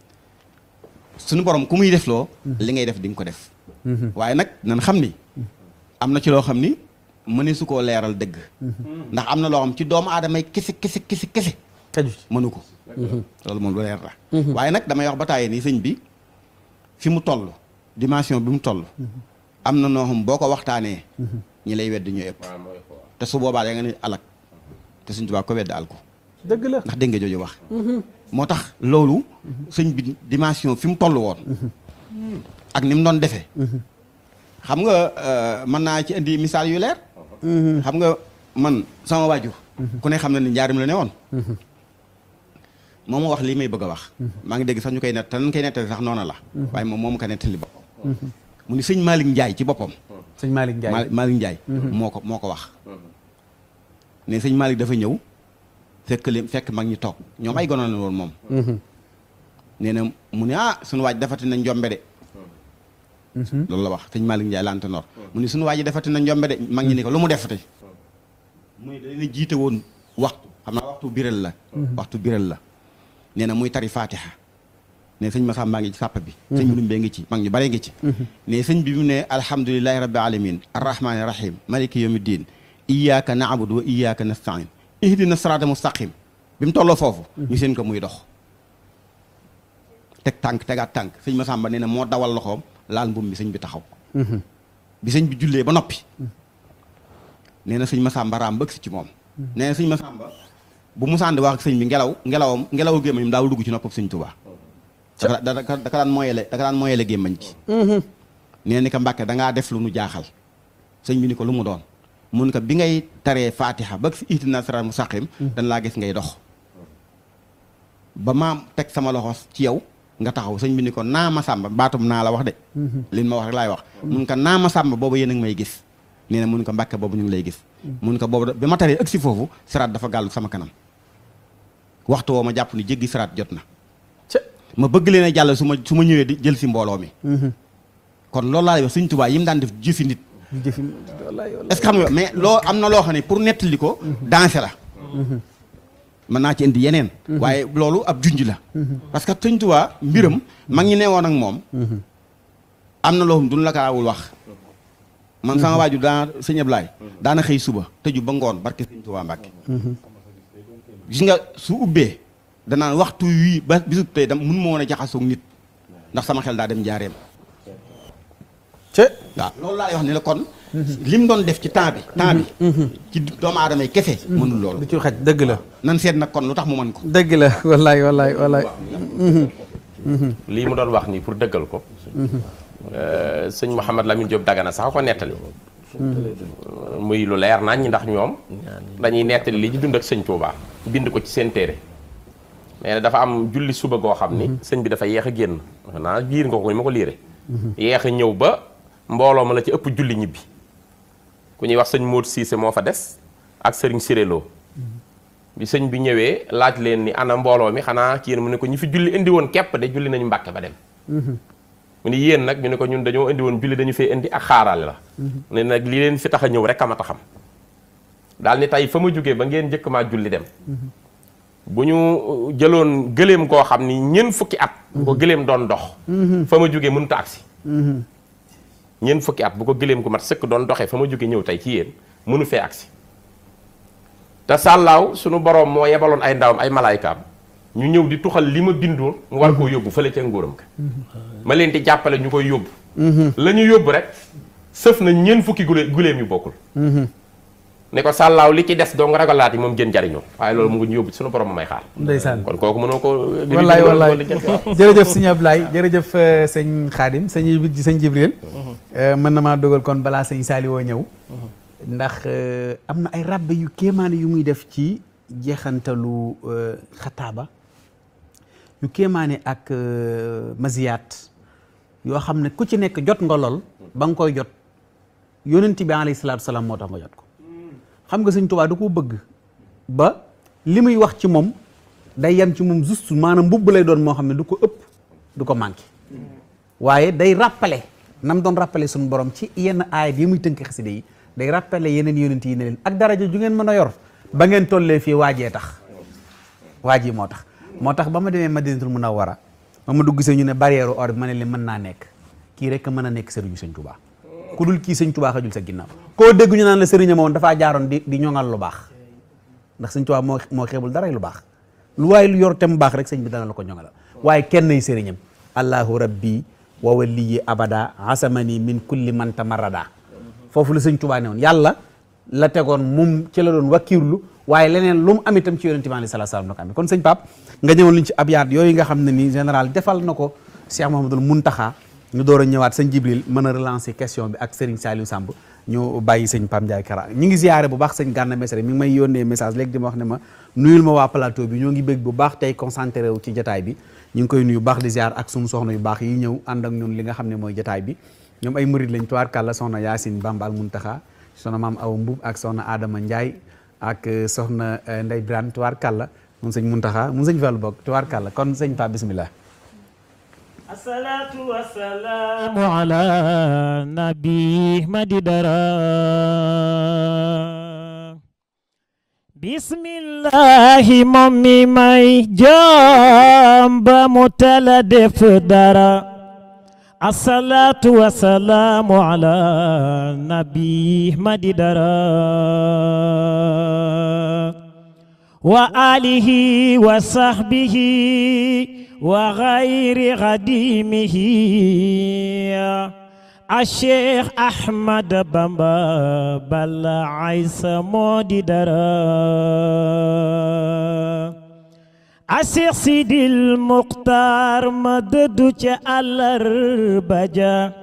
C: suñu borom kumuy def lo li ngay def di ko def waye nak nan xamni amna ci lo xamni ni mëne su koo leeral dëgg ndax amna lo xam ci doom adamay yi kese kese kese kese mënu ko lolou mo lu leer la waaye damay wax bataay ni seigne bi fi mu dimension bi mu toll. Mm-hmm. am na noo xam boo ko waxtaanee. Mm-hmm. ñi lay wedd ñu ëpp. te su boobaalee nga ni alak te suñ tubaab ko wedd al ko. dëgg la ndax dégg nga jooju wax. Mm-hmm. moo tax loolu. sëñ bi dimension fi mu toll woon. ak ni mu doon defee. xam nga euh, mën naa ci indi misaal yu leer. xam nga man sama waajur. ku ne xam na ni njaarim la ne woon. moom moo wax lii may bëgg a wax. maa ngi dégg sax ñu koy nett te nañ koy nettali sax noona la. waaye moom moom ko nettali ba. mu ni sëñ Malick njaay ci boppam. sëñ Malick Ndiaye Malick Ndiaye. Mhm. moo ko moo ko wax. ne sëñ Malick dafa ñëw fekk leen fekk mag ñi toog ñoom ay gonoon la woon moom. Mhm. nee na mu ne ah sunu waaj defati na njombe de. Mhm. loolu la wax sëñ Malick Ndiaye lante noor mu ni sunu waaj yi defati na njombe de mag ñi ni ko lu mu defati. muy dañu jiite woon waxtu xam naa waxtu biral la. waxtu biral la nee na muy tari Fatiha. ne sëñ ma sàmbaa ngi ci sàpp bi mhm. sëñ mu dumbee ngi ci mag ñu bare ngi ci mhm. ne sëñ bi mu ne alhamdulilahi rabbil alamin arrahmani rahim maliki yawmi din iyyaka na'budu wa iyyaka nasta'in ihdina sirata mustaqim bi mu tolloo foofu mhm. ñu seen ko muy dox teg tànk tegaat tànk sëñ ma sàmba nee na moo dawal loxoom laal mbuum bi sëñ bi taxaw bi sëñ bi jullee ba noppi nee na sëñ ma sàmba raam bëgg si ci moom nee na sëñ ma sàmba bu mu sànd wax ak sëñ bi ngelaw ngelawam ngelaw gémmañam daawul dugg ci noppam sëñ Tuubaa da ka daan moyele da ka daan moyele gémmañ ci mm-hmm. nee ni ko mbàkke da deflunu def lu nu jaaxal sëñ bi ni ko lu mu doon mun ka bi ngay taree fatiha ba si ihdina siraatal mustaqiim mm-hmm. dañ laa gis ngay dox ba maam teg sama loxo ci yow nga taxaw sëñ bi ni ko naa ma sàmba baatum la wax de mm-hmm. li ma wax rek laay wax mun ka naa ma sàmba boobu yéen may gis mun ko mbàkke boobu ñu lay gis mun ka boobu bi ma taree ëgsi foofu siraat dafa gàllu sama kanam waxtu woo ma jàpp ni ma bëgg leena jall suma suma ñëwé di jël ci mbolo mi mhm. kon lool la lay wax Touba yim daan def jëfi nit
A: est-ce que mais
C: lo amna lo loo pour netti ko mhm. danse la man mhm. na ci indi yenen waaye loolu ab junj la parce que Seigne Touba mbiram ma ngi néwon ak mom amna lo loo la ka wul wax man sama da Seigne sëñ da na xey suba teju ba ngone barke Seigne Touba Mbàkke gis nga su ubbe danaan waxtu wii ba bisub tey dam mun ma woon a jaxasoog nit ndax sama xel daa dem jaareem ce waaw loolu laay wax ni la kon li mu doon def ci temps bi temps bi mhm, mhm. ci doomu aadama yi kese mhm. mënul loolu lu ci xaj dëgg
E: la nan seet nag kon lu tax mu mën ko
G: dëgg la wallaay wallaay wallaay
E: lii mu doon wax nii pour dëggal ko euh, sëñ Mouhamad Lamine Diop Dagana sax ko nettale muy lu leer nañ ñi ndax ñoom dañuy nettali li ñu dund ak sëñ Touba bind ko ci seen téere mais dafa am julli suba go xamni ni mhm. bi dafa yeex a génn naa nga ko mako ma ko liire mhm. yeex a ba mbolo ma la ci ëpp julli ñibi ku ñi wax señ Modou Cissé mo fa des ak señ sirélo mhm. bi señ bi ñëwee laaj leen ni ana mbolo mi xana ci yéen mu ne ko ñi fi julli indi won képp de julli nañu mbacké ba dem mu ni yeen nak ñu ne ko ñun dañoo indi won julli dañu fee indi ak xaaral la ne nak li leen fi taxa ñew rek kama ma taxam daal ni tay fa ma juggé ba ngeen jëk ma julli dem bu ñu jëloon gëléem koo xam ni ñeent fukki at bu ko gëléem doon dox mhm. fa ma jógee mënut a agsi mhm. ñeent fukki at bu ko gëléem ku mat sëkk doon doxee fa ma jógee ñëw tey ci yéen mënu fee agsi te sàllaaw sunu boroom moo yebaloon ay ndawam ay malaaykaam ñu ñëw di tuxal li ma bindoo mu war koo mhm. yóbbu fële ca nguuram ka ma leen di jàppale ñu koy yóbbu la yóbbu rek sëf na ñeent fukki gulé guléem yu bokkul ne ko sàllaaw li ci des dong ragalaat yi moom jën jariñoo waaye loolu mu ngi ñu yóbbu suñu borom may xaar ndeysaan kon kooku mënoo ko wallaay wallaay jërëjëf sëñ
A: Ablaye jërëjëf euh, sëñ Xaadim sëñ sëñ Jibril euh, na maa dogal kon balaa sëñ Saaliwoo ñëw ndax euh, am na ay rabbe yu kéemaane yu muy def ci jeexantalu xataaba yu yoo xam ne ku ci nekk jot nga lool ba nga koy jot yonent bi alayhi salaatu salaam moo tax nga jot ko xam nga seigne touba da bëgg ba limuy wax ci mom day yam ci mom juste manam mbubb lay doon mo xam ne du ko ëpp du ko day rappelé nam doon rappelé sun borom ci yenn ay bi muy tënk xasida yi day rappelé yenen yonenti yi ne ak daraja ju ngeen mëna yor ba ngeen tollé fi waji tax waji yi moo tax moo tax ba ma Madinatul Munawwara bama dugg ñu né barrière or mané li mëna nek ki rek mëna nek ku dul kii sëñ tubaa xajul sa ginnaaw koo dégg ñu naan la sëriñam woon dafaa jaaroon di di ñoŋal lu baax ndax sëñ tubaa moo moo xeebul dara lu baax lu waaye lu yor te mu baax rek sëñ bi dana la ko ñoŋal waaye kenn ay sëriñam allahu rabbi wa waliyi abada asamani min kulli man tamarada foofu la sëñ tubaa ne woon yàlla la tegoon moom ci la doon lu waaye leneen lu mu am ci yonente bi aleyhi salaatu salaam la kon sëñ Pape nga ñëwoon liñ ab yaat yooyu nga xam ne nii général defal na ko Cheikh Mouhamadoul Mountakha ñu door a ñëwaat sëñ Jibril mën a relancer question bi ak Serigne Saliou Samb ñu bàyyi sëñ Pam Ndiaye Kara ñu ngi ziyaare bu baax sëñ Gana Messere mi ngi may yónnee message léegi di ma wax ne ma nuyul ma waa plateau bi ñoo ngi bëgg bu baax tey concentré wu ci jataay bi ñu ngi koy nuyu baax di ziar ak suñu soxna yu baax yi ñëw ànd ak ñun li nga xam ne mooy jataay bi ñoom ay murid lañ tuwaar kàlla soxna Yaasin Bambal Muntaxa soxna maam Awa Mbub ak soxna Adama Ndiaye ak euh, soxna euh, Ndey Birane tuwaar kàlla mun sëñ Muntaxa mun sëñ Fallu bokk tuwaar kàlla kon sëñ Pam bismillah
H: الصلاة والسلام على نبي مددرا بسم الله مامي ماي جامب متلدف درا الصلاة والسلام على نبي مددرا وآله وصحبه وغير غديمه الشيخ أحمد بامبا بل عيسى مودي درا الشيخ سيدي المختار مددو تي الربجا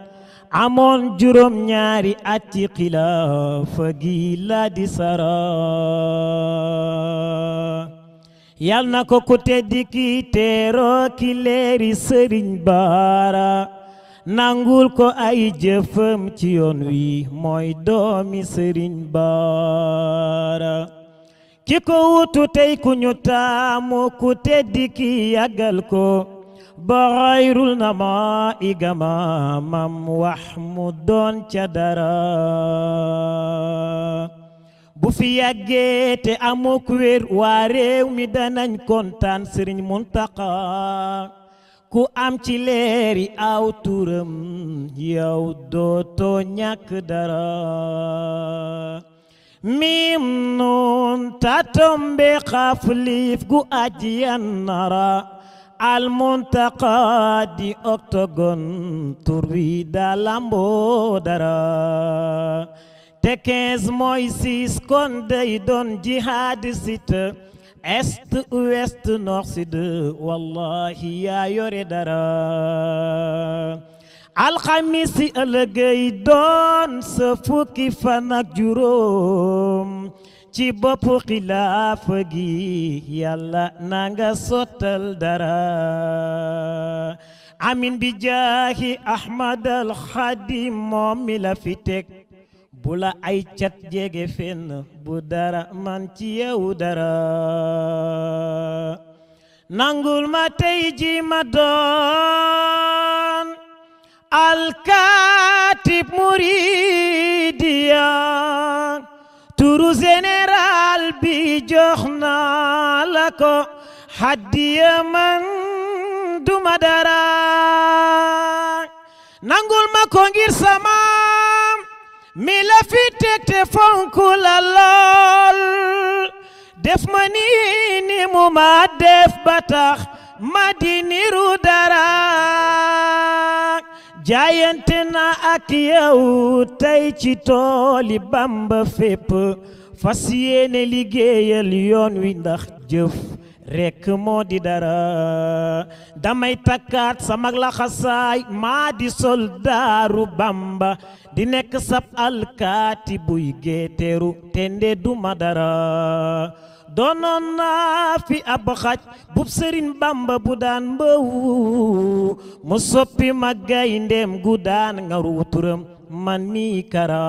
H: amoon juróom ñaari at ci gi la di sara yal na ko ku teddi ki teeroo ki leeri sëriñ baara nangul ko ay jëfam ci yoon wi mooy doomi sëriñ baara ki ko wutu tey ku ñu taamu ku teddi ki yàggal ko mam بغير النماء جماما ca dara bu fi yàggee te amuk wér waa réew mi danañ kontaan sëriñ Muntaqa ku am ci leeri aw turam yow dootoo ñàkk dara miim nun tatombe xaaf liif gu aji yan nara almuntaqa di octogone tur bi da lambo dara te quinze kon day doon jihaad sit est ouest nord sud wallahi yaa yore dara alxamisi ëllëgay doon sa fukki fan ak ci bopp xilaafa gi yàlla na sottal dara amin bi jaahi ahmad al xadim moom mi la fi teg ay cat jege fenn bu dara man ci yow dara nangul ma tey ji ma doon alkaatib muridiyan turu général bi jox la ko hadiya duma dara nangul ma ko ngir sama mi la fi teg te lool def ma ni mu ma def ba ma di dara jaayante na ak yow tey ci tooli Bamba fépp fas yéene liggéeyal yoon wi ndax jëf rekk moo di dara damay takkaat sama laxasaay maa di soldaaru Bamba di nekk sab alkaati buy géeteeru te nde duma dara doonoon naa fi ab xaj bub sëriñ bamba bu daan mbëwu mu soppi ma gayndeem gu daan nga ruuturam man mii kara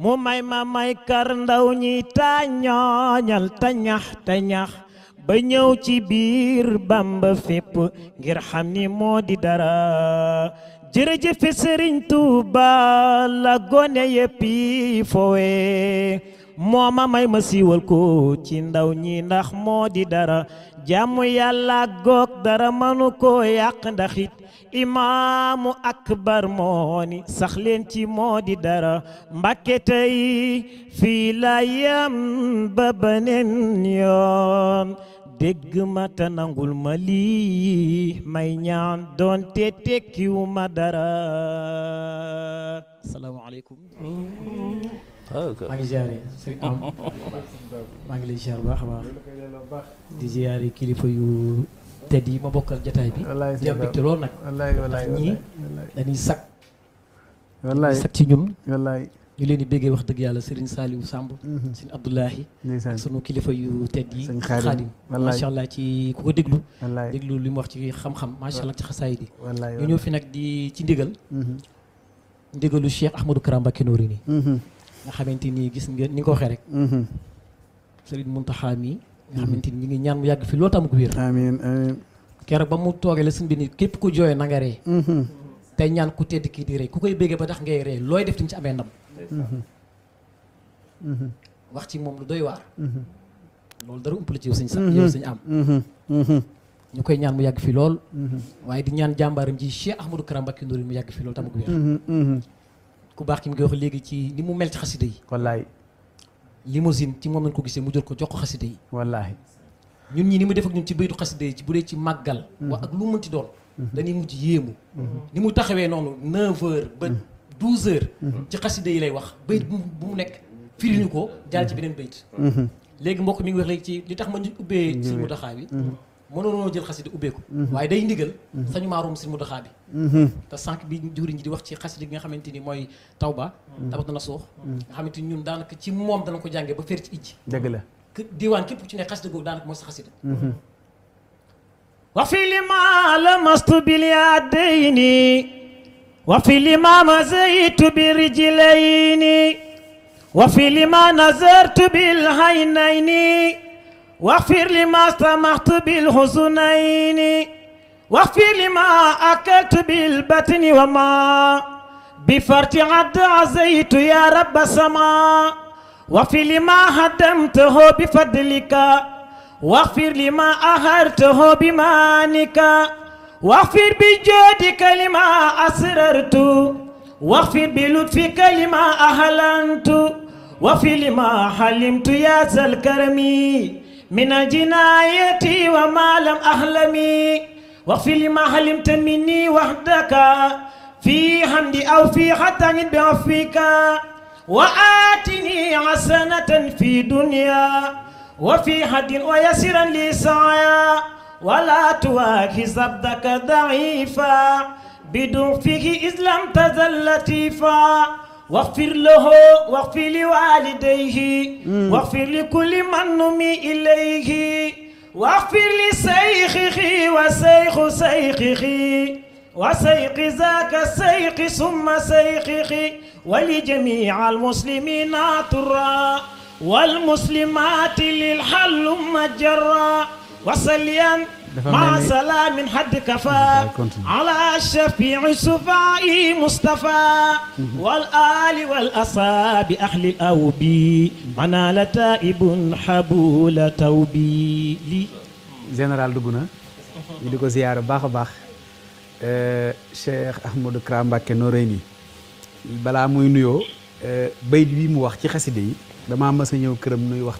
H: mu may ma may kar ndaw ñi tañooñal tañax tañax ba ñëw ci biir bamba fépp ngir xam ni moo di dara jërëjëfe sëriñ tuuba la gone yi fowe moo may ma siiwal ko ci ndaw ñi ndax moo di dara jàmm yàlla goog dara manu ko yàq ndax it imaamu akbar moo sax leen ci moo di dara mbàkke tey fii la yam ba beneen yoon dégg ma te nangul ma lii may ñaan doonte tekkiwu ma dara asalaamaaleykum Oh, maa ngi ziare sëriñ am maa ngi lay ziar
G: bu kilifa yu tedd yi ma bokkal jataay bi di am mbégte lool nag ndax ñii dañuy sag dañuy sag ci ñun ñu leen béggee wax dëgg yàlla Serigne Saliou Samb mhm. Serigne Abdoulahi sunu kilifa yu tedd yi xaadim macha allah ci ku ko déglu déglu li mu wax ci xam-xam macha allah ci xasaayid yi ñu ñëw fi nag di ci ndigal mhm. ndigalu Cheikh Ahmadou Kara Mbacké Noreyni nii mhm. nga xamante ni gis ngeen ni nga ko waxee rek. Mm-hmm. Serigne Mountakha mi. nga xamante ni ngi ñaan mu yàgg fi loolu tam ko wér. amiin amiin. keroog ba mu toogee la suñ bi ni képp ku jooyee na nga ree. Mm-hmm. tey ñaan ku tedd kii di rey ku koy béggee ba tax ngay rey looy def di ci amee ndam. Mm-hmm. wax ci moom lu doy waar. loolu dara ci yow sëñ sax yow sëñ am. ñu koy ñaan mu yàgg fi lool. waaye di ñaan jàmbaaram ji Cheikh Ahmadou Karam Mbacké Ndour mu yàgg fi tam ko wér. ku baax ki mu ngi wax léegi ci li mu mel ci xasida yi wallaay limousine ci moom lañ ko gisee mu jël ko jox xasida yi wallaay ñun ñi ni mu def ñun ci baytu xasida yi ci bu dee ci màggal mm-hmm. wax ak lu mënti doon mm-hmm. dañuy mujj yéemu mm-hmm. ni mu taxawee noonu neuf heures ba douze heures ci xasida yi lay wax bayt bu mu nekk firiñu ko jàll ci beneen bayt léegi mbokk mi ngi wax léegi ci li tax ma ñu ubbee ci mu taxaa bi mënoonoo jël xasida ubbeeku mhm. waaye day ndigal mhm. sañu maarum si mu doxaa bi mhm. te sànq bi juriñ ji di wax ci xasida gi nga xamante ni mooy tawba tabax dana suux nga xamante ni ñun daanaka ci moom dana ko jàngee ba féer ci ijji la diiwaan képp ku ci ne xasida googu daanaka mooy sa xasida
H: wa fi lima lamastu bil yadayni wa fi lima mazaytu bi rijlayni wa fi lima nazartu bil haynayni واغفر لما سمحت بالحزنين واغفر لما أكلت بالبطن وما بفرت عد عزيت يا رب السماء واغفر لما هدمته بفضلك واغفر لما أهرته بمانك واغفر بجودك لما أسررت واغفر بلطفك لما أهلنت واغفر لما حلمت يا ذا الكرم من جنايتي وما لم أحلمي وفي لما حلمت مني وحدك في حمدي أو في حتى ضعفك وآتني حسنة في دنيا وفي حد ويسرا لي سعيا ولا تواكز عبدك ضعيفا بدون فيه إذ لم تزل لطيفا واغفر له واغفر لوالديه واغفر لكل من نمي إليه واغفر لسيخه وسيخ سيخه وسيق ذاك السيق ثم سيقه ولجميع المسلمين ترى والمسلمات للحل مجرى وسليا يعني مع سلام من حد كفى يعني على الشفيع الشفعي مصطفى والآل والأصاب أهل الأوبي أنا لتائب حبول توبي لي جنرال دوغنا يدكو زيارة باخ باخ
A: شيخ أحمد كرام باك نوريني بلا موي نيو بيت بي مو واخ سي خاسيدي نيو كرم نوي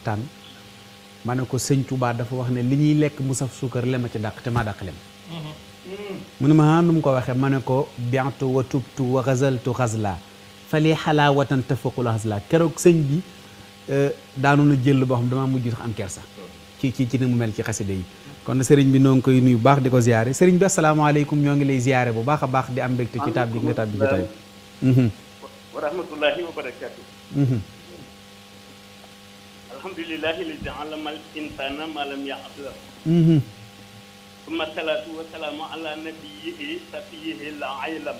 A: ma ne ko sëñ Touba dafa wax ne li ñuy lekk mu saf suukar lema ci dàq te maa dàq lem
F: mm-hmm.
A: mu ne ma ah, nu mu ko waxee ma ne ko bientu wa tubtu wa xazaltu fa li xalaa watan tafaqul xazla keroog sëñ bi euh, daanu na jël boo xam damaa mujj am kersa ci ci ci ni mu mel ci xasida yi kon sëriñ bi noo ngi koy nuyu baax di ko ziare sëriñ bi asalaamaaleykum ñoo ngi lay ziare bu baax a baax di am mbégte ci tab bi nga tab bi jotaay mm-hmm.
I: الحمد لله الذي علم الإنسان ما لم يعلم ثم الصلاة والسلام على نبيه سفيه العالم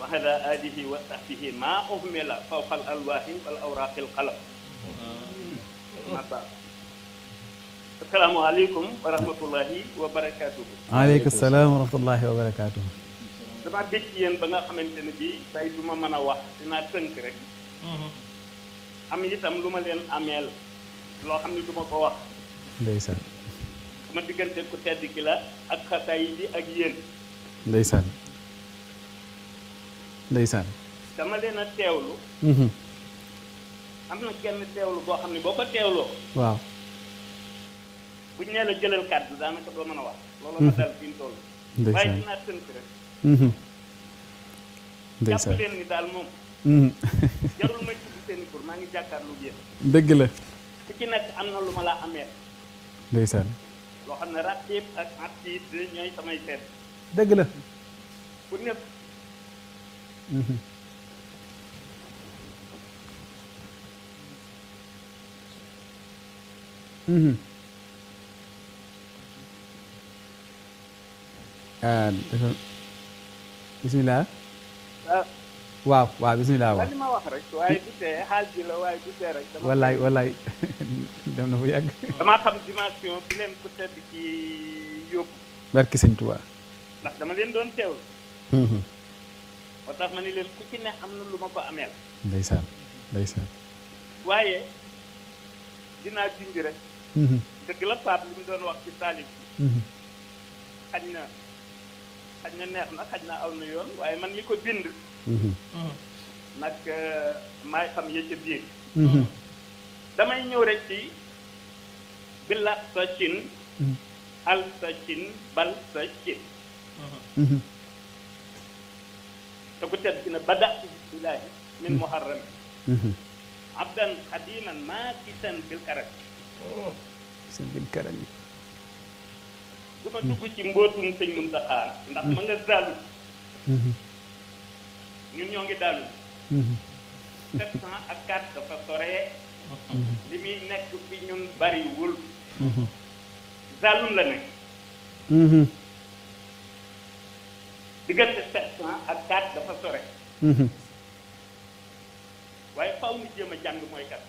I: وهذا آله وصحبه ما أهمل فوق الألواح والأوراق القلم السلام عليكم ورحمة الله وبركاته عليك السلام
A: ورحمة الله وبركاته
I: dafa dégg yéen ba nga xamante ne bii tey du ma mën am itam lu ma amel ameel loo xam ko wax ndeysaan ma diggante ku tedd ki la ak xataay bi ak yéen
A: ndeysaan ndeysaan
I: dama leen a teewlu mhm. am kenn teewlu boo xam ne boo ko teewloo waaw la jëlal kàddu daanaka doo mën a wax mhm. loolu ma dal fi mu toll waaye
F: rek mhm.
I: jarul ma maa ngi jàkkaarloo yéen. dëgg la. ku ci nekk am na lu ma la amee. ndeysaan. loo xam ne ratib ak atid ñooy samay seet.
A: dëgg la. Mhm.
F: Mhm.
D: ah
A: bisimilah. Ah. waaw waaw bisimilah waaw li ma
I: wax waaye du tee xaal ji la waaye du tee rek. wallaay
A: wallaay [laughs] dem na fu yàgg.
I: damaa xam dimension bi leen ko tedd ci yóbbu.
A: barki sëñ Tuubaa.
I: ndax dama leen doon teewlu. moo mhm. ma ni leen ku ci ne am na lu ma ko ameel.
A: ndeysaan ndeysaan.
I: waaye dinaa junj rek. Mhm. dëgg la Pape doon wax ci taalib bi. Mhm. xañ na. xaj na neex na xaj na aw na yoon waaye man mi ko bind mhm. Mhm. nag euh, maay xam ya ca mhm. damay ñëw rekk ci bila sa cin al sa cin bal sa cin te ku tedd ki ne badatu bismillahi min muharrami abdan xadiman maakisan bil karami bil oh. karami dafa dugg ci mbootum sëñ Muntaxa ndax ma nga daalu mhm. ñun ñoo ngi daalu mhm. sept cent ak quatre dafa soree mhm. li muy nekk fi ñun bariwul zalum la nekk diggante sept cent ak quatre dafa sore waaye faw ñu jéem a jàng mooy kat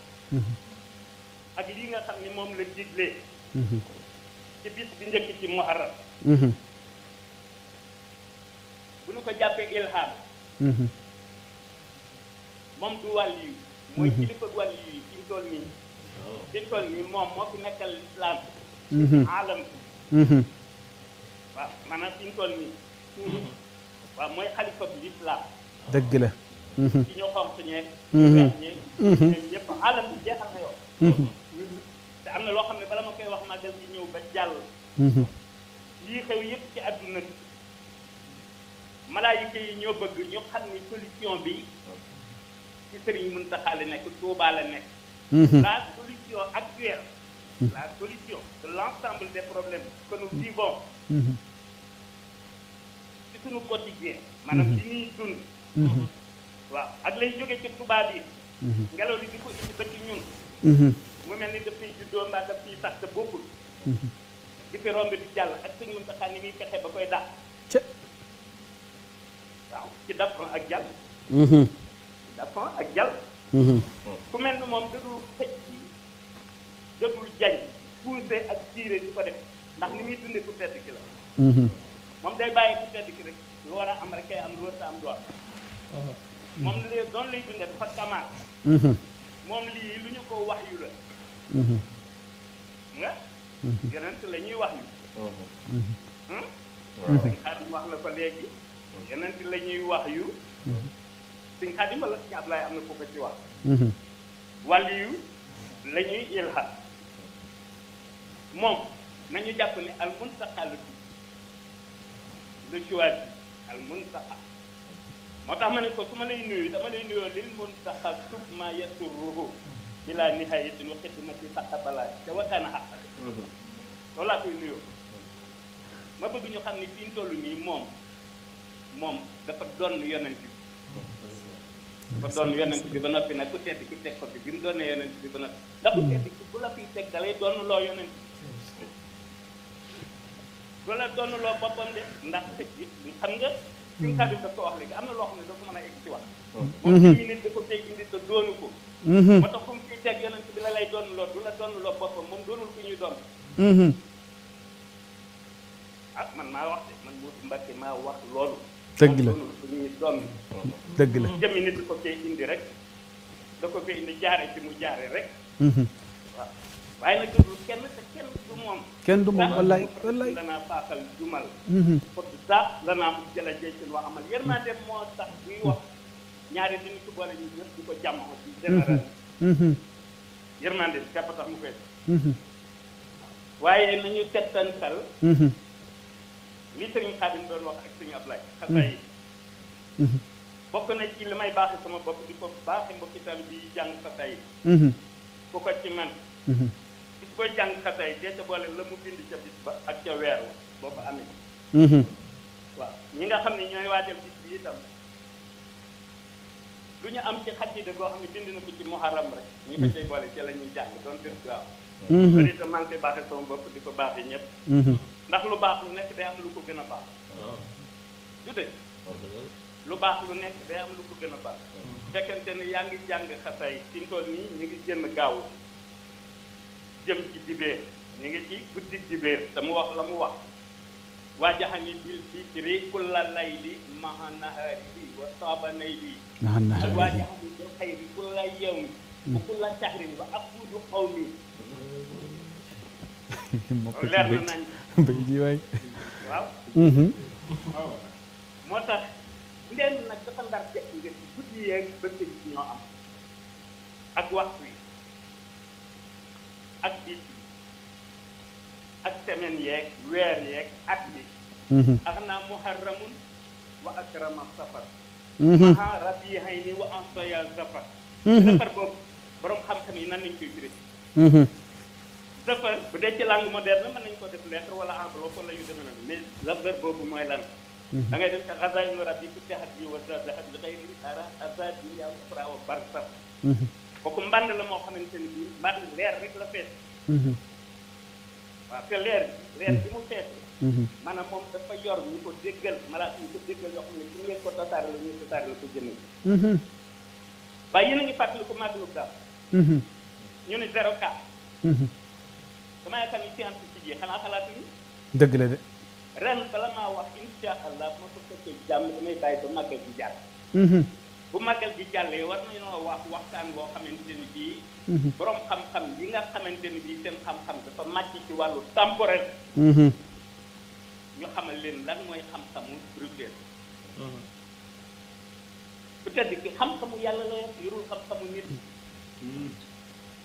I: ak li nga xam ni moom la diglee ci bis bi njëkk ci muharram mhm. bu ñu ko jàppee ilham mhm. moom du wàll yi mooy mhm. kilifa wàll yi ci tool nii ci tool moom moo fi nekkal lislaam aalam waaw maanaam ci mooy xalifa bi lislaam
A: dëgg la ci ñu xonq ñeeg ñeeg
I: am na loo xam ne bala ma koy wax màggal gi ñëw ba jàll mhm. lii xew yëpp ci àdduna bi malaayika yi ñoo bëgg ñu xam ni solution bi ci sëriñ Muntaxa la nekk Tuubaa la nekk mhm. la solution actuelle mhm. la solution de l'ensemble des problèmes que nous ci suñu quotidien maanaam li ñuy dund waaw ak lay jógee ci tubaab yi ngelaw li di ko indi ba ci ñun mu mel ni daf fiy juddoo mbaa daf fiy sax te bokkul [laughs] di fi romb di jàll ak sëñ Mountakha ni muy fexe ba koy dàq waaw ci dapon ak jàll mm-hmm. ci ak jàll mm-hmm. ku mel ni moom dadul xëj ci dadul jañ puuse ak tiire di ko def ndax ni muy dunde ku tedd ki la mm-hmm. moom day bàyyi ku tedd ki rek lu war a am rek kay am lu war a am door uh-huh. moom lee doon lay dunde dafa kamaat moom lii lu ñu ko wax yu la nga mhm. yonent la ñuy wax ni mhm. hmm? suñ xaadim wax na ko léegi yonent la ñuy wax yu mhm. suñ xaadim wala suñu ablaay am na ko ko ci wax wàll yu la ñuy ilham moom nañu jàpp ne al muntaqa la le choix bi al muntaqa moo tax ma ne ko su ma lay nuyu dama lay nuyoo lil muntaqa sub ma yasurruhu bilaa nihayatin wa xidmati saqa balaa te waxaana xaq mhm. loolu laa koy nuyoo ma bëgg ñu xam ne fi ñu nii moom moom dafa doon yonent bi dafa doon yonent bi ba noppi nag yonent bi ba noppi ndax ku tedd ki bu la fiy teg dalay doon loo yonent bi du la doon loo boppam de ndax xam nga suñ xarit daf ko wax léegi am na loo xam ne dafa mën a egg ci wax mhm. moom ñu nit da ko tey indi te doonu ko mhm. teg yonent bi la lay mm-hmm. ah, man maa wax de man Moussa Mbacke maa wax loolu. dëgg la moom ku ñuy doon. dëgg la ko fee indi rek mu mm-hmm. du kenn mm-hmm. mu jëla jeexin waa amal yéen naa dem moo tax buy wax ñaari dinañ ci boole ñu ñëpp di ko jàmm ci général. yërmande si képp tax mu fees mhm. waaye nañu settantal mhm. li sëriñ Xaadim doon wax ak sëriñ Ablaay mhm. xasaay yi bokk na ci li may baaxee sama bopp di ko baax mbokki tam bi jàng xasaay yi ku ko ci man bis booy jàng xasaay dee ca boole la mu bind ca bis ba ak ca weer wa
F: amee
I: waaw ñi nga xam ne ñooy waajal bis bi itam du ñu am ci xasida goo xam ne bind na ko ci muharram rek ñu ko mm-hmm. cay boole ci la jàng doon gën gaaw mm-hmm. bëri te man koy sama bopp di ko baaxee ñëpp mm-hmm. ndax lu baax lu nekk day am lu ko gën baax oh. du lu baax lu nekk day am lu ko baax ngi jàng ci tool ngi gaaw jëm ci ngi ci guddi te mu wax la mu wax واجهني بالفكر كل ليل مع نهاري وصاب نيلي مع نهاري واجهني بالخير كل يوم وكل شهر وأقود قومي
A: leer na nañ bëy ji waay mhm.
I: waaw moo tax ndeen nag dafa ndar jekk nga ci guddi yeeg bëccëg ñoo am ak waxtu yi ak biit ak semaine yeeg weer yeeg at bi ak naa muharramun wa akrama safar mm-hmm. maa rabbi hay ni wa ansoya safar safar mm-hmm. boobu borom xam-xam yi nan nañ koy firi safar mm-hmm. bu dee ci langue moderne mën nañ koo def lettre wala enveloppe wala yu demee noonu mais boobu mooy lan da ngay dem ca xasaayu rabbi ku texat bi wa zazahat li xëy ara asa bi yaa fra wa bar saf kooku mbànd la moo xamante ni bii mbànd leer rek la fees waaw te leer bi leer bi mu fees mhm. maanaam moom dafa yor ñu ko déggal malaat ñu ko déggal yoo xam ne su ngeen ko tasaare la ñu tasaare la ko jëmee waaye mhm. yéen a ngi fàttali ko màggalu daaw mhm. ñu ne zéro quatre dama yaakaar bu ma ko jàmm damay bàyyi ba màggal gi jàll bu màggal gi jàllee war nañoo wax waxtaan boo xamante ne bii borom xam-xam yi nga xamante ni bii seen xam-xam dafa màcc ci wàllu temporel. ñu xamal leen lan mooy xam-xamu rupture. peut-être que xam-xamu yàlla la yor yorul xam-xamu nit.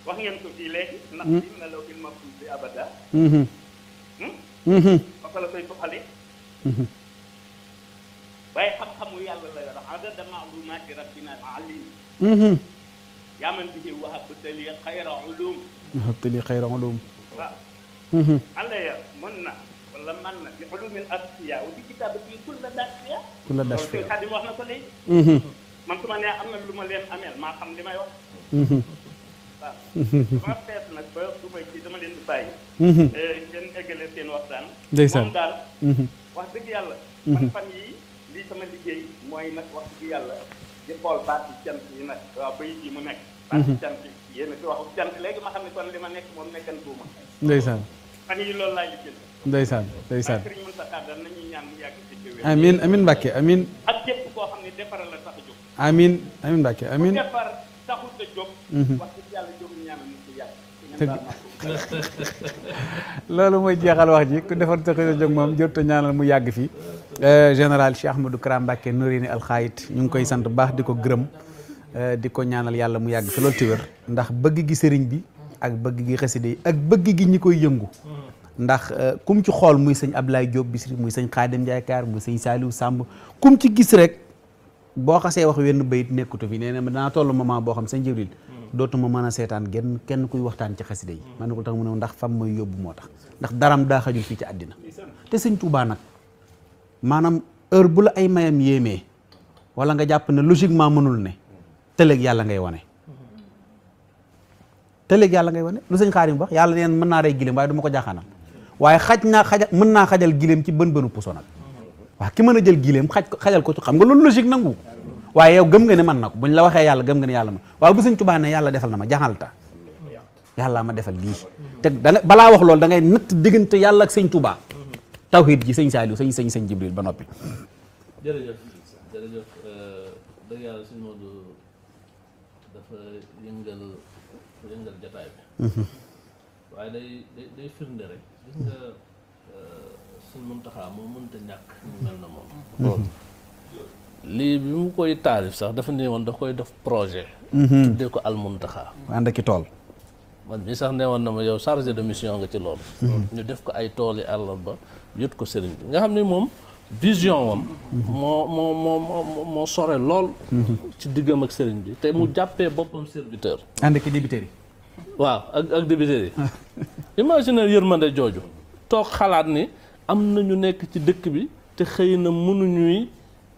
I: wax ngeen ko fii léegi. ndax lim na la ilma bi abada. parce que la koy doxalee. waaye xam-xamu yàlla la yor adada maalumaati rabbina alim jaman bi wahabtali xayra ulum
A: wahabtali xayra ulum waaw mhm.
I: alla ya mën na wala man na bi ulumil asfiya wa bi kitabati kulla dasfiya kulla dasfiya xadim wax na ko léegi mhm. man su ma nee am na lu ma leen ameel maa xam li may wax mhm. waaw dama fees nag ba duma ci dama leen di bàyyi eh, ngeen eggale seen waxtaan ndeysaan moom daal wax dëgg yàlla man fan yi lii sama liggéey mooy nag wax dëgg yàlla di xool baat yi cant yi nag waaw bay yi mu nekk maa mhm. ngi cant yéen amin amin Mbàkke amin
A: amin amin amin
I: mhm.
B: [laughs]
A: loolu mooy jeexal wax ji ku defar taxut a jóg moom jot ñaanal mu yàgg fi euh, général Cheikh Ahmadou Kara Mbàkke Noreyni Al Khayit ñu ngi koy sant baax di ko gërëm Eh, di ko ñaanal yalla mu yagg ci loolu ti wër ndax bëgg gi sëriñ bi ak bëgg gi xaside ak bëgg gi ñi koy yëngu ndax eh, kum ci xol muy sëñ Ablaye Diop Bichri muy sëñ khadim Ndiaye Kaar muy sëñ salihu Samb kum ci gis rek bo xasse wax wenn bayit nekkutu fi nee na tollu toll moment xam sëñ Jibril dootuma mën a genn kenn kuy waxtaan ci xaside yi man ko tax mu ndax fam may yobbu motax ndax daram da xajul fi ci adina te sëñ Touba nak manam heure bu la ay mayam wala nga japp ne logiquement mënul ne tëleeg yàlla ngay wane tëleeg yàlla ngay wane lu sëñ xaarim wax yàlla neen mën naa rey gileem waaye du ma ko jaaxaanal waaye xaj naa xaja mën naa xajal gileem ci bën bënu puso nag waaw ki mën a jël gileem xaj xajal ko ci xam nga loolu logique nangu waaye gëm nga ne man na ko buñ la waxee yàlla gëm nga ne yàlla man waaye bu sëñ Tuubaa ne yàlla defal na ma jaxalta yàlla ma defal lii te danga balaa wax loolu da ngay natt diggante yàlla ak sëñ Tuubaa tawhid ji sëñ Saaliw sëñ sëñ sëñ ba noppi
B: jërëjëf jërëjëf yëngal yëngal jataay bi mhm. waaye day day firnde rek gis nga eh, suñ Muntaxa moo mënta ñàkk ñu mel na moom mhm. lii bi mu koy taarif sax dafa ne woon da koy def projet mhm. tuddee ko al Muntaxa
A: taxaa ak i tool
B: man bi sax ne woon na ma yow chargé de mission nga ci loolu ñu def ko ay tool yi ba yut ko sëriñ bi nga xam ne moom vision wam moo moo moo moo sore lool ci diggam ak sëriñ bi te mu jàppee boppam serviteur
A: ànd ak débiteurs
B: yi waaw ak ak débiteurs yi [laughs] imagine yërmande jooju toog xalaat ni am na ñu nekk ci dëkk bi te xëy na mënuñuy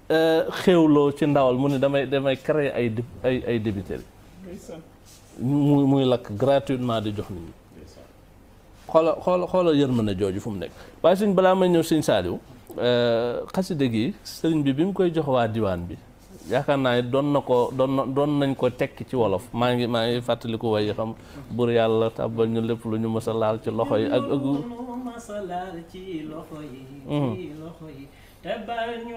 B: euh, xéewloo ci ndawal mu ne damay damay créer ay ay ay débiteurs
F: yi
B: muy lakk gratuitement di jox nit ñi xoola xoola xoola yërmande jooju fu mu nekk waaye suñ balaa may ñëw suñ saaliw Euh, xasida gi sëriñ bi bi mu koy jox waa diwaan bi yaakaar naa ne doon na ko doon na doon nañ ko tekki ci wolof maa ngi maa ngi fàttaliku way xam bur yàlla tàbbal ñu lépp lu ñu mës a laal ci loxo yi ak ëggu
H: mhm. tàbbal ñu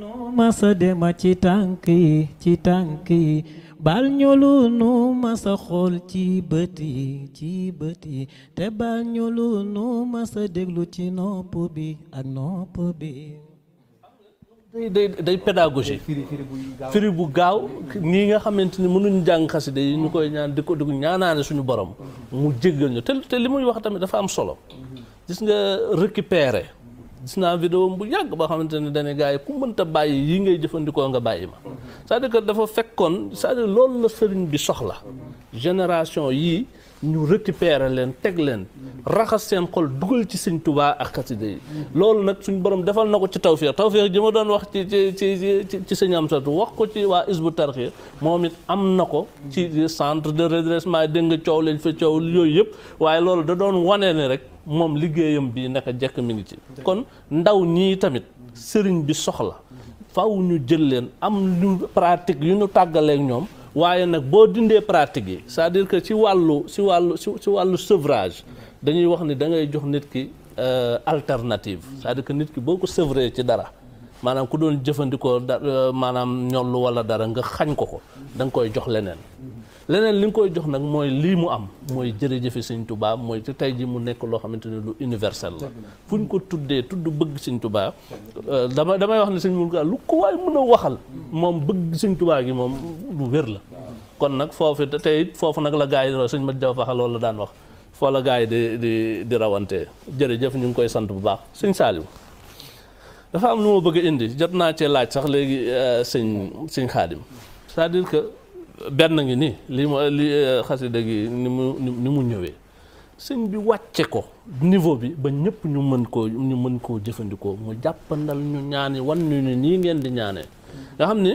H: nu mës a ci tànk yi ci tànk yi bal ñu lu nu masa xool ci bët yi ci bët yi te bal ñu lu nu masa déglu ci nopp bi ak nopp bi
B: day day day pédagogie bu gaaw ñi nga xamante ni mënuñ jàng xasida yi ñu koy ñaan di ko di ñaanaane suñu borom mu jéggal ñu te te li muy wax tamit dafa am solo mm-hmm. gis nga récupérer gis naa bu yàgg boo xamante ne dañuy gars yi ku mënta bàyyi yi ngay jëfandikoo nga bàyyi ma cest à que dafa fekkoon sa à loolu la sëriñ bi soxla génération yi ñu récupérer leen teg leen raxas seen xol dugal ci sëñ tubaa ak xasida yi loolu nag suñ borom defal na ko ci tawféex tawféex ji ma doon wax ci ci ci ci sëñ wax ko ci waa Hizbu Tarqiyyah moom it am na ko ci centre de redressement dégg nga coow lañ fa coow yooyu yëpp waaye loolu da doon wane ne rek moom liggéeyam bi naka jekk mi ngi ci kon ndaw ñii tamit sëriñ bi soxla faw ñu jël leen am lu pratique yu ñu tàggaleek ñoom waaye nag boo dindee pratique yi saa dire que ci wàllu ci wàllu ci wàllu sevrage dañuy wax ni da ngay jox nit ki euh, alternative c'est-à-dire que nit ki boo ko sevre ci dara maanaam ku doon jëfandikoo da euh, maanaam ñollu walla dara nga xañ ko ko da nga koy jox leneen leneen li nga koy jox nag mooy lii mu am mooy jërëjëfe sëñ Touba mooy te tey ji mu nekk loo xamante ne lu universel la fu ñu ko tuddee tudd bëgg sëñ Touba euh, dama damay wax ne sëñ Mountakha lu ko waay mën waxal moom bëgg sëñ gi moom lu wér la kon nag foofu te it foofu nag la gars yi sëñ Mat Jaw Faxa loolu la daan wax foo la gars yi di di di rawante jërëjëf ñu ngi koy sant bu baax sëñ Saliou dafa am lu ma bëgg indi jot naa cee laaj sax léegi euh, sëñ sëñ Xaadim cest dire que benn ngi nii lii ma li eh, xasida gi ni mu ni mu ñëwee sëñ bi wàcce ko niveau bi ba ñëpp ñu mën koo ñu mën koo jëfandikoo mu jàppandal ñu ñaani wan ñu ni nii ngeen di ñaanee nga xam ni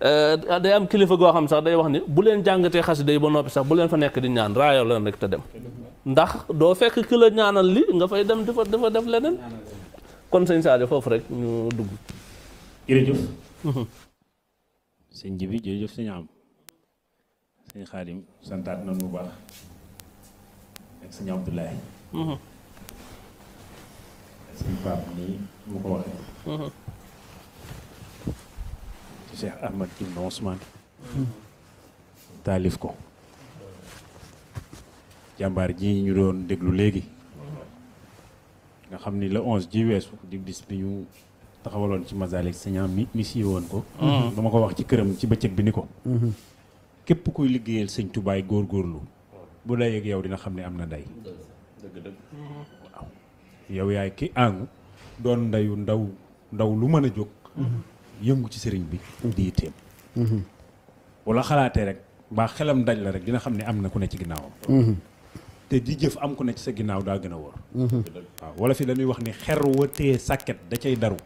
B: eh, day am kilifa goo xam sax day wax ni bu leen jàngatee xasida yi ba noppi sax bu leen fa nekk di ñaan raayoo leen rek te dem ndax doo fekk ki la ñaanal li nga fay dem dafa dafa def leneen kon sëñ Sadio foofu rek ñu dugg
D: [laughs] bi sëñ Xaadim santaat na bu baax ak sëñ Abdoulaye mm-hmm. ak sëñ Pape mu ko waxee mm-hmm. ci Cheikh Ahmad Ibn Ousmane taalif ko jàmbaar ji ñu doon déglu léegi nga xam ni la onze ji weesu di bi ñu taxawaloon ci Masalik sëñ mi mi woon ko mm-hmm. dama ko wax ci këram ci bëccëg bi ni ko képp koy liggéeyal sëñ tubaay góorgóorlu bu day ak yow dina xam ne am na ndey waaw yaay ki àngu doon ndeyu ndaw ndaw lu mën a jóg yëngu ci sëriñ bi di yitteem wala xalaatee rek mbaa xelam daj la rek dina xam ne am na ku ne ci ginnaawam te di jëf am ku ne ci sa ginnaaw daa gën a wóor waaw wala dañuy wax ni xer wa sàkket da cay daru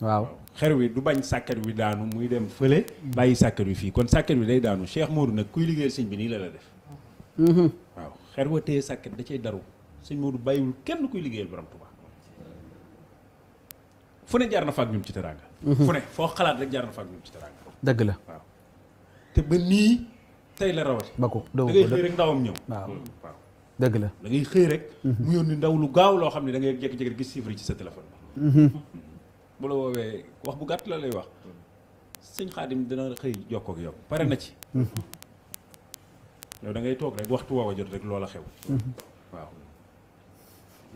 D: waaw xer wi du bañ sàkket wi daanu muy dem fële bàyyi sàkket wi fii kon sàkket wi day daanu Cheikh Modou nag kuy liggéey sëñ bi nii la la def mhm. waaw xer wa téye sàkket da cay daru sëñ Modou bàyyiwul kenn kuy liggéeyal borom Tuubaa fu ne jaar na fa ak ñun ci teraanga mhm. fu ne foo xalaat rek jaar na fa ak ñun ci teraanga dëgg la te ba nii tey la rawati ba ko da ngay xëy rek ndawam ñëw waaw mm, waaw dëgg la da rek mhm. mu yónni ndaw lu gaaw loo xam ne da ngay jékki-jékki gis chiffre ci sa téléphone mm. bu la woowee wax bu gàtt la lay wax sëñ xaadim dina xëy jokkoo ak yow pare na ci yow da ngay toog rek waxtu woowa jot loola xew waaw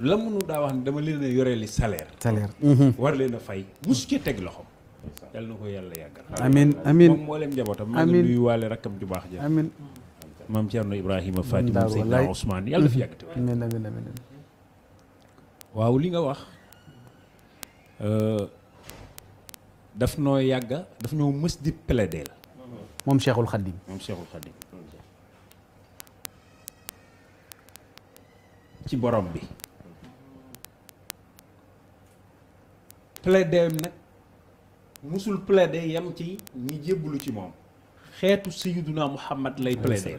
D: la mënu daa wax ne dama leen a yoree li salaire salaire mhm. war leen fay mus ci teg loxo yàlla na ko yàlla yàggal amiin amiin moom moo leen njabootam maa ngi nuyu waale ju baax ja amiin maam Thierno Ibrahima Fatima Seydina Ousmane yàlla fi yàgg te amiin waaw li nga wax daf noo yàgga daf noo mës di plaider la Cheikhul Khadim moom Cheikhul Khadim ci borom bi plaider nag musul plaider yam ci ñi jébbalu ci moom xeetu sayyiduna Muhammad lay plaider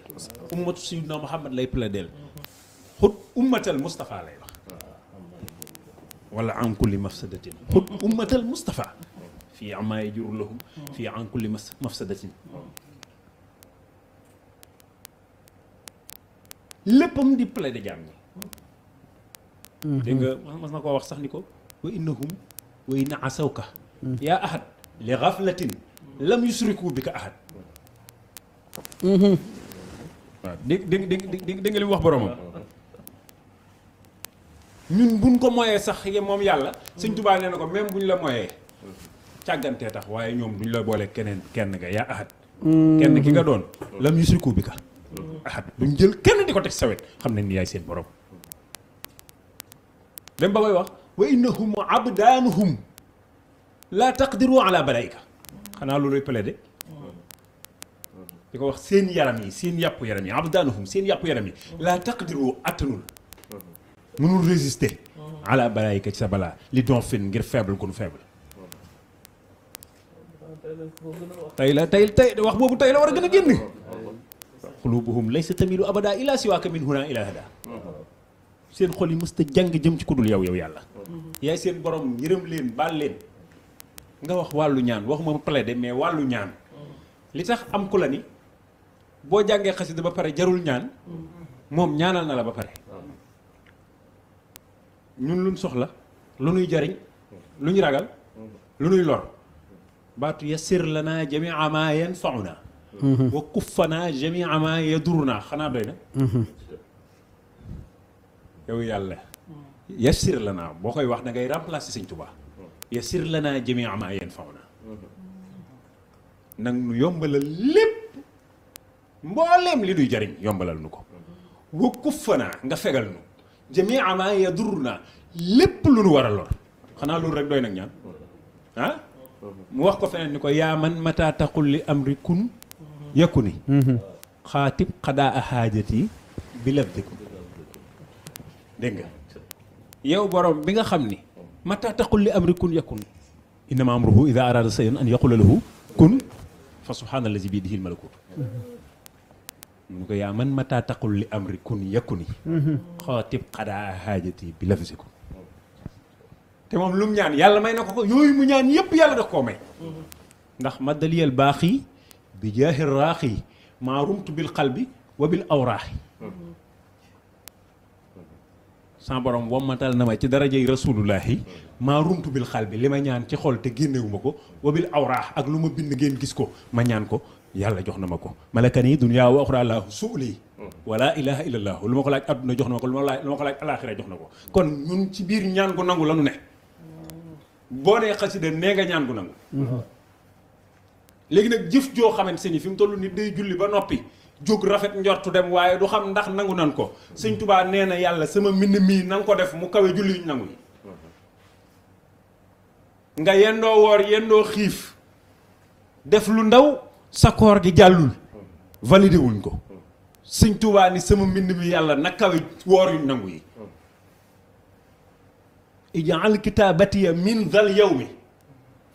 D: ummatu sayyiduna Muhammad lay plaider xut ummatal Mustafa lay ولا عن كل مفسدة خذ أمة المصطفى في عما يجر لهم في عن كل مفسدة لبم دي بلاي دي جامي دينغ ما نكو واخ صح نيكو وانهم وين عسوك يا احد لغفلة لم يشركوا بك احد ديك ديك ديك ديك ديك ديك ديك ñun buñ ko moyee sax moom yàlla sëñ Tuubaa nee na ko même buñ la moyee càggantee tax waaye ñoom duñ la boole keneen kenn nga yaa ahad kenn ki nga doon lam yusiku bi ka ahad duñ jël kenn di ko teg sawet xam ne ni yaay seen borom dem ba koy wax wa innahum abdaanuhum laa taqdiru ala balaika xanaa looluy plaidé di ko wax seen yaram yi seen yàpp yaram yi abdaanuhum seen yàpp yaram yi laa taqdiru attanul mënul résister. ala ka sa bala li doon fin ngir faible faible. la tay tay wax bobu tay la wara a gën a qulubuhum laysa tamilu abada ila siwaaka min huna ila hada seen xol yi mësta jëm ci kudul yow yow yalla yaay seen borom leen nga wax walu ñaan waxuma mais walu ñaan. li tax am ni boo jàngee xasida ba pare jarul ñaan. moom ñaanal na la ba pare. ñun luñ soxla lu nuy jariñ lu ñu ragal lu nuy lor baatu yassir lana jamia ma yanfauna wa kuffana jamia ma naa xanaa doy na yow yàlla yassir lana boo koy wax da ngay remplacer sëñ Tuubaa yassir lana jamia ma yanfauna nag nu yombalal lépp mbooleem li nuy jariñ yombalal nu ko wa kuffana nga fegal nu جميع ما يدرنا لب لون ورا لور خنا لون رجلي نعيا ها موقف فين يعني يا من متى تقول لأمركم يكوني خاتب قضاء حاجتي بلفتك دينغا يو بروم بيغا خمني متى تقول لأمركم يكون انما امره اذا اراد شيئا ان يقول له كن فسبحان الذي بيده الملكوت يا من متى تقول لأمر كن يكني خاطب قدا حاجتي بلفزكم تمام لوم نيان يالا ماي نكو يوي مو نيان ييب يالا داكو ماي نخ ما باخي بجاه الراخي ما رمت بالقلب وبالاوراح سان بروم ومتال نما تي درجه رسول الله ما رمت بالقلب لما نيان تي خول تي غينيو مكو وبالاوراح اك لوما بين غين غيسكو ما نيان كو yàlla jox na ma ko malaka nii dunya wa axra laahu suuli wala ilaha illa allaahu lu ma ko laaj adduna jox na ma ko lu ma ko laaj alaxira jox na ko kon ñun ci biir ñaan gu nangu la nu ne boo nee xasida nee nga ñaan gu nangu léegi nag jëf joo xamante ni fi mu toll nit day julli ba noppi jóg rafet njortu dem waaye du xam ndax nangu nan ko sëñ tubaa nee na yàlla sama mbind mii na ko def mu kawe julli ñu nangu yi nga yendoo woor yendoo xiif def lu ndaw sakor koor gi jàllul validé wuñ ko sëñ Tuubaa ni sama mbind mi yàlla na kawe woor yu nangu yi ijaal kitaabatiya min dal yawmi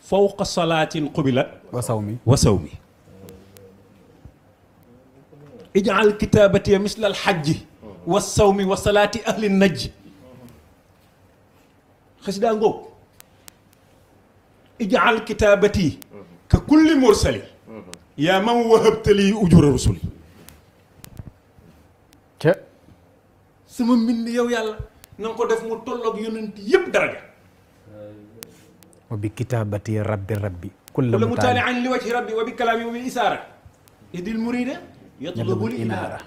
D: fawqa salaatin qubilat wa sawmi wa sawmi ijaal kitaabatiya misla al xajji wa sawmi wa salaati ahli najji xasidaa ngóob ijaal kitaabati ka kulli mursali yaa man wahabtali ujura rusuli ca sama mbind yow yàlla na ko def mu tolloog yonent yëpp daraja
A: wa bi kitaabati rabbi rabbi kulla mutaali
D: an li wajhi rabbi wa bi kalaami wa bi isaara idil murida yatlubul inaara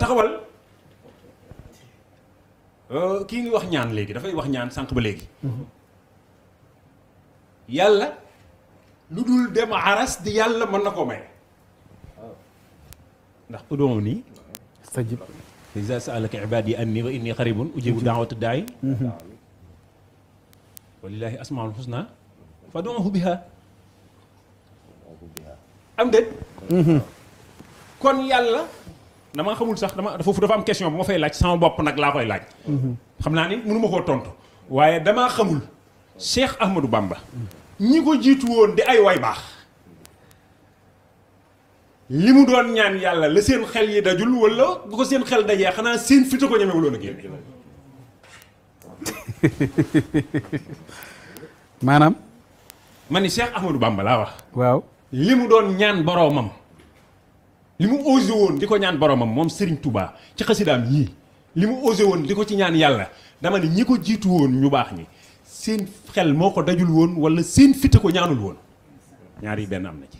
D: taxawal kii ngi wax ñaan léegi dafay wax ñaan sànq ba léegi mm-hmm. yàlla lu dul dem aras di yàlla mën na ko may ndax udoo nii stajib yi saalaka ibaadi anni wa inni xaribun ujibu daawata daay mhm. walillaahi asmaul husna fadoohu biha am déet mhm. kon yàlla damaa xamul sax dama foofu dafa am question bu ma fay laaj sama bopp nag laa koy laaj mhm. xam naa ni mënuma koo tontu waaye damaa xamul Cheikh Ahmadou Bamba ñi ko jiitu woon di ay way baax li mu doon ñaan yàlla la seen xel yi dajul wala bu ko seen xel dajee xanaa seen fita ko ñemewuloon a génne [laughs] maanaam ma ni Cheikh Ahmadou Bamba laa wax waaw li mu doon ñaan boroomam li mu osé woon di ko ñaan boroomam moom sëriñ tubaa ci xasidaam yii li mu osé woon di ko ci ñaan yàlla dama ne ñi ko jiitu woon ñu baax ñi seen xel moo ko dajul woon wala seen fitte ko ñaanul woon ñaari benn am na ci.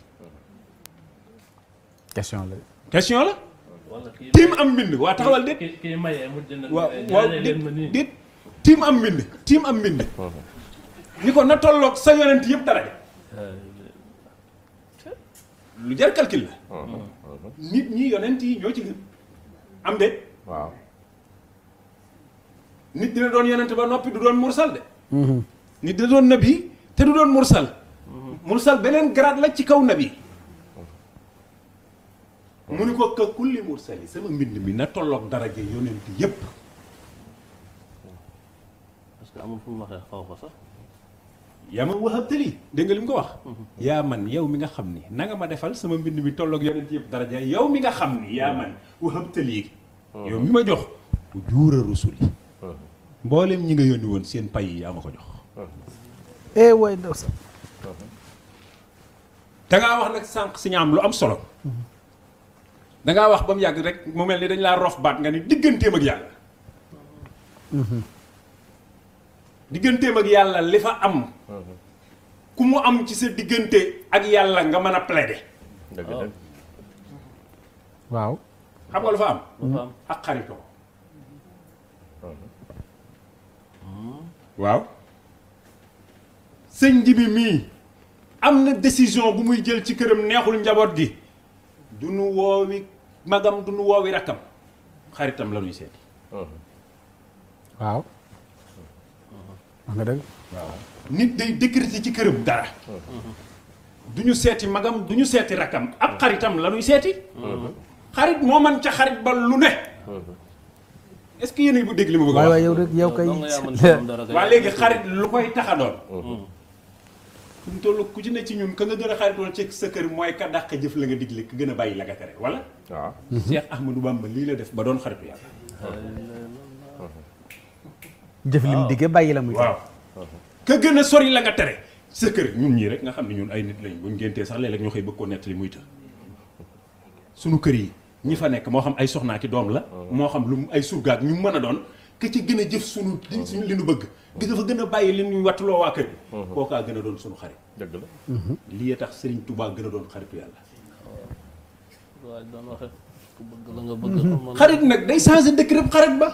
D: question la. question la. tiim am mbind waa taxawal déet. tiim am mbind tiim am mbind. [laughs] ni ko na tolloog sa yonent yëpp dara euh, lu jar calcul la. Euh, euh, nit ñi yonent yi ñoo ci gën am de. nit dina doon yonent ba noppi du doon mursal de. Mm-hmm. nit da doon nabi te du doon mursal mm-hmm. mursal beneen grade la ci kaw nabi mm-hmm. mu ni ko ka kulli mursali sama mbind mi na tolloog daraje yonent yépp parce que amul fu mu waxee xaw ko sax yaa ma waxabtali dégg nga li mu ko wax yaa man yow mi nga xam ni nanga ma defal sama mbind mi tollook yonent yépp daraja yow mi nga xam ni yaa man yow mi ma jox bu juura rusuli mbollem ñi nga yoni won seen pay yi amako jox. eh way ndaw sa da nga wax nak sank si ñam lu am solo. da nga wax bam yag rek mu melni dañ la rof baat nga ni digganteem ak yàlla. digganteem ak yalla li fa am. ku mu am ci sa agi ak yalla nga mëna a plaider. dëgg waaw. xam nga lu fa am. waaw Seigne Jibi mi amna décision bu muy jël ci kërëm neexul njabot gi du nu woowi magam du nu woowi rakam. xaritam la ñuy seeti waaw wax nga dëgg waaw nit day décréter ci kërëm dara du ñu seeti magam duñu ñu seeti rakkam ab xaritam la ñuy seeti mhm. xarit moo man ca xarit ba lu ne mhm. est-ce que yéen a ngi dégg li ma bëgg a wax. waaw yow rek yow kay. waaw léegi xarit lu koy tax a doon. fu mm-hmm. mm-hmm. mu toll ku ci ne ci ñun ka nga gën a xaritoon ci sa kër mooy ka dàq jëf la nga digle ka gën a bàyyi la nga tere wala. waaw mm-hmm. Cheikh Ahmadou Bamba lii la def ba doon xaritu yàlla.
A: jëf lim
D: bàyyi la muy. waaw ka gën a sori la nga tere sa kër ñun ñii rek nga xam ne ñun ay nit lañ buñ ngéntee sax léeg-léeg ñoo xëy bëgg koo nett li muy të. sunu kër yi. ñi fa nekk moo xam ay soxnaa ki doom la mm. moo xam lu ay surgaak ñu mën a doon ka ci gën a jëf sunu mm. suñu li nu bëgg gis nga fa gën a bàyyi li ñuy wattuloo loo kër bi mm-hmm. kookaa gën a doon sunu xarit dëgg la mm-hmm. tax Serigne Touba gën a doon xaritu yàlla waaw doon waxe ku bëgg la nga mm-hmm. xarit nag day changé dëkk xarit ba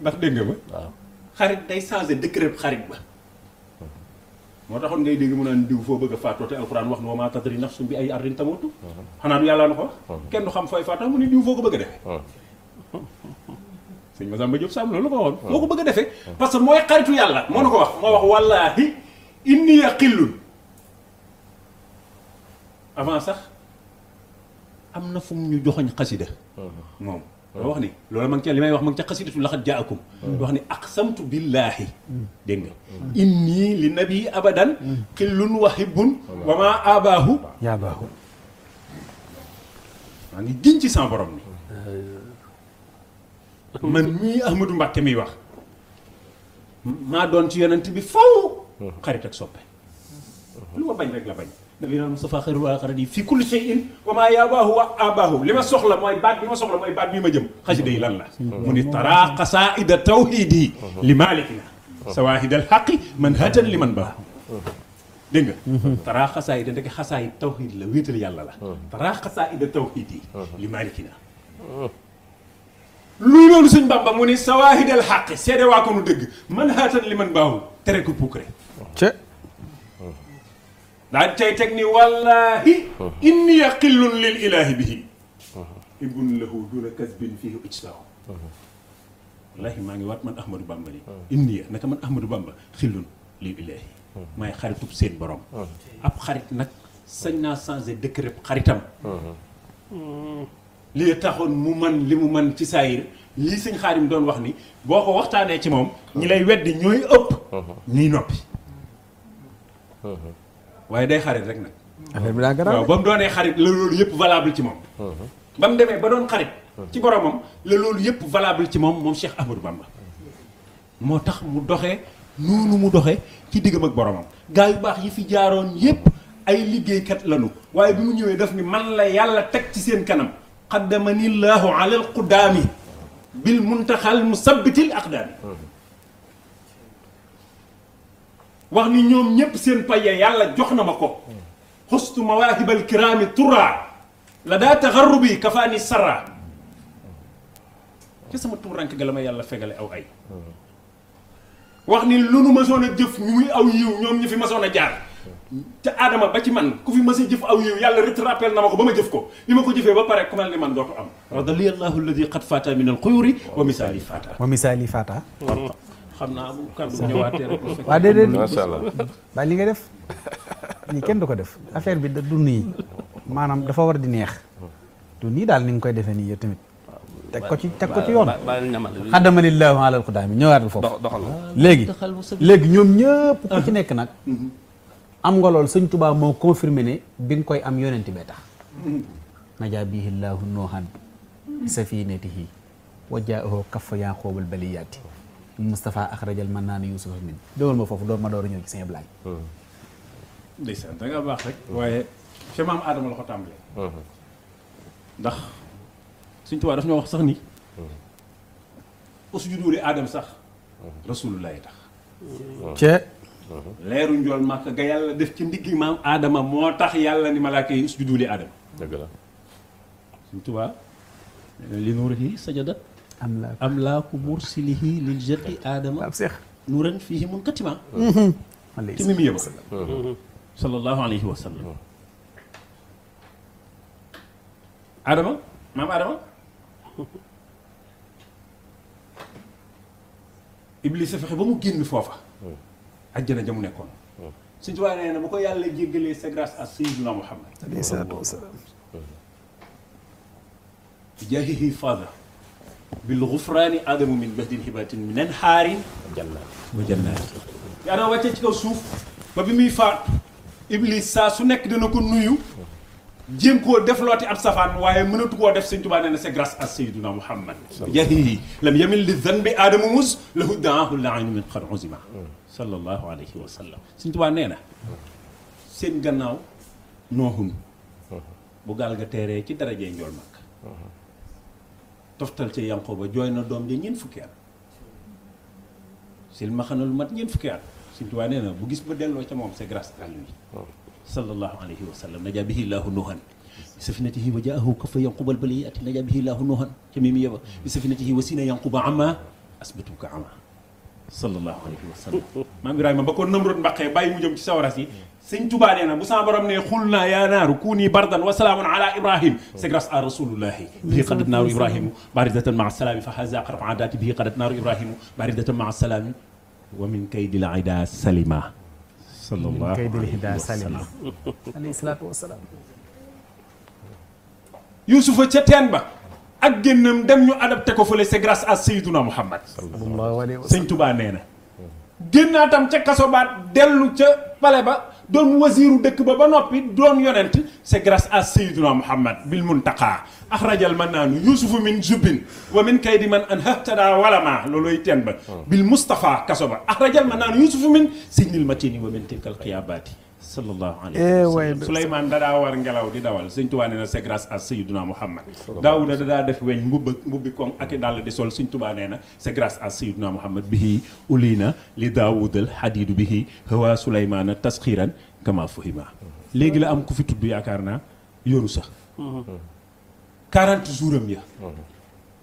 D: ndax dégg nga ma xarit day changé dëkk xarit ba moo taxoon ngay dégg mu naan diw foo bëgg a faatoo te alxuraan wax na wa maa tadri nafsun bi ay ardin tamutu mhm. xanaa du yàlla na ko wax mhm. kenn du xam fooy faatoo mu ne diw foo ko bëgg a defee
F: mhm.
D: sëñ Masamba Diop Samb la ko waxoon foo ko bëgg defee parce que mooy xaritu yàlla moo na ko moo wax wallaahi inni yaqillun avant am na fu mu ñu joxoñ xasida moom loolu wax ni loolu ma ngi ca li may wax ma ngi ca xasidatu laxat jaakum hmm. wax ni aqsamtu billahi hmm. dégg hmm. inni li nabi abadan xillun wahibun hibbun abahu ya abaahu yaabaahu maa ngi giñ ci sama borom ni eh. man mii Ahmadou Mbacke miy wax maa doon ci yonent bi faw xarit ak soppe lu ma bañ rek la bañ nabiyina Mustafa xayrul xaradi fi kulli shay'in wa maa yabaahu wa abaahu li ma soxla mooy baat bi ma soxla mooy baat bi ma jëm xasida yi lan la mu ni tara qasaida tawhidi li malikina sawaahid al xaqi man hatan li man baahu dégg nga tara xasaida ndeke xasaayid tawhid la wéetal yàlla la tara xasaida tawhidi li malikina lu loolu suñ bàmba mu ni sawaahid al xaqi seede waa ko nu dëgg man hatan li man baahu tere ko puukare daal cay teg ni wallaahi inni yaqillun lil ilaahi bihi ibun lahu duna kasbin fihi ujsahu wallaahi maa ngi waat man ahmadou bamba ni inni naka man ahmadou bamba xillun lil ilaahi maay xaritub seen borom ab xarit nag sañ naa changé décret xaritam li taxoon mu man li mu man ci saayir lii sëñ xaadim doon wax ni boo ko waxtaanee ci moom ñi lay weddi ñooy ëpp ñuy noppi waaye day xarit rek nag. affaire bi daa garaaw waaw ba mu doonee xarit la loolu yëpp valable ci moom. ba mu demee ba doon xarit. ci boromam la loolu yëpp valable ci moom moom Cheikh Ahmadou Bamba. moo tax mu doxee noonu mu doxee ci diggam ak boromam gaa yu baax yi fi jaaroon yëpp ay liggéeykat lañu waaye bi mu ñëwee daf ni man la yàlla teg ci seen kanam. qaddamani llahu ala alqudaami bil muntaxal musabbitil aqdaami وغني نيوم نيب سين باي يالا جوخنا مكو خست مواهب الكرام ترى لدى تغربي كفاني سرا كيسا ما تمر رانك غلما يالا فغال او اي وغني لونو ما زونا جف نوي او يو نيوم نيفي ما زونا جار تا ادم با تي مان كوفي ما سي جف او يو يالا ريترابيل نماكو بما جف كو نيما كو
A: جفه
D: xam naa bu kàddu ñëwaatee rek. waaw déedéet macha allah.
A: ba li nga def nii kenn du ko def affaire bi du nii maanaam dafa war di neex du nii daal ni nga koy defee nii yow tamit. teg ko ci teg ko ci yoon xadamalillahu ala alqudaami ñëwaatal foofu léegi léegi ñoom ñëpp ku ci nekk nag am nga lool sëñ tubaa moo confirmé ne bi nga koy am yonent bee tax najaa bihi llahu noohan safinatihi wa jaahu kaffa yaaqoobal baliyaati Mustafa akhrajal mën yusuf min dool ma fofu doog ma door a ñëw ci sëñ Ablaye.
D: ndeysaan da nga bax rek. waye fi mam adam la ko hmm ndax suñ tubaab daf ñoo wax sax ni. Hmm. usjudu li adam sax. Hmm. rasulullah tax. Hmm. cee. leeru njool makka ga yalla def ci ndigi mam adam mo tax yalla ni malaika yi li la. suñ tubaab li nuruhi sajadat أملاك أملاك مرسله للجر آدم طيب، نورا فيه منقطما تميمية صلى الله عليه وسلم آدم ما نعم، آدم إبليس فخ بمو جين مفوفا عجنا جمو نكون سنتوانا أنا يعني بكو يالله جيجلي سجراس أسيدنا محمد عليه الصلاة والسلام جاهه فاضل بالغفران آدم من بهد هبات من انهار وجنات يا انا واتي تي كو سوف با بي ابليس سا سو نيك دا نكو نويو جيم كو ديفلوتي اب سفان واي منوت كو ديف سنتو با نانا سي غراس ا سيدنا محمد يهي لم يمل للذنب ادم موس له داه اللعين من قد عزما صلى الله عليه وسلم سنتو با نانا سين غناو نوهم بو غال تيري تي درجه نجول مكه toftal ca Yanqooba jooy na doom ja ñeent fukki at sil ma xanaa lu mat ñeent fukki at Sëñ Tuubaa nee na bu gis ba delloo ca moom c'est grâce à lui sallallahu alayhi wa sallam najaa bihi llaahu nuuhan bi safinatihi wa jaahu kafa yanqubal baliyati najaa bihi llaahu nuuhan ca mi mu yeba bi safinatihi wa sina yanquba ama asbatu ka ama sallallahu alayhi wa sallam [laughs] maam Ibrahima ba ko Namrud mbaqee bàyyi mu jëm ci sawaras yi سين توبا لينا بوسا برام ني خولنا يا نار كوني بردا وسلام على ابراهيم سيغراس رسول الله به قدت نار ابراهيم باردة مع السلام فهذا اقرب عادات به قدت نار ابراهيم باردة مع السلام ومن كيد العدا سلمى صلى الله عليه وسلم كيد الهدى سلمى عليه الصلاة والسلام يوسف تشتان با اك جنم دم ني ادابتي كو فلي سيغراس سيدنا محمد صلى الله عليه وسلم سين توبا نينا جناتام تي كاسو با تي بالي با don wasiiru dëkk ba ba nopi don yonent c'est grâce à sayyidina Muhammad bil muntaqa axrajal manan yusuf min jubin wa min kaydi man an wala ma loloy ten ba bil Mustafa kasoba ba axrajal mannaanu yusufu min sinil matini wa min tilkal qiyabati sallallahu alayhi eh, wa sallam Souleymane dadaa war ngelaw di dawal sëñ Tuubaa nee na c'est grâce a Seydina Muhammad Daawuda dadaa def weñ mbubba mbubbi koŋ ak i dàll di sol sëñ Tuubaa nee na c'est grâce à Seydina Muhammad bihi ulina li Daawuda al hadidu bihi hawa Souleymana tasxiran kama fuhima léegi la am ku fi tudd yaakaar naa yoru sax 40 jours ya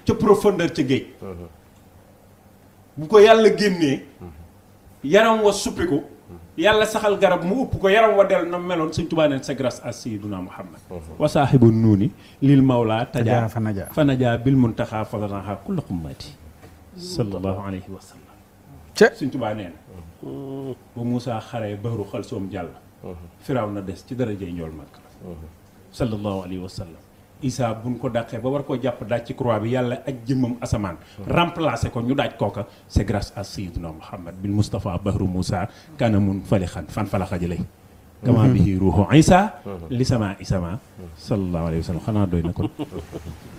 D: ca profondeur ca mhm. bu ko yàlla génnee yaram wa suppiku يلا سخال غرب مو بوكو يرام ودل نملون سن توبان سغراس سيدنا محمد وصاحب النوني للمولى تجا فنجا فنجا بالمنتخى فلنها كل قمتي صلى الله عليه وسلم سن توبان وموسى خري بهرو خلصوم جال فراونا دس تي درجه نيول مك صلى الله عليه وسلم bu buñ ko dàqee ba war koo jàpp daaj ci croix bi yàlla ak jëmmam asamaan remplacé ko ñu daaj kooka c'est grâce à Sayyidina Muhammad bin Mustafa bahru Moussa kanamun falixan fan falaxa jëlay kama mhm. bihi ruuxu Isa mhm. li sama isama sallallahu alayhi wa sallam xanaa doy na kon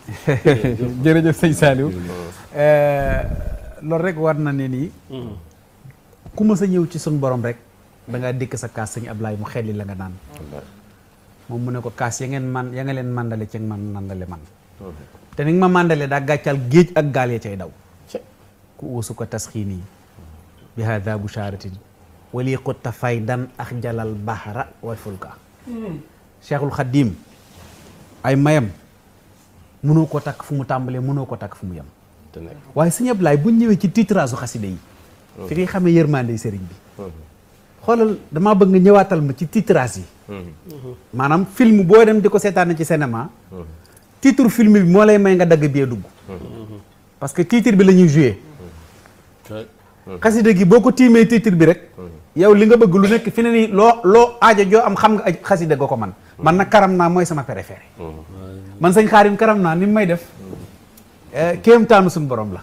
D: [laughs] jërëjëf sëñ Saliou
A: eh, rek war na ne nii mhm. ku mës a ñëw ci suñ borom rek da ngaa dikk sa kaas sëñ Ablaye mu xelli la nga naan moom mu ne ko kaas ya ngeen man ya nga leen mandale ci man mandale man te ni nga ma mandale daa gàccal ak gaal ya daw ku uusu ko taskhini bi hadha busharatin wali qut faydan ax jalal bahra wa fulka hmm. cheikhul khadim ay mayam muno ko tak fu mu tàmbalee mënoo ko tak fu mu yem waaye sëñ Ablaay buñ ñëwee ci titrage khasside yi fi ngay xamee yërmande bi xolal dama bëgg ñëwaatal ma ci titrage maanaam film boo dem di ko seetaan ci cinéma. titre film bi moo lay may nga dagg bee dugg. parce que titre bi lañuy ñuy joué. xasida gi boo ko tiimee titre bi rek. yow li nga bëgg lu nekk fi ne nii loo loo aajo joo am xam nga xasida ga ko man man nag karam naa mooy sama préféré. man sëñ Xaarim karam naa ni may def. Eh, kéem taanu suñu borom la.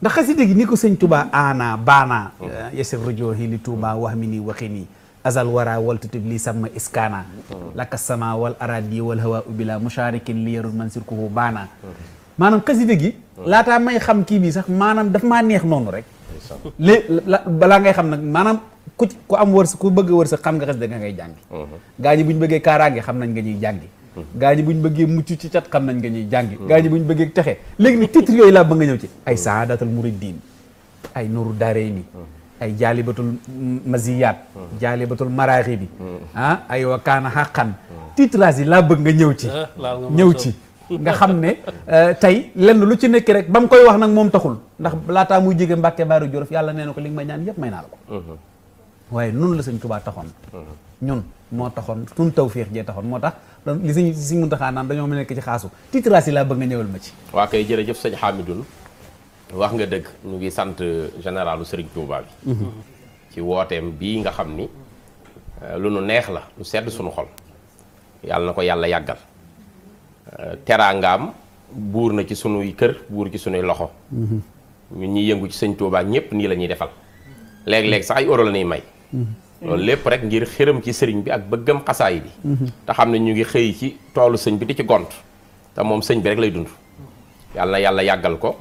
A: ndax xasida gi ni ko sëñ Touba Aana Baana. Eh, yasir rujoohi li Touba wax mi nii waxi nii. azal wara wal tutib lii samma iskaana lakka sama wal aradi wal hawa ubila musharikin li yarul man sirkuhu baana maanaam xasida gi laataa may xam kii bi sax maanaam daf maa neex noonu rek lé balaa ngay xam nag maanaam ku ci ku am wërs ku bëgg war wërs xam nga xasida nga ngay jàngi mhm. gaa ñi bu ñu bëggee kaaraange xam nañ nga ñuy jàngi mhm. gaa ñi buñ bëggee mucc ci cat xam nañ nga ñuy jàngi mhm. gaa ñi bu ñu bëggee texe léegi ni titre yooyu laa ba nga ñëw ci ay saadatul muridin ay nuru daaree ay jaalibatul maziyaat hmm. jaalibatul maraaxi bi hmm. ah ay wa kaana xaqan titrage yi laa bëgg nga ñëw ci eh, ñëw ci nga xam ne eh, tey lenn lu ci nekk rek ba mu koy wax nag moom taxul ndax laataa muy jege Mbàkke Baaru Jolof yàlla nee na ko li nga may ñaan yëpp may naa la ko hmm. waaye nun la sëñ Tuubaa taxoon ñun moo taxoon suñ tawféex jee taxoon moo tax li sëñ si Muntaxaa naan dañoo mu nekk ci xaasu titrage yi laa bëgg nga ñëwal ma ci
E: waa kay jërëjëf sëñ wax nga dëgg ñu ngi sant généralu Serigne Touba bi. Mhm. Mhm. ci wooteem bii nga xam ni euh, lu nu neex la lu sedd suñu xol yàlla na ko yàlla yàggal euh, teraangaam buur na ci sunuy kër buur ci sunuy loxo. Mhm. ñun ñuy yëngu ci sëñ Touba ñëpp nii lañuy defal léeg-léeg sax ay euro la ñuy may. loolu lépp rek ngir xërëm ci sëriñ bi ak bëggam xasaay bi. te xam ne ñu ngi xëy ci toolu sëñ bi di ci gont te moom sëñ bi rek lay dund. yàlla yàlla yàggal ko.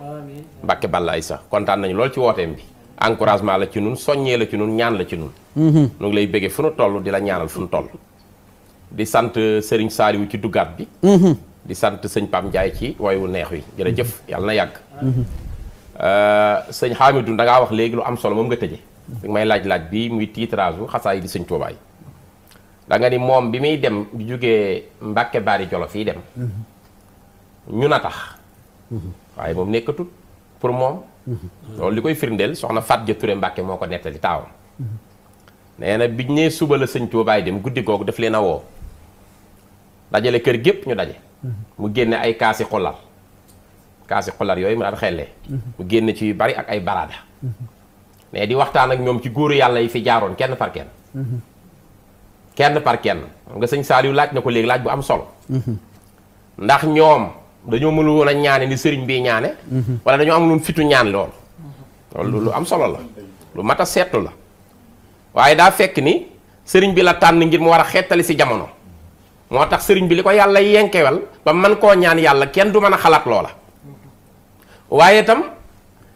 E: Mbacke Balla sax kontaan nañu loolu ci wooteem bi encouragement la ci nun soññee la ci nun ñaan la ci nun nu mhm. lay bëggee fu nu toll di la ñaanal fu nu toll di sant euh, Serigne Saliou ci duggaat bi mhm. di sant sëñ Pam njaay ci wooywu neex wi jëf mhm. yàlla na yàgg euh, sëñ Hamidou da ngaa wax léegi lu am solo moom nga tëje bi may laaj-laaj bi muy tiitrage xasaay di sëñ Tuubaa yi da nga ni moom bi muy dem di jógee baari jolo Jolof dem ñun a tax waaye moom nekkatut pour moom. Mhm. loolu li koy firndeel soxna Faat Ja Ture Mbàkke moo ko nettali taawam. nee na biñ nee suba la sëñ Tuubaa dem guddi googu daf leen a woo dajale kër gépp ñu daje. Mhm. mu génne ay kaasi xolar kaasi xolar yooyu mu daan xellee. Mhm. mu génne ci yu bari ak ay baraada. mais di waxtaan ak ñoom ci góoru yàlla yi fi jaaroon kenn par kenn. kenn par kenn xam nga sëñ Saliou laaj na ko léegi laaj bu am solo. ndax ñoom. dañu mënu woon ñaané ni sëriñ bi ñaané mhm. wala dañu am luñ fitu ñaan lool lool lu am solo la lu mata sétu la waye da fekk ni sëriñ bi la tan ngir mu wara xétali ci jamono moo sëriñ bi li yalla yàlla yenkewal ba man ko ñaan yalla kèn du mëna xalat loola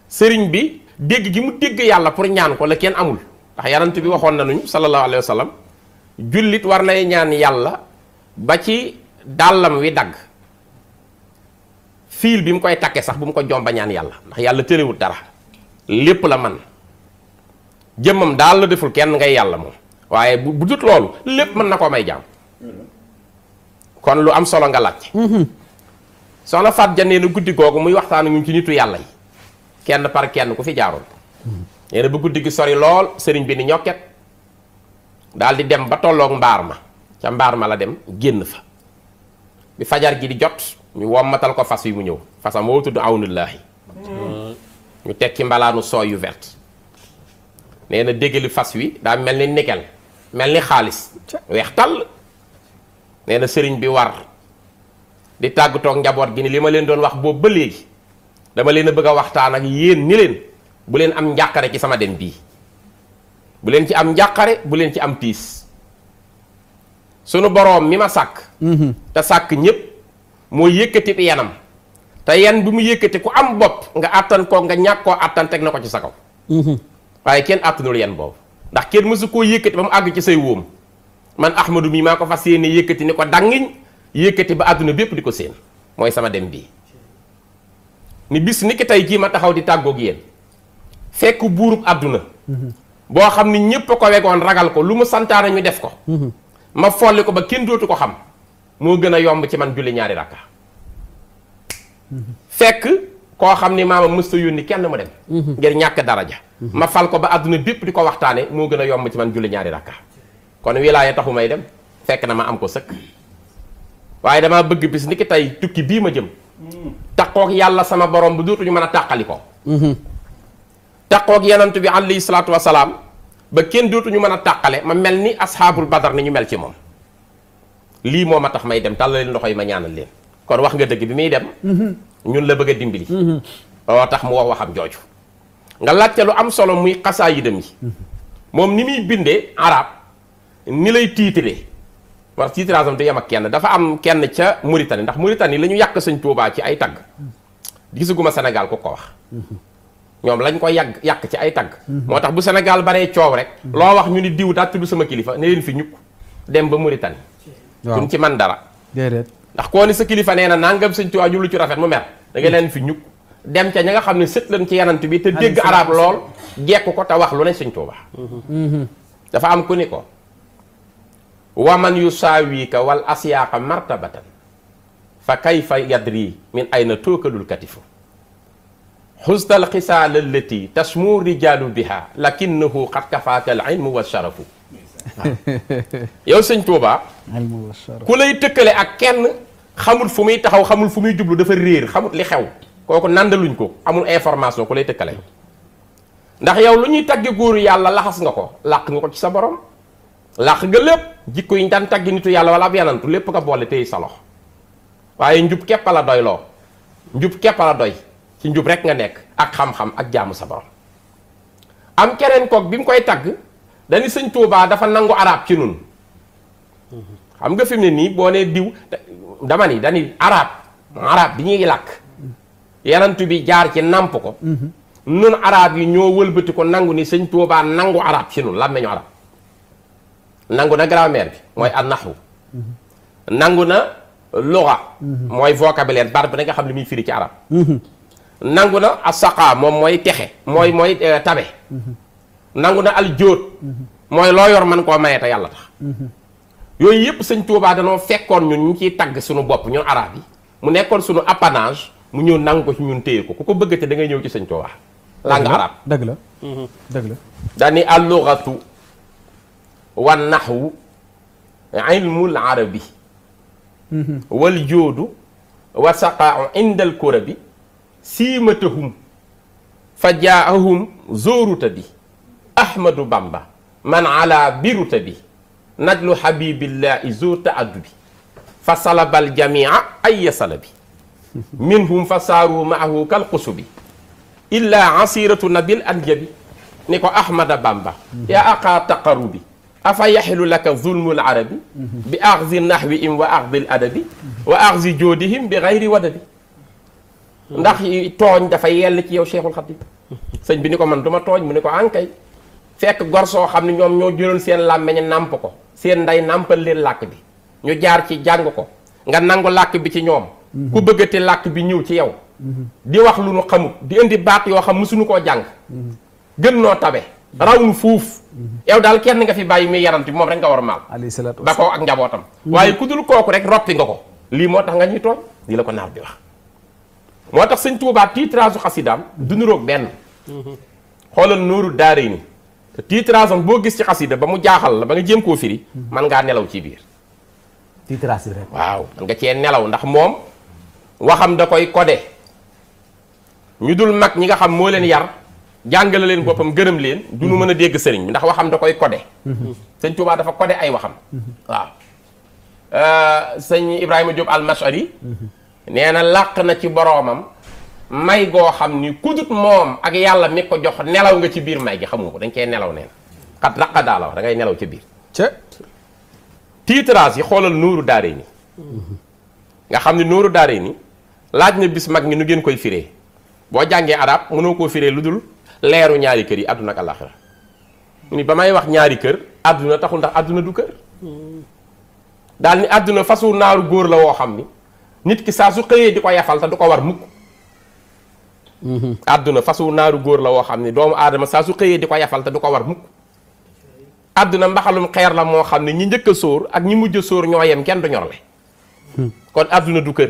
E: sëriñ bi dégg gi mu dégg yalla pour ñaan ko la kèn amul ndax yarantu bi waxon nañu sallallahu alayhi wasallam julit war nay ñaan yalla ba ci dalam wi fil bi mu koy takke sax bu mu ko jomba ñaan yalla ndax yàlla tëlewut dara lepp la man jëmam dal la deful kenn ngay yalla mo waaye bu dut lool lepp man nako may jam kon lu am solo nga lacc mhm. soxna fat Ja na guddi googu muy waxtaan ñu ci nitu yalla yi kenn par kenn ku fi jaarul mhm. nee bu guddi gi sori lool sëriñ bi ni ñokket dal di dem ba tolloog mbaar ma ca mbaar ma la dem genn fa bi fajar gi di jot ñu wommatal ko fas yi mu ñëw fasam woo tudd awnullaahi ñu ci mbalaanu sooy yu vert nee na déggali fas wi daa mel ni nikel mel ni xaalis weex tàll nee na sëriñ bi war di tàggatoog njaboot gi ni li ma leen doon wax boobu ba léegi dama leen a bëgg a waxtaan ak yéen ni leen bu leen am njàqare ci sama dem bii bu leen ci am njàqare bu leen ci am tiis sunu boroom mi ma sàkk mhm. te sàkk ñépp mooy yëkkati bi yanam te yan bi mu yëkkati ku am bopp nga àttan ko nga ñàkk koo àttan teg na ko ci sa mhm. waaye kenn àttanul yan boobu ndax kenn mësu koo yëkkati ba mu àgg ci say woom man ahmadu mii maa ko fas yéene yëkkati ni ko dangiñ yëkkati ba àdduna bépp di ko séen mooy sama dem bii ni bis ni ki tey jii ma taxaw di tàggook yéen fekk buurub àdduna mhm. boo xam ni ñépp a ko wegoon ragal ko lu mu santaane ñu def ko mhm. ma folli ko ba kenn dootu ko xam mo gëna yomb ci man julli ñaari rakka fekk ko xamni mama musta yoni kenn mu dem ngir ñàkk daraja ma fal ko ba aduna bépp di waxtane mo gëna yomb ci man julli ñaari rakka kon wilaya taxu may dem fekk na ma am ko sekk waye dama bëgg bis niki tay tukki bi ma jëm ak yalla sama borom bu dootuñu mën a tàqali ko taqoog yenantu bi alayhi salaatu wasalaam ba kenn dootu ñu mëna takale ma melni ashabul badar ni ñu mel ci mom li moo ma tax may dem talal len loxoy ma ñaanal len kon wax nga deug bi mi dem mhm. ñun la bëgg dimbali mhm. oo tax mu wax waxam joju nga laccé lu am solo muy xasaa mhm. mom dem ni mi bindé arab ni lay titré war titré azam du yem ak kenn dafa am kenn ca Mauritanie ndax Mauritanie lañu yak yàq touba ci ay tag gisuguma senegal ko ko wax ñom lañ ko yag yak ci ay tag motax bu senegal bare ciow rek lo wax ñu ni diw daa sama kilifa ne len fi ñuk dem ba Mauritanie duñ ci man dara déedéet ndax koo ni sa kilifa nee na nangam sëñ ju lu ci rafet mu mer da nga hmm. leen fi ñuk dem ca ña nga xam ne sët lañ ci yanant bi te dégg arab lool jekk ko te wax lu ne sëñ Tuubaa
F: hmm.
E: dafa am ku ni ko waman yusaawika wal asiyaaqa martabatan fa kayfa yadri min ayna tookalul katifu xustal xisaal allati tasmu rijaalu biha lakinnahu qad kafaaka al ilmu wa sharafu
F: [laughs]
E: yow seigne Touba. ku lay tëkkale ak kenn xamul fumuy taxaw xamul fumuy djublu dafa réer xamul li xew kooku nandaluñ ko amul information ku lay tëkkale ndax yow luñuy ñuy tagge yalla yàlla laxas nga ko làq nga ko ci sa borom làq nga lepp jikko yi ñu daan nitu yalla wala ab yanantu lépp nga tey sa loxo njub képp doy lo njub doy ci njub rek nga nek ak xam-xam ak jaamu sa borom am keneen kok bim koy tagg dañu sëñ Touba dafa nangu arab ci nun xam nga fi ne nii boo nee diw dama ni dañuy arab arab bi ñuy làkk yanantu bi jaar ci namp ko nun arab yi ñoo wëlbati ko nangu ni sëñ Touba nangu arab ci nun làmmeñu arab nangu na grammaire bi mooy annaxu nangu na luga mooy vocabulaire baat bi nga xam ne muy firi ci arab mhm. nangu na assaqa moom mooy texe mooy mooy euh, tabe nangu na al jóot mooy loo yor man koo maye te yàlla tax yooyu yëpp sëñ Tuubaa danoo fekkoon ñun ñu ciy tagg suñu bopp ñun arab yi mu nekkoon suñu appanage mu ñëw nangu ko ci ñun ko ku ko bëgg te da ñëw ci sañ Tuubaa langue arab dëgg la mhm. dëgg la dani al lughatu ilmul arabi mhm. wal joodu wa saqaau indal siimatahum fa zooruta bi أحمد بامبا من على بيروتبي نجل حبيب الله زوت أدبي فصلب الجميع أي صلبي منهم فصاروا معه كالقصبي إلا عصيرة نبيل أنجبي نيكو أحمد بامبا يا أقا أفا يحل لك ظلم العربي بأخذ النحو إن وأخذ الأدب وأخذ جودهم بغير ودب ndax togn da fay yell ci yow cheikhul khatib seigne bi niko man duma togn mu ankay fekk gor soo xam ne ñoom ñoo jëloon seen làmmeñ nàmp ko seen ndey nàmpal leen làkk bi ñu jaar ci jàng ko nga nangu làkk bi ci ñoom mhm. ku bëggati làkk bi ñëw ci yow mhm. di wax lu nu xamut di indi baat yoo xam mësuñu koo jàng mhm. gën noo tabe raw nu fuuf yaw daal kenn nga fi bàyyi muy yarant bi moom rek nga war maal ba ko ak njabootam waaye ku dul kooku rek roppi nga ko lii moo tax nga ñuy tooñ lii la ko naar bi wax moo tax sëñ Tuubaa tiitraasu xasidaam du nuroog benn xoolal nooru daare ni tiitras am boo gis ci xasida ba mu jaaxal la ba nga jëm ko firi man nga nelaw ci bir
A: titrage rek
E: waaw man nga ci nelaw ndax moom waxam da koy codé ñu dul mag ñi nga xam mo leen yar jangal leen bopam gëreem leen du ñu mëna dégg sëriñ ndax waxam da koy codé sëñ tuba dafa codé ay waxam waaw euh, sëñ Ibrahima Diop al Mashari nee laq na ci boromam may go xamni ku kudut mom, ak yalla mi ko jox nelaw nga ci bir may gi xamoo ko dañ cee nelaw neen xat raqa la wax da ngay nelaw ci ci titras yi xolal nuru daare ni nga xamni nuru ni laaj na bis mag ni nu ngeen koy firé bo jangé arab mëno ko firé luddul leru leeru ñaari kër yi aduna ak alakhirah ni bamay wax ñaari kër aduna taxul ndax aduna du kër dal ni aduna fasu naaru góor la wo xamni nit ki saa su xëyee diko yafal ta du war mukk Mm-hmm. aduna fasu naru gor la wo xamni doomu adama sa su xëyee di yafal te du war mukk àdduna mbaxalum xeer la mo xamni ñi njëkk soor ak ñi mujjë soor kenn du ñorle hmm. kon Abdul du kër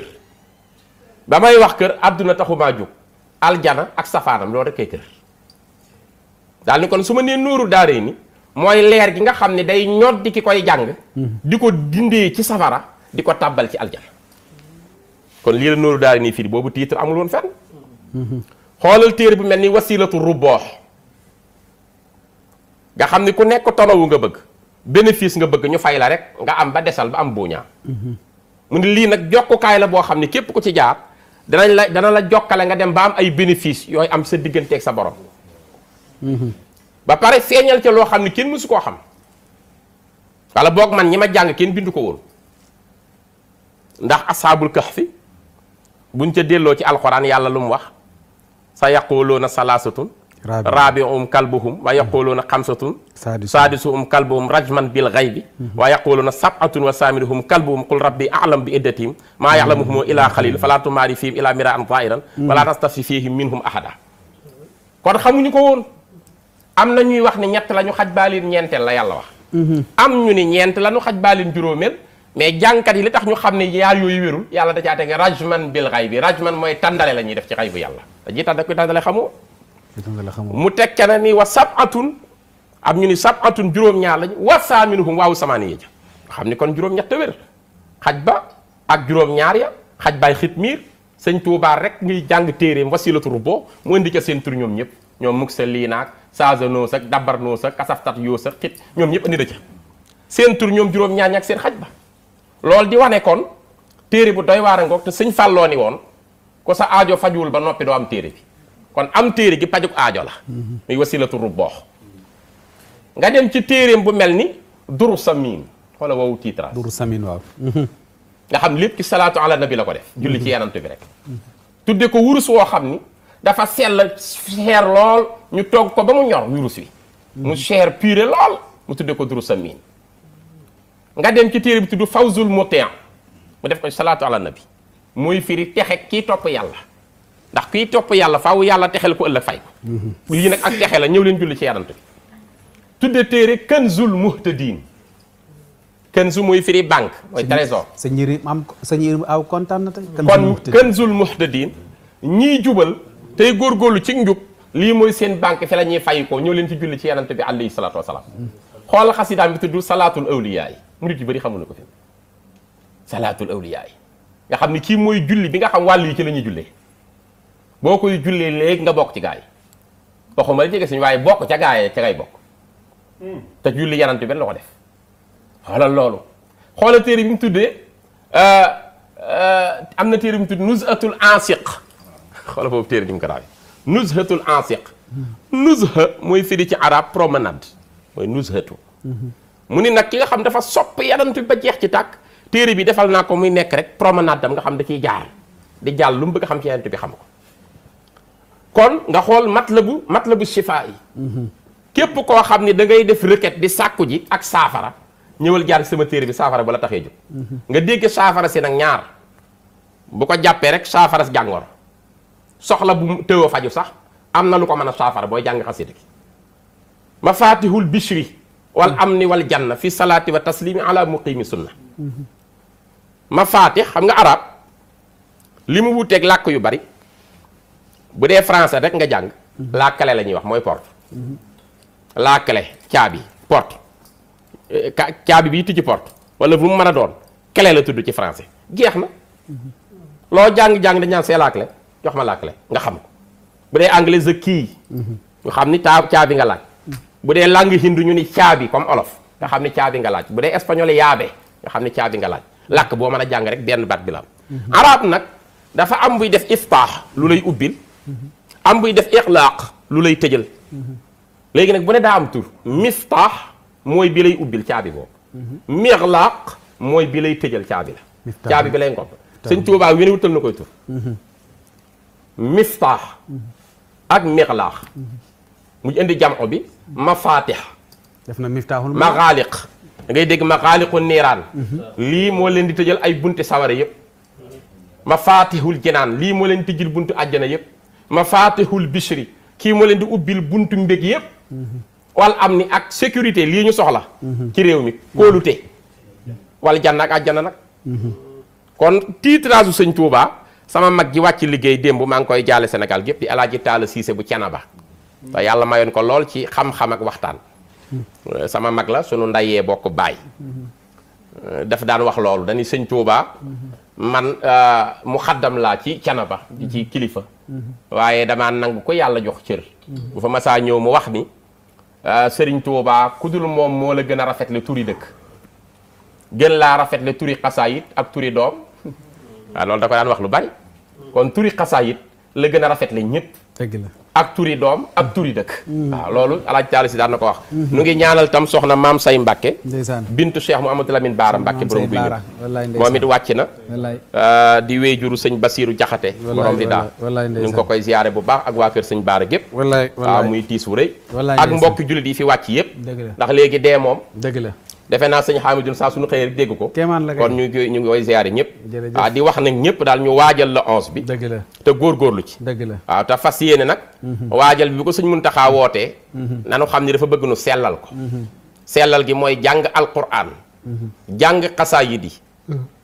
E: damay wax kër àdduna juk aljana ak safaram lo rek kër dal ni kon suma ne nuru daare ni moy leer gi nga xamni day ñot hmm. di ki jang diko di ci safara diko tabal ci aljana kon li la nuru daare ni fi bobu titre amul won fenn xolal téré bu melni wasilatu rubuh nga xamni ni ku nek tolawu nga bëgg bénéfice nga bëgg ñu fay la rek nga am ba déssal ba am boña mhm. mu li nak jokku kay la bo xamni képp ku ci jaar danañ la dana la jokkale nga dem ba am ay bénéfice yoy am sa ak sa borom mhm. ba paré feeñal ci lo xamni kenn musu ko xam wala bok man ñima jang kenn bindu ko wol ndax ashabul kahfi buñ ca delloo ci alxuraan yalla lu mu wax sa yaquluuna salaasatun
A: raabiuhum
E: kalbuhum mm-hmm. wa yaquluuna xamsatun saadisuhum kalbuhum rajman bil xaybi mm-hmm. wa yaquluuna sabatun wa saaminuhum kalbuhum qul rabbi alam bi iddatihim maa yalamuhum ilaa xalil mm-hmm. falaa tumaari fiihim ilaa miraan zaahiran walaa tastafti fiihim minhum ahada kon xamuñu ko woon am na ñuy wax ne ñett la ñu xaj baalin ñeenteel la yàlla wax am ñu ni ñeent la ñu xaj baalin juróomeel mais jankat yi li tax ñu xam ne yoy yooyu yalla yàlla da caa teg rajman bil ghaibi bi rajman moy tandalé la def ci ghaibu yalla yàlla dañuy tànda kuy tandalé xamu mu tek ca ni wa sabatun am ñu ni sabatun juroom ñaar lañ wa saminuhum wa samaani ja kon juroom ñatt wër xajba ak juroom ñaar ya xajbay khitmir seigne touba rek ngay jang téré wasilatu rubbo mo indi ci seen tur ñom ñep ñom mukseli sa sazano sak dabarno sak kasaftat yo sak xit ñom ñep indi da ci seen tur ñom juroom ñaar ñak seen xajba Lol di wane kon téré bu doy waar ngok te señ fallo ni won ko sa aajo fajuul ba nopi do am téré bi kon am téré gi pajuk aajo la mi mhm. wasilatu rubbah nga dem ci téré bu melni duru samin xola woowu titra duru samin waaw [laughs] nga xam lepp ci salatu ala nabi la ko def julli ci mhm. yanantu bi rek mhm. tudde ko wurus wo xamni dafa sel cher lol ñu tok ko ba mu ñor wurus wi mu cher pure lol mu tudde ko duru samin nga dem ci téere bi tudd Fawzul Mutiin mu def ko salaatu ala nabi muy firi texe kii topp yàlla ndax kii topp yàlla faaw yàlla texel ko ëllëg fay ko mhm. lii ak texe la ñëw leen julli ci yarante bi tudde téere Kanzul Muhtadin Kanzu muy firi banque mooy trésor sa ñëri am sa ñëri aw kontaan na tey kon Kanzul Muhtadin ñii jubal tey góorgóorlu ci njub lii mooy seen banque fi la ñuy fay ko ñëw leen ci julli ci yarante bi alayhi salaatu wasalaam mhm. xool xasidaam bi tudd salaatul awliyaa yi murit yu bëri xamuñu ko fi salaatul awliyaa yi nga xam ne kii mooy julli bi nga xam wàllu yi ci la ñuy jullee boo koy jullee léegi nga bokk ci gaa yi waxuma la jege suñu waaye bokk ca gaa yi ca ngay bokk te julli yanant bi benn la ko def xoolal loolu xoolal téere bi mu tuddee am na téere bi mu tuddee nuzhatul ansiq xoolal boobu téere bi mu ko daawee nuzhatul ansiq nuzha mooy firi ci arab promenade mooy nuzhatu muni nak ki nga xam dafa sopp yonent bi ba jeex ci tak téré bi defal nako muy nek rek promenade dam nga xam da ci jaar di jaar lu mbeug xam ci bi xam ko kon nga xol matlabu matlabu shifaa yi képp koo ni da ngay def requête di sakku ji ak safara ñewal jaar sama téré bi saafara bala taxé ju nga dégg safara si nak ñaar bu ko jappé rek saafara jangor soxla bu teewo faju sax am lu ko mëna safara boy jang mafatihul bishri wal amni wal janna fi salaati wa taslimi ala muqimi sunna ma faati xam nga arab li mu wuuteeg làkk yu bari bu dee français rek nga jàng la clé la ñuy wax mooy porte la clé caabi porte eh, caabi bi ci porte wala bu mu mën a doon clé la tudd ci français geex na loo jàng-jàng dañ naan c'est la clé jox ma la clé nga xam ko bu dee anglais the key ñu xam ni taa caabi nga laaj bu dee langue hindu ñu ni caabi comme olof nga xam ne caabi nga laaj bu dee espagnol yaabe nga xam ne caabi nga laaj làkk boo mën a jàng rek benn baat bi la am mhm. nag dafa am buy def iftaax lu lay ubbil mhm. am buy def iqlaaq lu lay tëjal mhm. léegi nag bu ne daa am tur miftaax mooy bi lay ubbil caabi
F: boobu
E: miqlaaq mooy bi lay tëjal caabi la caabi bi lay ngomb sëñ Tuubaa wi ne wutal na koy tur miftaax ak miqlaaq mu indi jamoo bi mafaatix def na miftaaxul maxaaliq da ngay dégg maxaaliqu niiraan mhm. lii moo leen di tëjal ay bunti sawara yëpp mafaatixul jinaan lii moo leen di tëjal buntu àjjana yëpp mafaatixul bishri kii moo leen di ubbil buntu mbég yëpp mhm. wal am ni ak sécurité lii ñu soxla mhm. ci réew mi kóolute wal janna ak àjjana nag kon tiitraasu sëñ Tuubaa sama mag ji wàcc liggéey démb maa ngi koy jaale senegal gépp di alaaji Taala Siise bu Cenaba te yàlla mayoon ko lool ci xam-xam ak waxtaan hmm. sama mag la sunu ndayee bokk baay
F: hmm.
E: dafa daan wax loolu dañuy sëñ Tuubaa
F: hmm.
E: man euh, mu xaddam laa ci canaba ci kilifa waaye damaa nangu ko yàlla jox cër bu fa masaa ñëw mu wax ni euh, sëriñ Tuubaa ku dul moom moo la gën a rafet le turi dëkk gën laa rafet le turi xasaayit ak turi doom waaw loolu da daan wax lu bari kon turi yit la gën a rafet le ñëpp dëgg la ak turi doom ak turi dëkk mm. waaw loolu alaaj taali si daan na ko wax nu mm-hmm. ngi ñaanal tam soxna maam say mbàkke bintu cheikh mouhamadou lamine baara mbàkke borom guy ñëpp moom it wàcc na euh, di wéyjuru sëñ basiiru jaxate borom ridaa ñu ngi ko koy ziyaare bu baax ak waa kër sëñ baara gépp waaw muy tiis wu rëy ak mbokki jullit yi fi wàcc yëpp ndax léegi dee moom dëgg la defe naa sëñ Hamidou saa suñu xëyee rek dégg ko kon ñu ngi ñu ngi koy ziare ñëpp waaw ah, di wax nag ñëpp daal ñu waajal la onze bi dëgg la te góorgóorlu ci dëgg la waaw ah, te fas yéene nag mhm. waajal bi bi ko sëñ Muntaxa wootee na mhm. nanu xam ni dafa bëgg nu sellal ko mhm. sellal gi mooy jàng alquran jàng xasaayid yi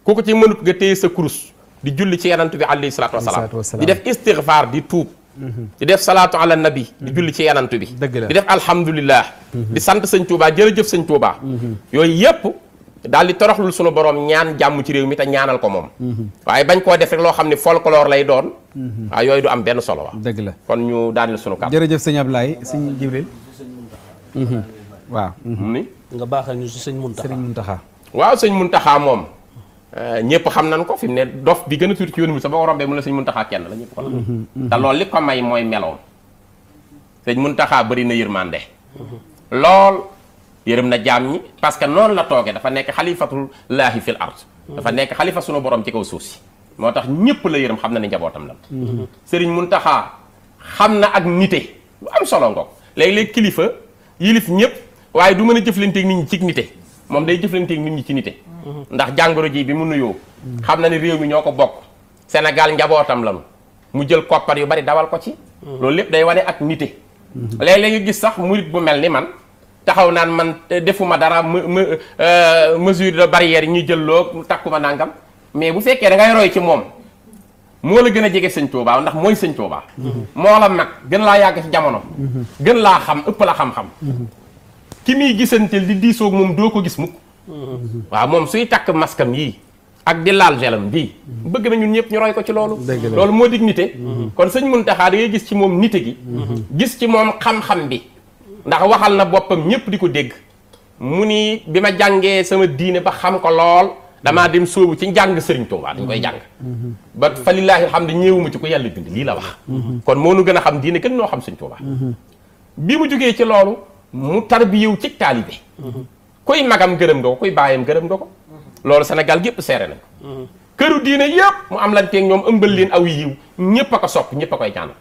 E: ku ko ci mënut nga téye sa kurus di julli ci yonent bi alayhi salaatu wasalaam di def istighfar di tuub Mhm. di def salatu ala nabi di julli ci yanantu bi di def alhamdulillah di sante seigne Touba jërëjëf seigne Touba mhm. yoy yep dal di toroxlu sunu borom ñaan jamm ci rew mi ta ñaanal ko mom mhm. waye bañ ko def rek lo xamni folklore lay doon wa yoy du am ben solo wa deug la kon ñu daanil sunu kàddu
A: jërëjëf seigne Ablaye seigne Jibril wa
E: ni nga baxal ñu muntaha seigne muntaha wa seigne muntaha mom Euh, ñëpp xam nañ ko fi mu ne dof bi gën a tuuti ci yoonu bi sa boo ko rombee mu ne sëñ Muntaxa kenn la ñëpp xam
B: mm-hmm, mm-hmm. te
E: loolu li ko may mooy meloom sëñ Muntaxa bëri na yërmande lool yërëm na jaam ñi parce que noonu la tooge dafa nekk xalifatul laahi fil ard mm-hmm. dafa nekk xalifa sunu boroom ci kaw suuf si moo tax ñëpp la yërëm xam na ne njabootam la sëriñ Muntaxa xam na ak nite lu am solo ngoog léeg-léeg kilifa yilif ñëpp waaye du mën a jëflanteeg nit ñi ci nite moom ndax jàngoro jii bi mu nuyoo. xam na ne réew mi ñoo ko bokk. Sénégal njabootam lañu mu jël koppar yu bari dawal ko ci. loolu lépp day wane ak nite. léeg nga gis sax murit bu mel ni man. taxaw naan man eh, defuma dara eh, mesure de barrière yi ñuy jël loo takkuma nangam mais bu fekkee da ngay roy ci moom moo la gën a jege sëñ Tuubaa ndax mooy sëñ Tuubaa moo la nag gën laa yàgg ci jamono gën laa xam ëpp la xam-xam ki muy gisantel di diisoog moom doo ko gis waaw moom suy takk maskam yii ak di laal gelam bii bëgg na ñun ñëpp ñu roy ko ci loolu loolu moo dignité mhm. kon sëñ Muntaxa taxaa ngay gis ci moom nite gi mhm. gis ci moom xam-xam bi ndax waxal na boppam ñëpp di ko dégg mu nii bi ma jàngee sama diine ba xam ko lool damaa dem sóobu ci njàng sëriñ Tuubaa dañ koy jàng mhm. ba fa lillaahi alhamdu ñëwuma ci ko yàlla bind lii la wax kon moo nu gën a xam diine gën noo xam sëriñ Tuubaa bi mu jógee ci loolu mu tarbiyewu ci taalibe kuy magam gërëm nga ko kuy bàyyam gërëm nga ko loolu senegal gépp seere nañ ko këru diine yëpp mu am lanteeg ñoom ëmbal leen aw yiw ñëpp a ko sopp ñëpp a koy ñaanal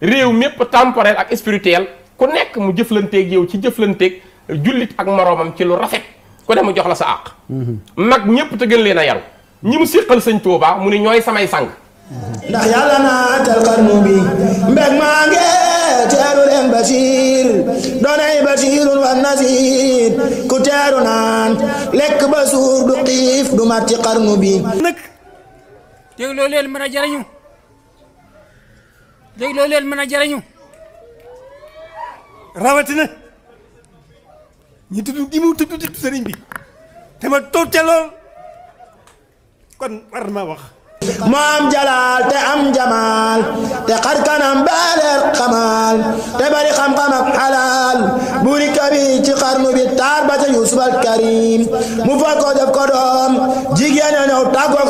E: réew mépp temporel ak spirituel ku nekk mu jëflanteeg yow ci jëflanteeg jullit ak moroomam ci lu rafet ku ne mu jox la sa àq mm-hmm. mag ñëpp te gën leen a yaru ñi mu siqal sëñ Tuubaa mu ne ñooy samay sang
H: ndax yàlla naa tal kan, xarnu bi mbeg maa nge teeru
C: leen basir doonay e. basirun wa nasir ku teeru naan lekk ba suur du xiif du mat ci xarnu bi nag
A: dégloo leen mën a jariñu dégloo leen mën a rawatina ñi tudd
I: gi mu tudd tudd sëriñ bi te ma toog kon war na ma wax
D: moom jalaal
I: te am jamaal te xarkanam baaleer
C: xamaal te bari xam-xam ak xalaal kabi ci xarnu taar ba ca Yuusuf al Karim mu fal ko def ko doom jigéen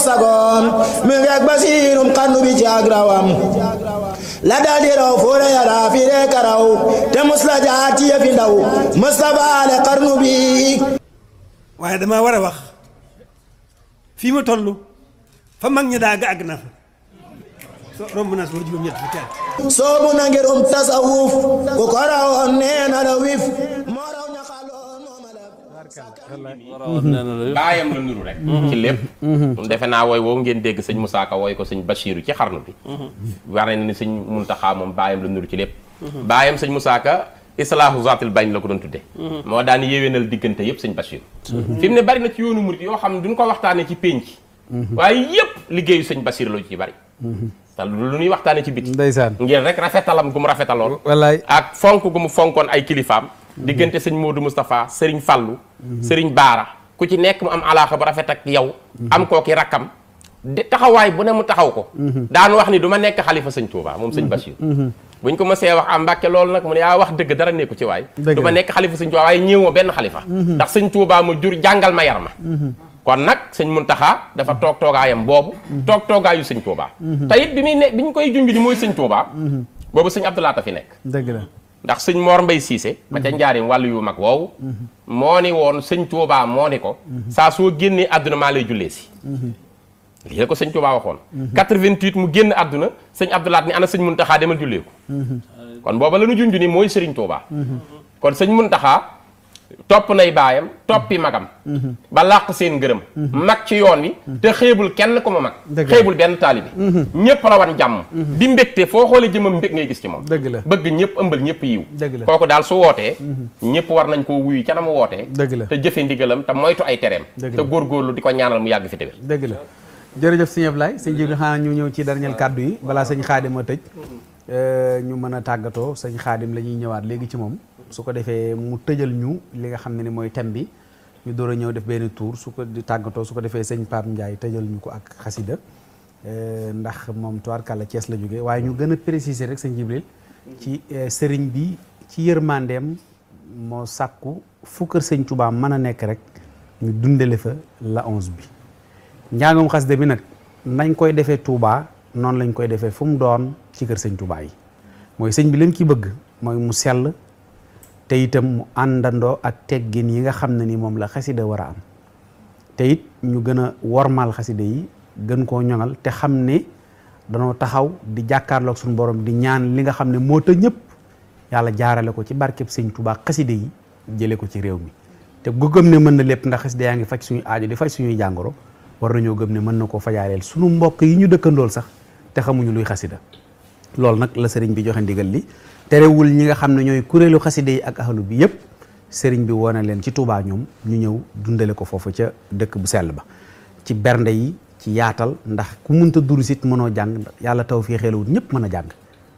C: sagoom mi ngeeg basiirum xarnu bi ci ak rawam la daal raw fóore yara fi ree karaw te mus ci yëfi ndaw mës la baale xarnu dama war a wax fii ma
I: fa mag ña daa àgg na
A: fa romb naa sama juróom ñett na
B: ngirum tasawuf na la wif
E: moo baayam la nuru rek mhm. ci lépp mhm. defe naa wooy woo ngeen dégg sëñ Moussa Ka wooy ko sëñ Bachiru ci xarnu bi mhm. war na ni sëñ Muntaxa moom baayam la nuru ci lépp baayam sëñ Moussa Ka islaahu zaatil bayn la ko doon tudde moo daan yéwénal diggante yëpp sëñ Bachir fi mu ne bari na ci yoonu murit yoo xam ne duñ ko waxtaanee ci pénc Mhm. waaye yëpp liggéeyu sëñ Basir la ci bari. Mhm. te lu ñuy waxtaane ci biti. ndeysaan ngir rek rafetalam gu mu rafetaloon. wallaay ak fonk gu mu fonkoon ay kilifaam. Mhm. diggante sëñ Modou Moustapha Serigne Fallou. sëriñ Baara ku ci nekk mu am alaaxa bu rafet ak yow. am kooki rakkam. di taxawaay bu ne mu taxaw ko. daan wax ni du ma nekk xalifa sëñ Touba moom sëñ Bachir. buñ ko mësee wax am ah, Mbàkke loolu nag mu ne yaa ah, wax dëgg dara nekku ci waay. du ma nekk xalifa sëñ Touba waaye ñëwoo benn xalifa. ndax sëñ Touba ma jur jàngal ma yar ma. kon nag sëñ mun Muntaxa dafa toog toogaayam boobu toog toogaayu sëñ Touba. te it bi muy ne bi ñu koy junj ni mooy sëñ Touba. boobu sëñ Abdou Lahat a fi nekk dëgg la ndax sëñ Mor Mbay Siise ma ca njaarim wàllu yu mag woowu moo ni woon sëñ Touba moo ni ko saa soo génnee àdduna maa lay jullee si lii la ko sëñ Touba waxoon 88 mu génn àdduna sëñ Abdou Lahat ni ana sëñ Muntaxa demal jullee ko mhm. kon booba la ñu junj ni mooy sëriñ Touba mhm. kon sëñ Muntaxa topp nay baayam toppi magam ba làq seen ngërëm mag ci yoon wi te xeebul kenn ku ma mag xeebul benn taalibi mhm. ñëpp la wan jàmm mhm. di mbégte foo xoolee jëmam mbég ngay gis ci moom dëgg la bëgg ñëpp ëmbal ñëpp yiw kooku daal su wootee mhm. ñëpp war nañ koo wuyu ca na mu wootee dëgg la te jëfe ndigalam te moytu ay tereem te góorlu di ko ñaanal mu yàgg fi tewél dëgg la jërëjëf
A: sëñ Ablaye sëñ Jibril xanaa ñu ñëw ci dernier kàddu yi balaa sëñ Xaadim a tëj euh, ñu mën a tàggatoo sëñ Xaadim la ñuy ñëwaat léegi ci moom su ko defee mu tëjal ñu li nga xam ne ni mooy thème bi ñu door a ñëw def benn tour su ko di tàggatoo su ko defee sëñ Pape Ndiaye tëjal ñu ko ak xasida eh, ndax moom tubaarkàlla Cees la jóge waaye ñu gën a préciser rek sëñ Jibril ci eh, sëriñ bi ci yërmandeem moo sàkku fu kër sëñ Touba mën a nekk rek ñu dundale fa la onze bi njàngum xasida bi nag nañ koy defee Touba noonu lañ koy defee fu doon ci kër sëñ Touba yi mooy sëñ bi lim ci bëgg mooy mu sell te itam mu andando ak teggin yi nga xam ni mom la khasside war am te it ñu gëna wormal khasside yi gën ko te taxaw di jàkkaarloog suñu borom di ñaan li nga xam mo ta ñëpp yalla jaarale ko ci barkeb seigne touba khasside yi jële ko ci réew mi te gu gëm ne mën na lepp ndax khasside ya nga fajj suñu aaju di fajj suñu jangoro war nañu gëm ne mën nako koo suñu mbokk yi ñu dëkkandool sax te xamuñu luy khasside nak la sëriñ bi joxe ndigal li terewul ñi nga xam ne ñooy kuréelu xaside yi ak ahlu bi yëpp sëriñ bi woone leen ci Touba ñoom ñu ñëw dundale ko foofu ca dëkk bu sell ba ci bernde yi ci yaatal ndax ku munta durusit mënoo jàng yàlla taw fii xeelawut ñëpp mën a jàng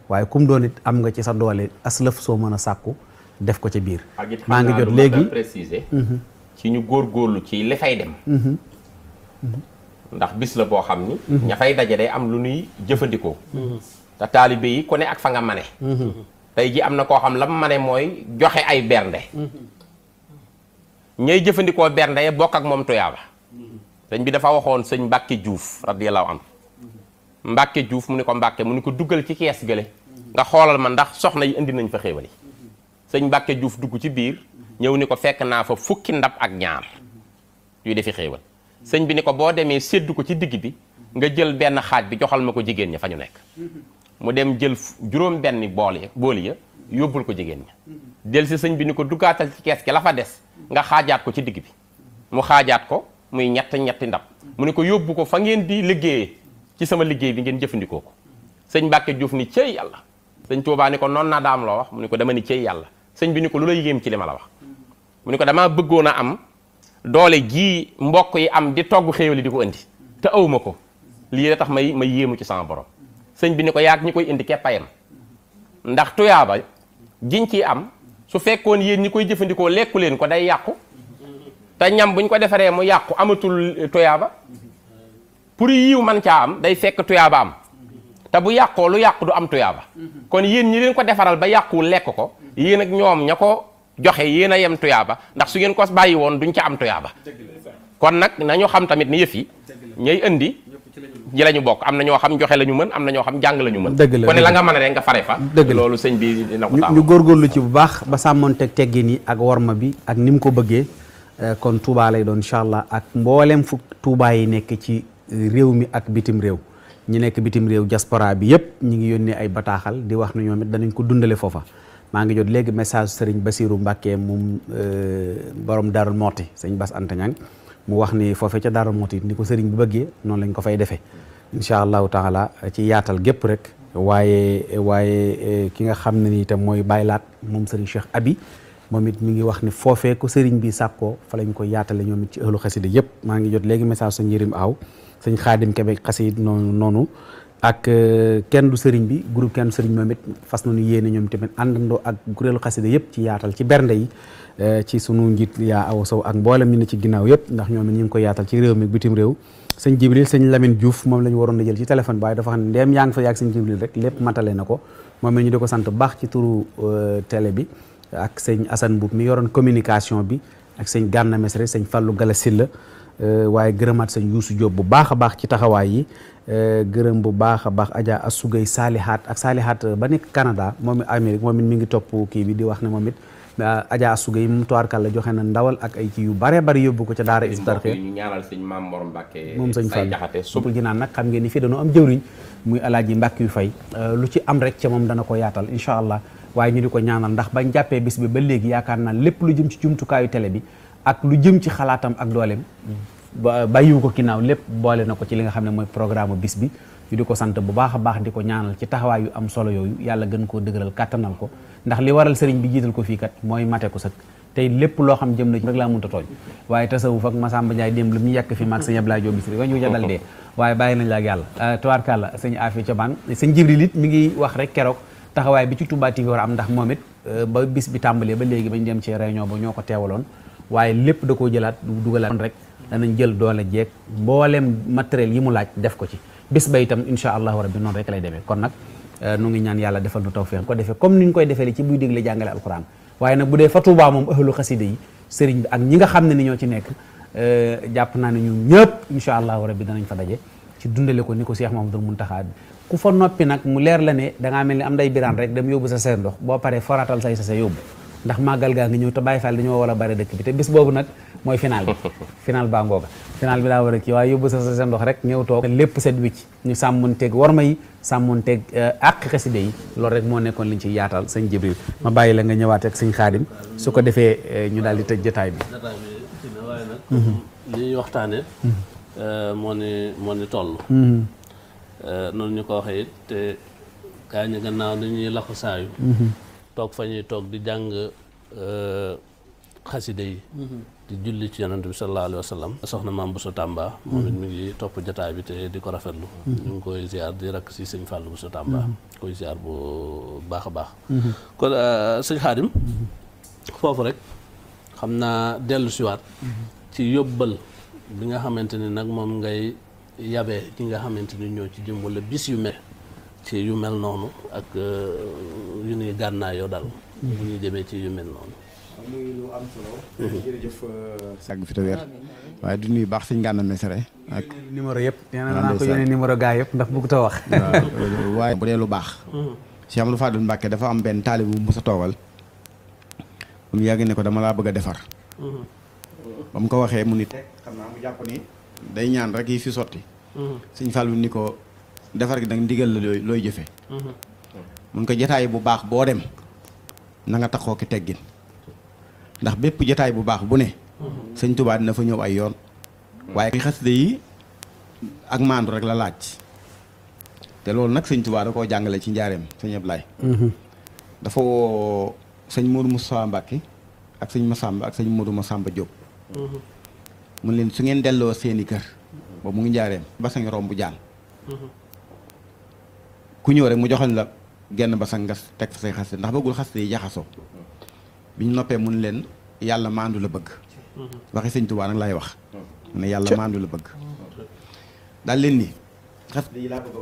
A: waaye kum doon it am nga ci sa doole aslaf soo mën a sàkku def ko ca biir maa ngi jot léegi
E: préciser mhm. ci ñu góorlu ci li fay dem mhm. ndax bis la boo xam ni mhm. ña fay daje day am lu nuy jëfandikoo te taalibe yi ku ne ak fa nga mane tey ji am na koo xam lam ma ne mooy joxe ay bernde ñay jëfandikoo bernde bokk ak moom tuyaaba sëñ bi dafa waxoon sëñ Mbàkke Juuf radiyallahu anhu Mbàkke Juuf mu ni ko Mbàkke mu ni ko dugal ci kees gële nga xoolal ma ndax soxna yi indi nañ fa xéewal yi sëñ Mbàkke Juuf dugg ci biir ñëw ni ko fekk naa fa fukki ndab ak ñaar yuy defi xéewal sëñ bi ni ko boo demee séddu ko ci digg bi nga jël benn xaaj bi joxal ma ko jigéen ña fa ñu nekk mu dem jël juróom benni bool ya bool ya yóbbul ko jigéen ña del si sëñ bi ni ko duggaatal ci kees gi la fa des nga xaajaat ko ci digg bi mu xaajaat ko muy ñett ñetti ndab mu ne ko yóbbu ko fa ngeen di liggéeyee ci sama liggéey bi ngeen jëfandikoo ko sëñ Mbàkke Juuf ni cëy yàlla sëñ Tuubaa ni ko noonu naa am loo wax mu ne ko dama ni cëy yàlla sëñ bi ni ko lu la yéem ci li ma wax mu ne ko damaa bëggoon a am doole jii mbokk yi am di togg xéewal ko indi te awma ko lii tax may may yéemu ci sama borom sëñ bi ni ko yaag ñi koy indi keppayam ndax tuyaaba giñ ciy am su fekkoon yéen ñi koy jëfandikoo lekku leen ko day yàqu te ñam buñ ko defaree mu yàqu amatul tuyaaba pour yiw man caa am day fekk tuyaaba am te bu yàqoo lu yàqu du am tuyaaba kon yéen ñi leen ko defaral ba yàquwul lekk ko yéen ak ñoom ña ko joxe yéen a yem tuyaaba ndax su ngeen ko bàyyi woon duñ ca am tuyaaba kon xam tamit ni yëf yi ñay indi ji la bokk am na ñoo xam joxe la ñu mën am na ñoo xam jàng la ñu mën dëgg la kon la nga mën a rek nga fare fa loolu sëñ bi na ko taam
A: góorgóorlu ci bu baax ba sàmmonteeg teggin yi ak warma bi ak ni ko bëggee eh, kon Touba lay doon incha allah ak mboolem fu Touba yi nekk ci eh, réew mi ak bitim réew ñi nekk bitim réew diaspora bi yëpp ñi ngi yónnee ay bataaxal di wax ne ñoom it danañ ko dundale foofa maa ngi jot léegi message sëriñ Basiru Mbàkke moom eh, borom Darou Moti sëñ Bas Anta mu wax ni foofe ca Darou Moti ni ko sëriñ bi bëggee noonu lañ ko fay defee incha allahu taala ci yaatal gépp rek waaye waaye eh, ki nga xam ne ni itam mooy baylaat moom sëriñ Cheikh Abi moom it mi ngi wax ni foofee ko sëriñ bi sàkkoo fa lañ koy yaatale ñoom it ci ëllu xasida yëpp maa ngi jot léegi message sa njërim aw sëñ xaadim kebe xasid noonu noonu ak eh, kenn du sëriñ bi groupe kenn du sëriñ moom it fas nañu yéene ñoom tamit àndandoo ak kuréelu xasida yëpp ci yaatal ci bernde yi eh, ci sunu njiit yaa aw sow ak mboolem ñu ne ci ginnaaw yëpp ndax ñoom it ñu ngi ko yaatal ci réew mi bitim réew sëñ Jibril sëñ Lamine Diouf moom la waroon a jël ci téléphone waaye dafa xam ne ndeem yaa ngi fa yàgg sëñ Jibril rek lépp matale na ko moom la ñu di ko sant baax ci turu euh, télé bi ak sëñ Assane Mbuub mi yoroon communication bi ak sëñ Gànna Mesre sëñ Fallou Gala Silla euh, waaye gërëmaat sëñ Youssou Diop bu baax a baax ci taxawaay yi euh, gërëm bu baax a baax Adja Asugay Saalihaat ak Saalihaat ba nekk Canada moom it Amérique moom it mi ngi topp kii bi di wax ne moom it Adja Sougay mu tuwaarkal la joxe na ndawal ak ay ci yu bare bari yóbbu ko ca daara istarxe ñu
E: ñaanal sëñ Maam Mor Mbàkke moom sëñ Fall nag
A: xam ngeen ni fii dañoo am jëwriñ muy alaaji Mbàkke yu fay euh, lu ci am rek ca moom dana ko yaatal incha allah waaye ñu di ko ñaanal ndax ba jàppee bis bi ba léegi yaakaar naa lépp lu jëm ci jumtukaayu tele bi ak lu jëm ci xalaatam ak dooleem bàyyiwu ko ginnaaw lépp boole na ko ci li nga xam ne mooy programme bis bi ñu diko sante sant bu baaxa baax diko ñaanal ci taxawaay yu am solo yooyu yàlla gën koo dëgëral kàttanal ko ndax li waral sëriñ bi jiital ko fii kat mooy mate ko sëkk tey lépp loo xam jëm na rek laa mënta tooñ waaye tasawuf ak Massamba Ndiaye dem lu mu yàkk fi maag sëñ Abdoulaye Diop Bichri wañu dee waaye nañ la ak euh, sëñ Afi Thiobane sëñ Jibril mi ngi wax rek keroog taxawaay bi ci tuba TV war am ndax moom it euh, ba bis bi tàmbalee ba léegi bañ dem ci réunion ba ñoo ko teewaloon waaye lépp da koo jëlaat dugalaat rek danañ jël doole jeeg mboolem matériel yi mu laaj def ko ci bés ba itam incha allahu rabbi noonu rek lay demee kon nag euh, nu ngi ñaan yàlla defal nu tawfeex ko defee comme ni ñu koy defee li ci buy dégle jàngale alquran waaye nag bu dee fa Tuubaa moom ahlu xasida yi sëriñ bi ak ñi nga xam ne ni ñoo ci nekk euh, jàpp naa ne ñu ñëpp incha allahu rabbi danañ fa daje ci dundale ko ni ko Seex Mamadul Muntaxa ku fa noppi nag mu leer la ne dangaa mel ni am day biraan rek dem yóbbu sa seen ndox boo paree foratal say sa sa yóbbu ndax màggal gaa ngi ñëw te Baay Faal a bare dëkk bi te bis boobu nag mooy final bi [laughs] final bi daa war a kii waaye yóbbu sa sa ndox rek ñëw toog lépp set wicc ñu sàmmonteeg warma yi sàmmonteeg eh, àq xaside yi loolu rek moo nekkoon liñ ci yaatal sëñ Jibril ma bàyyi la nga ñëwaat ak sëñ Xaadim su ko defee eh, ñu daal di tëj jotaay bi
B: li mhm. waxtaane mhm. eh, moo ni moo ni toll mhm. noonu ñu ko waxee it te gaa ñi gannaaw dañuy laxu saayu toog fa ñuy toog di jàng xaside yi di julli ci yonent bi sallallahu alayhi wa sallam soxna maam Bousso Tamba moom it mi ngi topp jataay bi te di ko rafetlu mm-hmm. ñu ngi koy ziar di rakk si sëñ Fallou Bousso Tamba mm-hmm. koy ziar bu baax a baax mm-hmm. kon euh, sëñ Xaadim foofu rek xam naa dellu siwaat ci yóbbal bi xamante ni nag moom ngay yabee ki nga xamante ni ñoo ci jëm bis yu mel ci yu mel noonu ak euh, yu nuy gànnaayoo daal bu ñuy demee ci yu mel noonu muy lu am solo. jërëjëf sàgg fi te weer
C: waaye du nuyu baax suñu gànnaaw mesere ak numéro yëpp nee naa ko yónnee numéro
A: gaa yëpp ndax bëgg ta wax. [laughs] waaye bu dee lu baax.
C: Cheikh Amadou Fadil Mbacke dafa am benn taalib bu mu sa toogal. ba mu yàgg ne ko dama laa bëgg a defar. ba mu ko waxee mu ni teg xam naa mu jàpp ni day ñaan rek yi fi sotti. suñ fal bi ni ko defar gi nag ndigal la looy looy jëfe mun ko jotaay bu baax boo dem na nga taxoo ki teggin. ndax bépp jotaay bu baax bu ne mhm. sañ Tuubaa dina fa ñëw ay yoon waaye ki xasida yi ak maandu rek la laaj te loolu nag sëñ Tuubaa da koo jàngale ci njaareem sëñ laay mhm. dafa woo sëñ Moodu Mustafaa Mbàkke ak sëñ Masamba ak sëñ Moodu Masamba jóg mhm. mun leen su ngeen delloo seeni kër ba mu ngi njaareem basang romb bu jaan ku ñëw rek mu joxoñ la genn basang nga teg fa say xasida ndax bëggul xasida yi jaxasoo ñu noppee mun leen yàlla maandu la bëgg mhm. waxi sëñ Tuubaa nag laay wax mu mhm. ne yàlla maandu la bëgg mhm. daal leen ni xas yi laa bëgg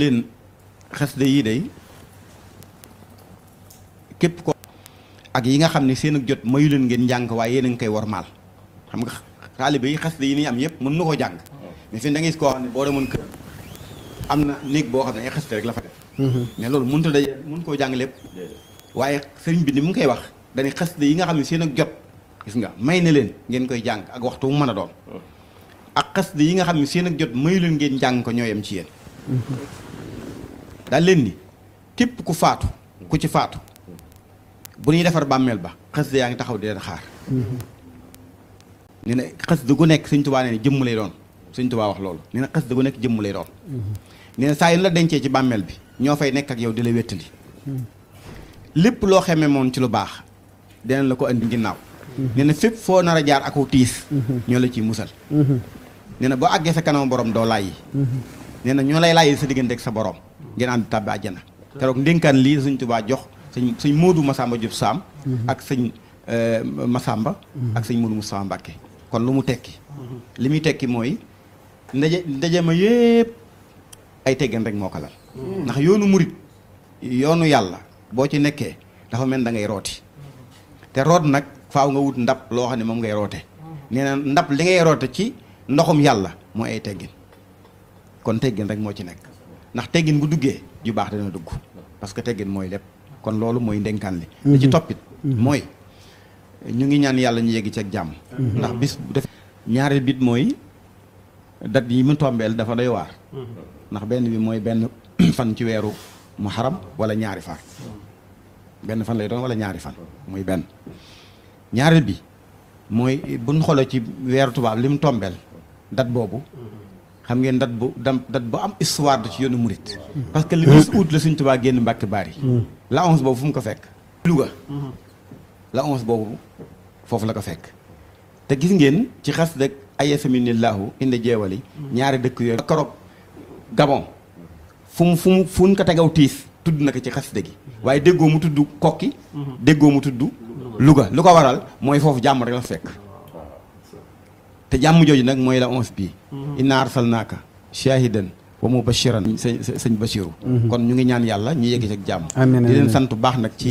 C: leen xasida yii day képp ko ak yi nga xam ne seen ak jot mayu leen ngeen njàng waaye yéen a ngi koy wormaal xam nga taalibe yi xasida yi ni am yëpp mën na koo jàng mais fi da ngay gis koo xam ne boo demoon kër am na néeg boo xam ne ay xasida rek la fa ne mm-hmm. loolu mënut a daje mën koo jàng lépp waaye sëriñ bi ni mu ngi koy wax dañuy xasida yi nga xam ne seen ak jot gis nga may ne leen ngeen koy jàng ak waxtu mu mën a doon mm-hmm. ak xasida yi nga xam ne seen ak jot mayu leen ngeen jàng ko ñooyam ci yéen mm-hmm. dal leen ni képp ku faatu ku ci faatu bu ñuy defar bàmmeel ba xasida yaa ngi taxaw di leen xaar nee na gu nekk sëñ tubaa nee na jëmm lay doon sëñ tubaa wax loolu nee ne xasida gu nekk jëmm lay doon nee na saa la dencee ci bàmmeel bi ñoo fay nek ak yow dila wétali lepp lo xamé moom ci lu bax dinañ la ko andi ginnaw mhm. nee fepp fo nara jaar ak tiis mhm. ñoo la ci musal mhm. nee bo boo sa kanam borom do lay yi nee na ñoo lay sa digëndek ak sa borom ngeen ànd aljana té rok ndénkaan li sëñ tuba jox Masamba Diop sam ak euh Masamba ak sëñ modou Moustapha Mbàkke kon lu mu tekki limi tekki moy ndaje ndaje ma yépp ay teggan rek moko lal ndax yoonu murit yoonu yàlla boo ci nekkee dafa mel da ngay rooti te root nag faaw nga wut ndab loo xam ne moom ngay roote nee ndab li ngay roote ci ndoxum yàlla moo ay teggin kon teggin rek moo ci nekk ndax teggin bu duggee ju baax dana dugg parce que teggin mooy lépp kon loolu mooy ndenkaan li li ci mhm. toppit mhm. mooy ñu ngi ñaan yàlla ñu yegg ci jàmm mhm. ndax bis def ñaari bit mooy dat yi mu tombeel dafa doy waar ndax benn bi mooy benn [clears throat] fan ci weeru mu muharam wala ñaari fan benn fan lay doon wala ñaari fan muy benn ñaareel bi mooy buñ xoolee ci weeru tubaab li mu tombeel date boobu xam ngeen date bu dam date bu am histoire da ci yoonu murit parce que li mu août la suñ tubaab génn mbàkki baar la onze boobu fu mu ko fekk Louga la onze boobu foofu la ko fekk te gis ngeen ci xas rek ayesaminnilaahu inda jeewali ñaari dëkk yooyu keroog Gabon fu mu fu mu fu mu ko tegaw tiis tudd na ko ci xasida gi waaye déggoo mu tudd kokki déggoo mu tudd luga lu ko waral mooy foofu jàmm rek la fekk te jàmm jooju nag mooy la onze bii mhm. inna arsalnaaka shahidan wa mubashiran seigne sëñ mhm. kon ñu ngi ñaan yalla ñu yegg ci ak jàmm di len sant bu baax nag ci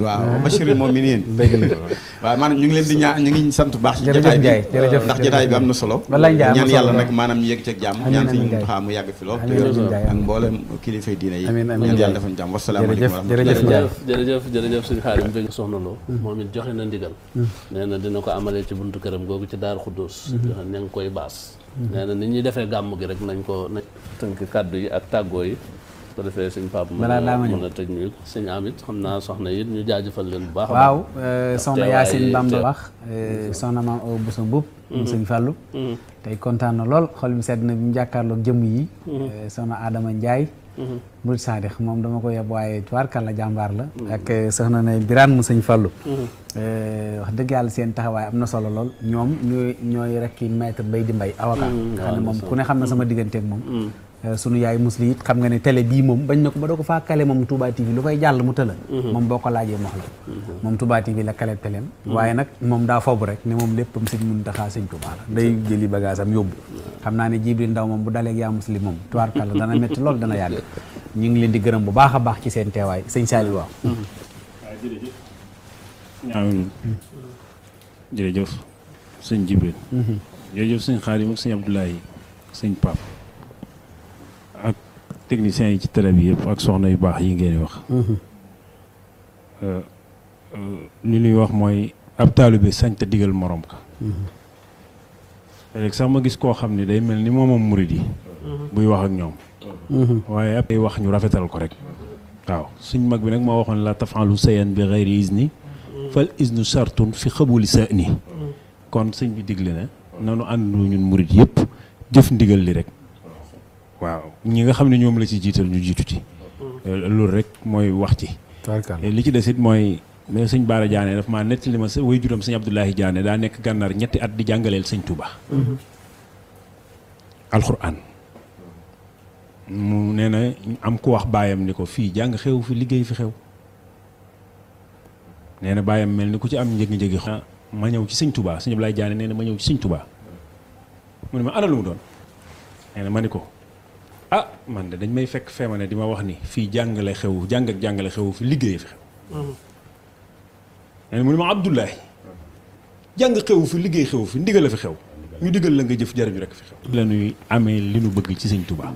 C: waaw mhm. bashiri mominin mi neen waaw maanaam ñu ngi len di ñaan ñu ngi sant bu baax ci jotaay bi ndax jotaay bi amna solo ñaan yalla nak manam ñu yegg ci ak jàmm ñaan seigne Muntaxa mu yàgg fi lo te ak mboolem kilifay diine yi ñaan yàlla defañ jàmm wasalaamaaleykum wa rahmatulah
B: jërëjëf jërëjëf seigne khadim dañ soxna lo mhm. momit joxe na ndigal neena dina ko amale ci buntu kërëm gogu ci dar khudus ña ngi koy bass Mm-hmm. nee na ñuy defee gàmm gi rek nañ ko nañ tënk kàddu yi ak tàggoo yi su ko defee suñ pap mën a mën a tëj ñu suñ amit xam naa soxna yi ñu jaajëfal leen bu baax waaw euh, soxna Yaasin Bamba wax
A: soxna maam aw Bousso Mboup mu mm-hmm. sëñ Fallou mm-hmm. tey kontaan na lool xol mi sedd na bi mu jàkkaarloog jëmm yi euh, soxna Adama Ndiaye Murid Saadix moom dama ko yeb waaye tubaarkàlla jàmbaar la ak eh, soxna na Birane mu sëñ Fallu wax dëgg yàlla seen taxawaay am na solo lool ñoom ñooy ñooy rekki maître di Mbay avocat mm-hmm. nga xam moom ku ne xam na mm-hmm. sama digganteeg moom mm-hmm. Euh, sunu yaay musli it xam nga ne télé bii moom bañ na ko ba doo ko faa kale moom Touba TV lu koy jàll mu tëla mhm. moom boo ko laajee mox la mhm. moom Touba TV la kale téléem mhm. waaye nag moom daa foobu rek ne moom léppam sëñ Muntaxa sëñ Touba la day jëli bagage am xam naa ne Jibril Ndaw moom bu daleeg yaa musli moom tubaarkàlla dana métti lool dana yàgg ñu ngi leen di gërëm bu baax a baax ci seen teewaay sëñ
D: Saliou waaw amiin jërëjëf sëñ sëñ Xaadim ak sëñ Abdoulaye sëñ Pape techniciens ci télé bi yëpp ak soxna yu baax yi ngeen wax. ni ñuy wax mooy ab taalibe sañ ta digal morom ka. léegi sax ma gis koo xam ne day mel ni moomam murid yi buy wax ak ñoom. waaye ab ay wax ñu rafetal ko rek. waaw suñ mag bi nag ma waxoon la tafalu sayan bi xayri isni fal isnu sartun fi xabuli sani kon sëñ bi digle na nanu àndu ñun murit yëpp jëf ndigal li rek waaw ñi nga xam ne ñoom la ci jiital ñu jiitu ci. Mm-hmm. Euh, loolu rek mooy wax ci. li ci des it mooy sëñ Baara Diané daf maa nettali ma sa way juróom sëñ Abdoulahi Diané daa nekk gànnaar ñetti at di jàngaleel sëñ Touba. Mm-hmm. alxuraan mu nee na am ku wax baayam ni ko fii jàng xew fi liggéey fi xew nee na baayam mel ni ku ci am njëgi-njëgi ma ñëw ci sëñ Touba sëñ Abdoulaye Diané nee na ma ñëw ci sëñ Touba mu ne ma ana lu mu doon nee ma ni ko ah man de dañ may fekk feema ne wax ni fii jàngale xewu jàng ak jàngale xewu fi liggéey fi xew nen ma Abdoulaye jàng xewu fi liggéey xewu fi ndigal fi xew ñu digal la nga jëf jariñu rek fi xew la ñuy amee li ñu bëgg ci sëñ Touba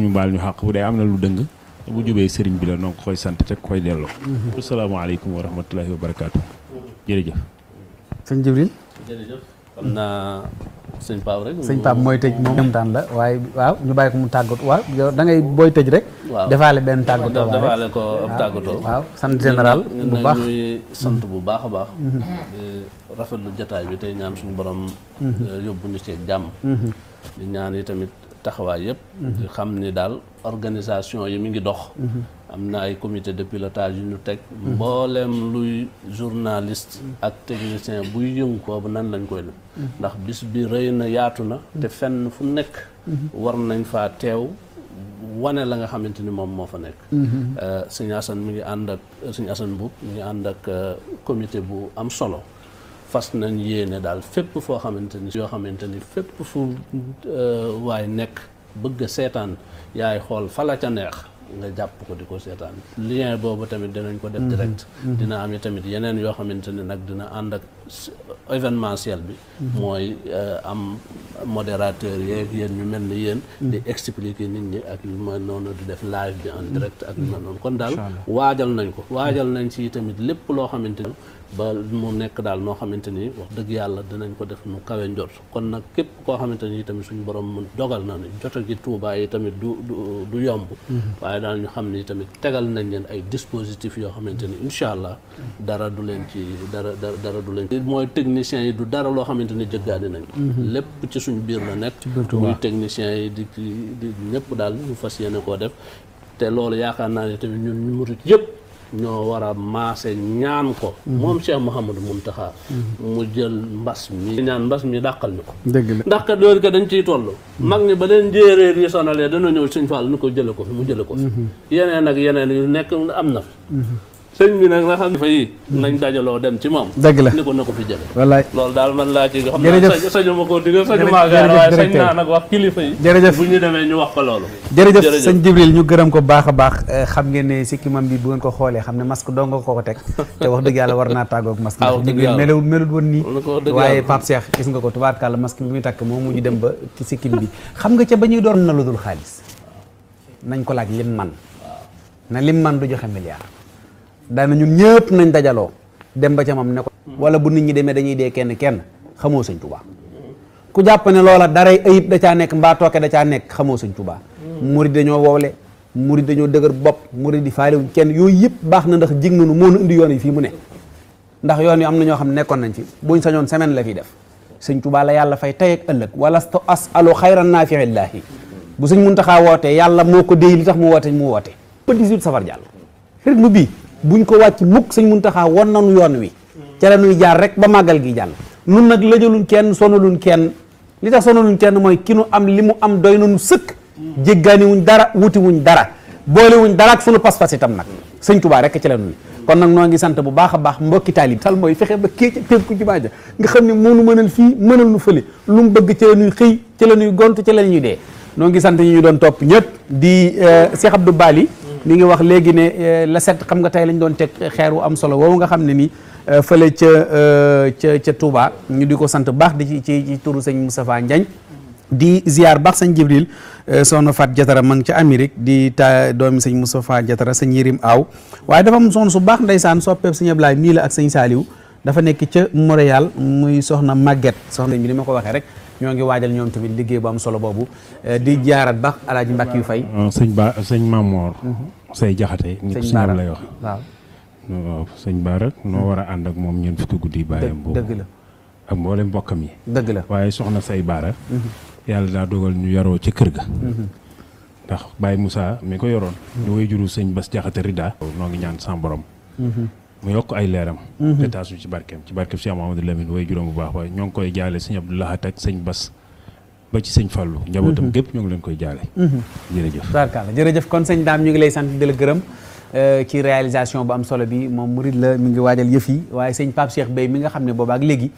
D: ñu baal ñu xàq bu dee am lu dëng bu jubee sëriñ bi la noonu koy sant te koy delloo asalaamaaleykum wa rahmatullahi wa barakaatu jërëjëf sëñ Jibril
B: jërëjëf xam naa sëñ Pape rek. sëñ Pape mooy tëj moom daan
A: la waaye waaw ñu bàyyi ko mu tàggat waaw dangay booy tëj rek. waaw defaale benn tàggatoo waaw defaale ko ab tàggatoo. waaw sant général bu baax
B: ñuy sant bu baax a baax. Mm-hmm. rafetlu jataay bi tey ñaan suñu borom. Mm-hmm. Euh, yóbbu ñu ci jàmm. Mm-hmm. di ñaan yi tamit taxawaay yëpp. xam ni daal organisation yi mu ngi dox. am na ay comité de pilotage yu ñu teg. mbooleem luy journaliste. ak technicien buy yëngu foofu nan lañ koy def. ndax bis bi rëy na yaatu na. te fenn fu nekk. war nañ faa teew. wane la nga xamante ni moom moo fa nekk. Euh, sëñ Assane mi ngi ànd ak sëñ Assane Mboup mi ngi ànd ak euh, comité bu am solo fas nañ yéene daal fépp foo xamante ni yoo xamante ni fépp fu euh, waaye nekk bëgg seetaan yaay xool fa la ca neex. nga jàpp ko di ko seetaan lien boobu tamit dinañ ko def direct mm-hmm. dina am tamit yeneen yoo xamante ne nag dina ànd ak événementiel bi mm-hmm. mooy euh, am modérateur yeeg yéen ñu mel ni yéen mm-hmm. di expliquer nit ñi ak yu ma noonu di def live bi en ak yu ma noonu kon daal waajal nañ ko waajal nañ ci tamit lépp loo xamante ne ba mu nekk daal noo xamante ni wax dëgg yàlla dinañ ko def nu kawe njot kon nag képp koo xamante ni tamit suñu borom dogal na ne jote gi Touba yi tamit du du yomb. Mm-hmm. waaye daal ñu xam ni tamit tegal nañ leen ay dispositifs yoo xamante ni incha allah dara du leen ci dara dara du leen ci. mooy techniciens yi du dara loo xamante ni jëggaani nañ ko. Mm-hmm. lépp ci suñu biir la nekk. muy techniciens yi di di ñëpp daal ñu fas yéene koo def te loolu yaakaar naa ne tamit ñu yëpp. ñoo war a maase ñaan ko moom Cheikh Mouhamadou Mountakha mu jël mbas mi ñaan mbas mi dàqal ñu ko ndax kat loolu dañ ciy toll mag ñi ba leen njéeréer yi sonalee dana ñëw suñ faal nu ko jële ko fi mu jële ko fi mhm. yeneen ak yeneen yu nekk am na fi mhm. sëñ bi nag nga xam ne fa yi nañ dajaloo dem ci moom dëgg la ni ko na ko fi jële wallaay loolu daal man laa ci xam naa sañu ma koo digal sañu maa gaar waaye sañ naa nag wax kilifa yi jërëjëf bu ñu demee ñu wax ko loolu jërëjëf sëñ
A: Jibril ñu gërëm ko baax a baax eh, xam ngeen ne sikkimam bi bu ngeen ko xoolee xam ne masque dong nga ko ko teg [laughs] te wax dëgg yàlla war naa tàggoog masque ah, Jibril melewul melut woon nii waaye Pape Cheikh gis nga ko tubaarkàlla masque bi muy takk moo mujj dem ba ci sikkim bi xam nga ca ba ñuy door na lu dul xaalis nañ ko laaj lim man na lim man du joxe milliard daana ñun ñëpp nañ dajaloo dem ba ca moom ne ko wala bu nit ñi demee dañuy dee kenn kenn xamoo sëñ Tuubaa ku jàpp ne loola daray ayib da caa nekk mbaa tooke da caa nekk xamoo sëñ Tuubaa murid dañoo woowle murid dañoo dëgër bopp murid di faale kenn yooyu yëpp baax na ndax jig nañu moo nu indi yoon yi fii mu ne ndax yoon yi am na ñoo xam nekkoon nañ fi buñ sañoon semaine la fi def sëñ Tuubaa la yàlla fay tey ak ëllëg wala sto as alu xayran naafiillaahi bu sëñ Muntaxaa wootee yàlla moo ko déy tax mu woote mu woote ba jàll rythme bu ñu ko wàcc mukk sëñ Muntaxa won nañu yoon wi ca la ñuy jaar rek ba màggal gi jàll nun nag lëjaluñ kenn sonaluñ kenn li tax sonaluñ kenn mooy ki nu am li mu am doy nañu sëkk jéggaaniwuñ dara wutiwuñ dara boolewuñ dara ak sunu pas-pas itam nag sëñ Tuubaa rek ca la ñuy kon nag noo ngi sant bu baax a baax mbokki taalib sal mooy fexe ba kii ca tënku ci baaja nga xam ne moo nu mënal fii mënal nu fële lu mu bëgg ca la ñuy xëy ca la ñuy gont ñuy dee noo ngi sant ñi doon topp ñëpp di euh, Cheikh Abdou Bali mi ngi wax léegi ne euh, la set xam nga tey lañ doon teg xeer wu am solo woowu nga xam ne ni euh, fële ca euh, ca ca Touba ñu di ko sant baax di ci ci ci turu sëñ Moustapha Ndiagne di ziar baax sëñ Jibril soxna Fat Jatara man ngi ca Amérique di ta doomi sëñ Moustapha Jatara sëñ Yirim Aw waaye dafa am soxna su baax ndeysaan soppeeb sëñ Ablaay mii la ak sëñ Saaliw dafa nekk ca Montréal muy soxna Maguette soxna bi ni ma ko waxee rek ñoo ngi waajal ñoom tamit liggéey bu am solo boobu eh, di jaarat ba alaaji mbàkk yu fay mm, sëñ ba sëñ Mamoor mm-hmm.
D: say jaxate ni ko suñu lay wax waaw sëñ Baara noo war a ànd ak moom ñeent fukki guddi bàyyam boobu la ak mboolem mbokkam yi dëgg la waaye soxna say Baara mm-hmm. yàlla daa dogal ñu yaroo ca kër ga mm-hmm. ndax Baye Moussa mi ko yoroon ñu way sëñ Bas jaxate rida noo ngi ñaan sans borom mu yokk ay leeram te mhm. taasu ci barkeem ci barkeem Cheikh Mouhamadou Lamine way juróom bu baax waaye ñoo ngi koy jaale sëñ Abdou Lahat ak sëñ Bas ba ci sëñ Fallu mhm. njabootam gépp ñoo ngi leen koy jaale mhm.
A: jërëjëf kon sañ daam ñu ngi lay sant di gërëm euh, ci réalisation ba am solo bi moom murid la mi ngi waajal yëf yi waaye sëñ Pape Cheikh bay mi nga xam ne boobaak léegi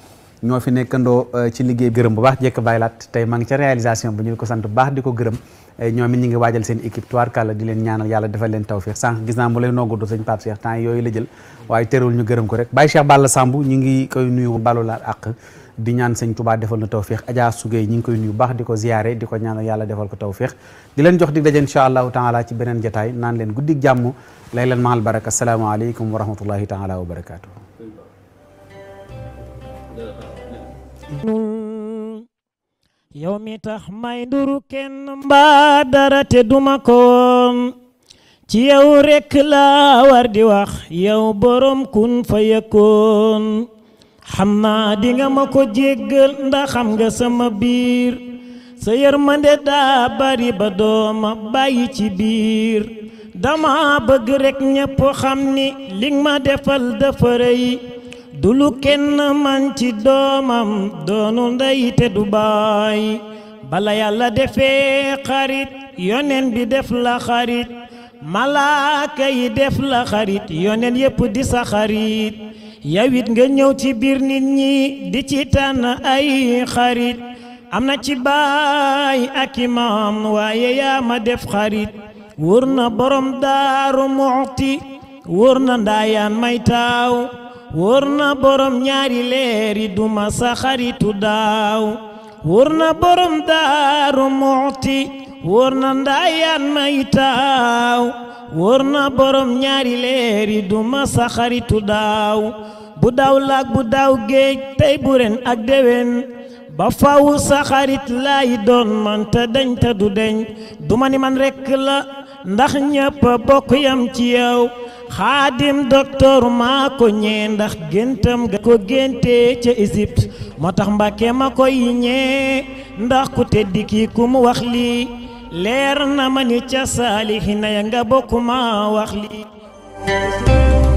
A: ñoo fi nekkandoo euh, ci liggéey gërëm bu baax jekk baay laat tey maa ngi ca réalisation bi ñu ko sant bu baax di ko gërëm euh, ñoom ñu ngi waajal seen équipe tubaarkàlla di leen ñaanal yàlla defal leen tawfiix sànq gis naa mu lay noggudu sëñ Pape Cheikh temps yooyu la jël waaye terewul ñu gërëm ko rek Baye Cheikh Balla Samb ñu ngi koy nuyu balu laat àq di ñaan sëñ Touba defal na tawfiix Adja Sougey ñu ngi koy nuyu baax di ko ziyaare di ko ñaanal yàlla defal ko tawfiix di leen jox dig daje insha allahu taala ci beneen jataay naan leen guddig jàmm lay leen maal baraka asalaamaaleykum wa rahmatullahi taala wa barakatuh
H: yow mi tax may nduru kenn mbaa dara te ma koon ci yow rekk laa war di wax yow borom kun fa yëkkoon xam naa di nga ma ko jéggal ndax xam nga sama biir sa yërmande daa bari ba dooma bàyyi ci biir dama bëgg rekk ñépp xam ni li ma defal dafa yi du lu kenn man ci doomam doonu ndey te du baay bala yàlla defee xarit yonen bi def la xarit malaaka yi def la xarit yonen yépp di sa xarit yawit nga ñëw ci biir nit ñi di ci tànn ay xarit am na ci baay ak imaam waaye yaa def xarit wóor na borom daaru muxti wóor na ndaayaan may taaw wóor na borom ñaari leeri duma sa xaritu daaw wóor na borom daaru muxti wóor na ndaayaan may taaw wóor na borom ñaari leeri duma sa xaritu daaw bu daaw laag bu daaw géej tey bu ak déwén ba faw sa xarit lay doon man te dañ te du deñ duma ni man rekk la ndax ñépp bokk yam ci yow xaadim docteur maa ko ñee ndax géntam ga ko génte ca Égypte moo tax Mbàkke ma ko koy ñee ndax ku tedd kii mu wax lii leer na ma ni ca saalihi na ya nga bokk ma wax
F: lii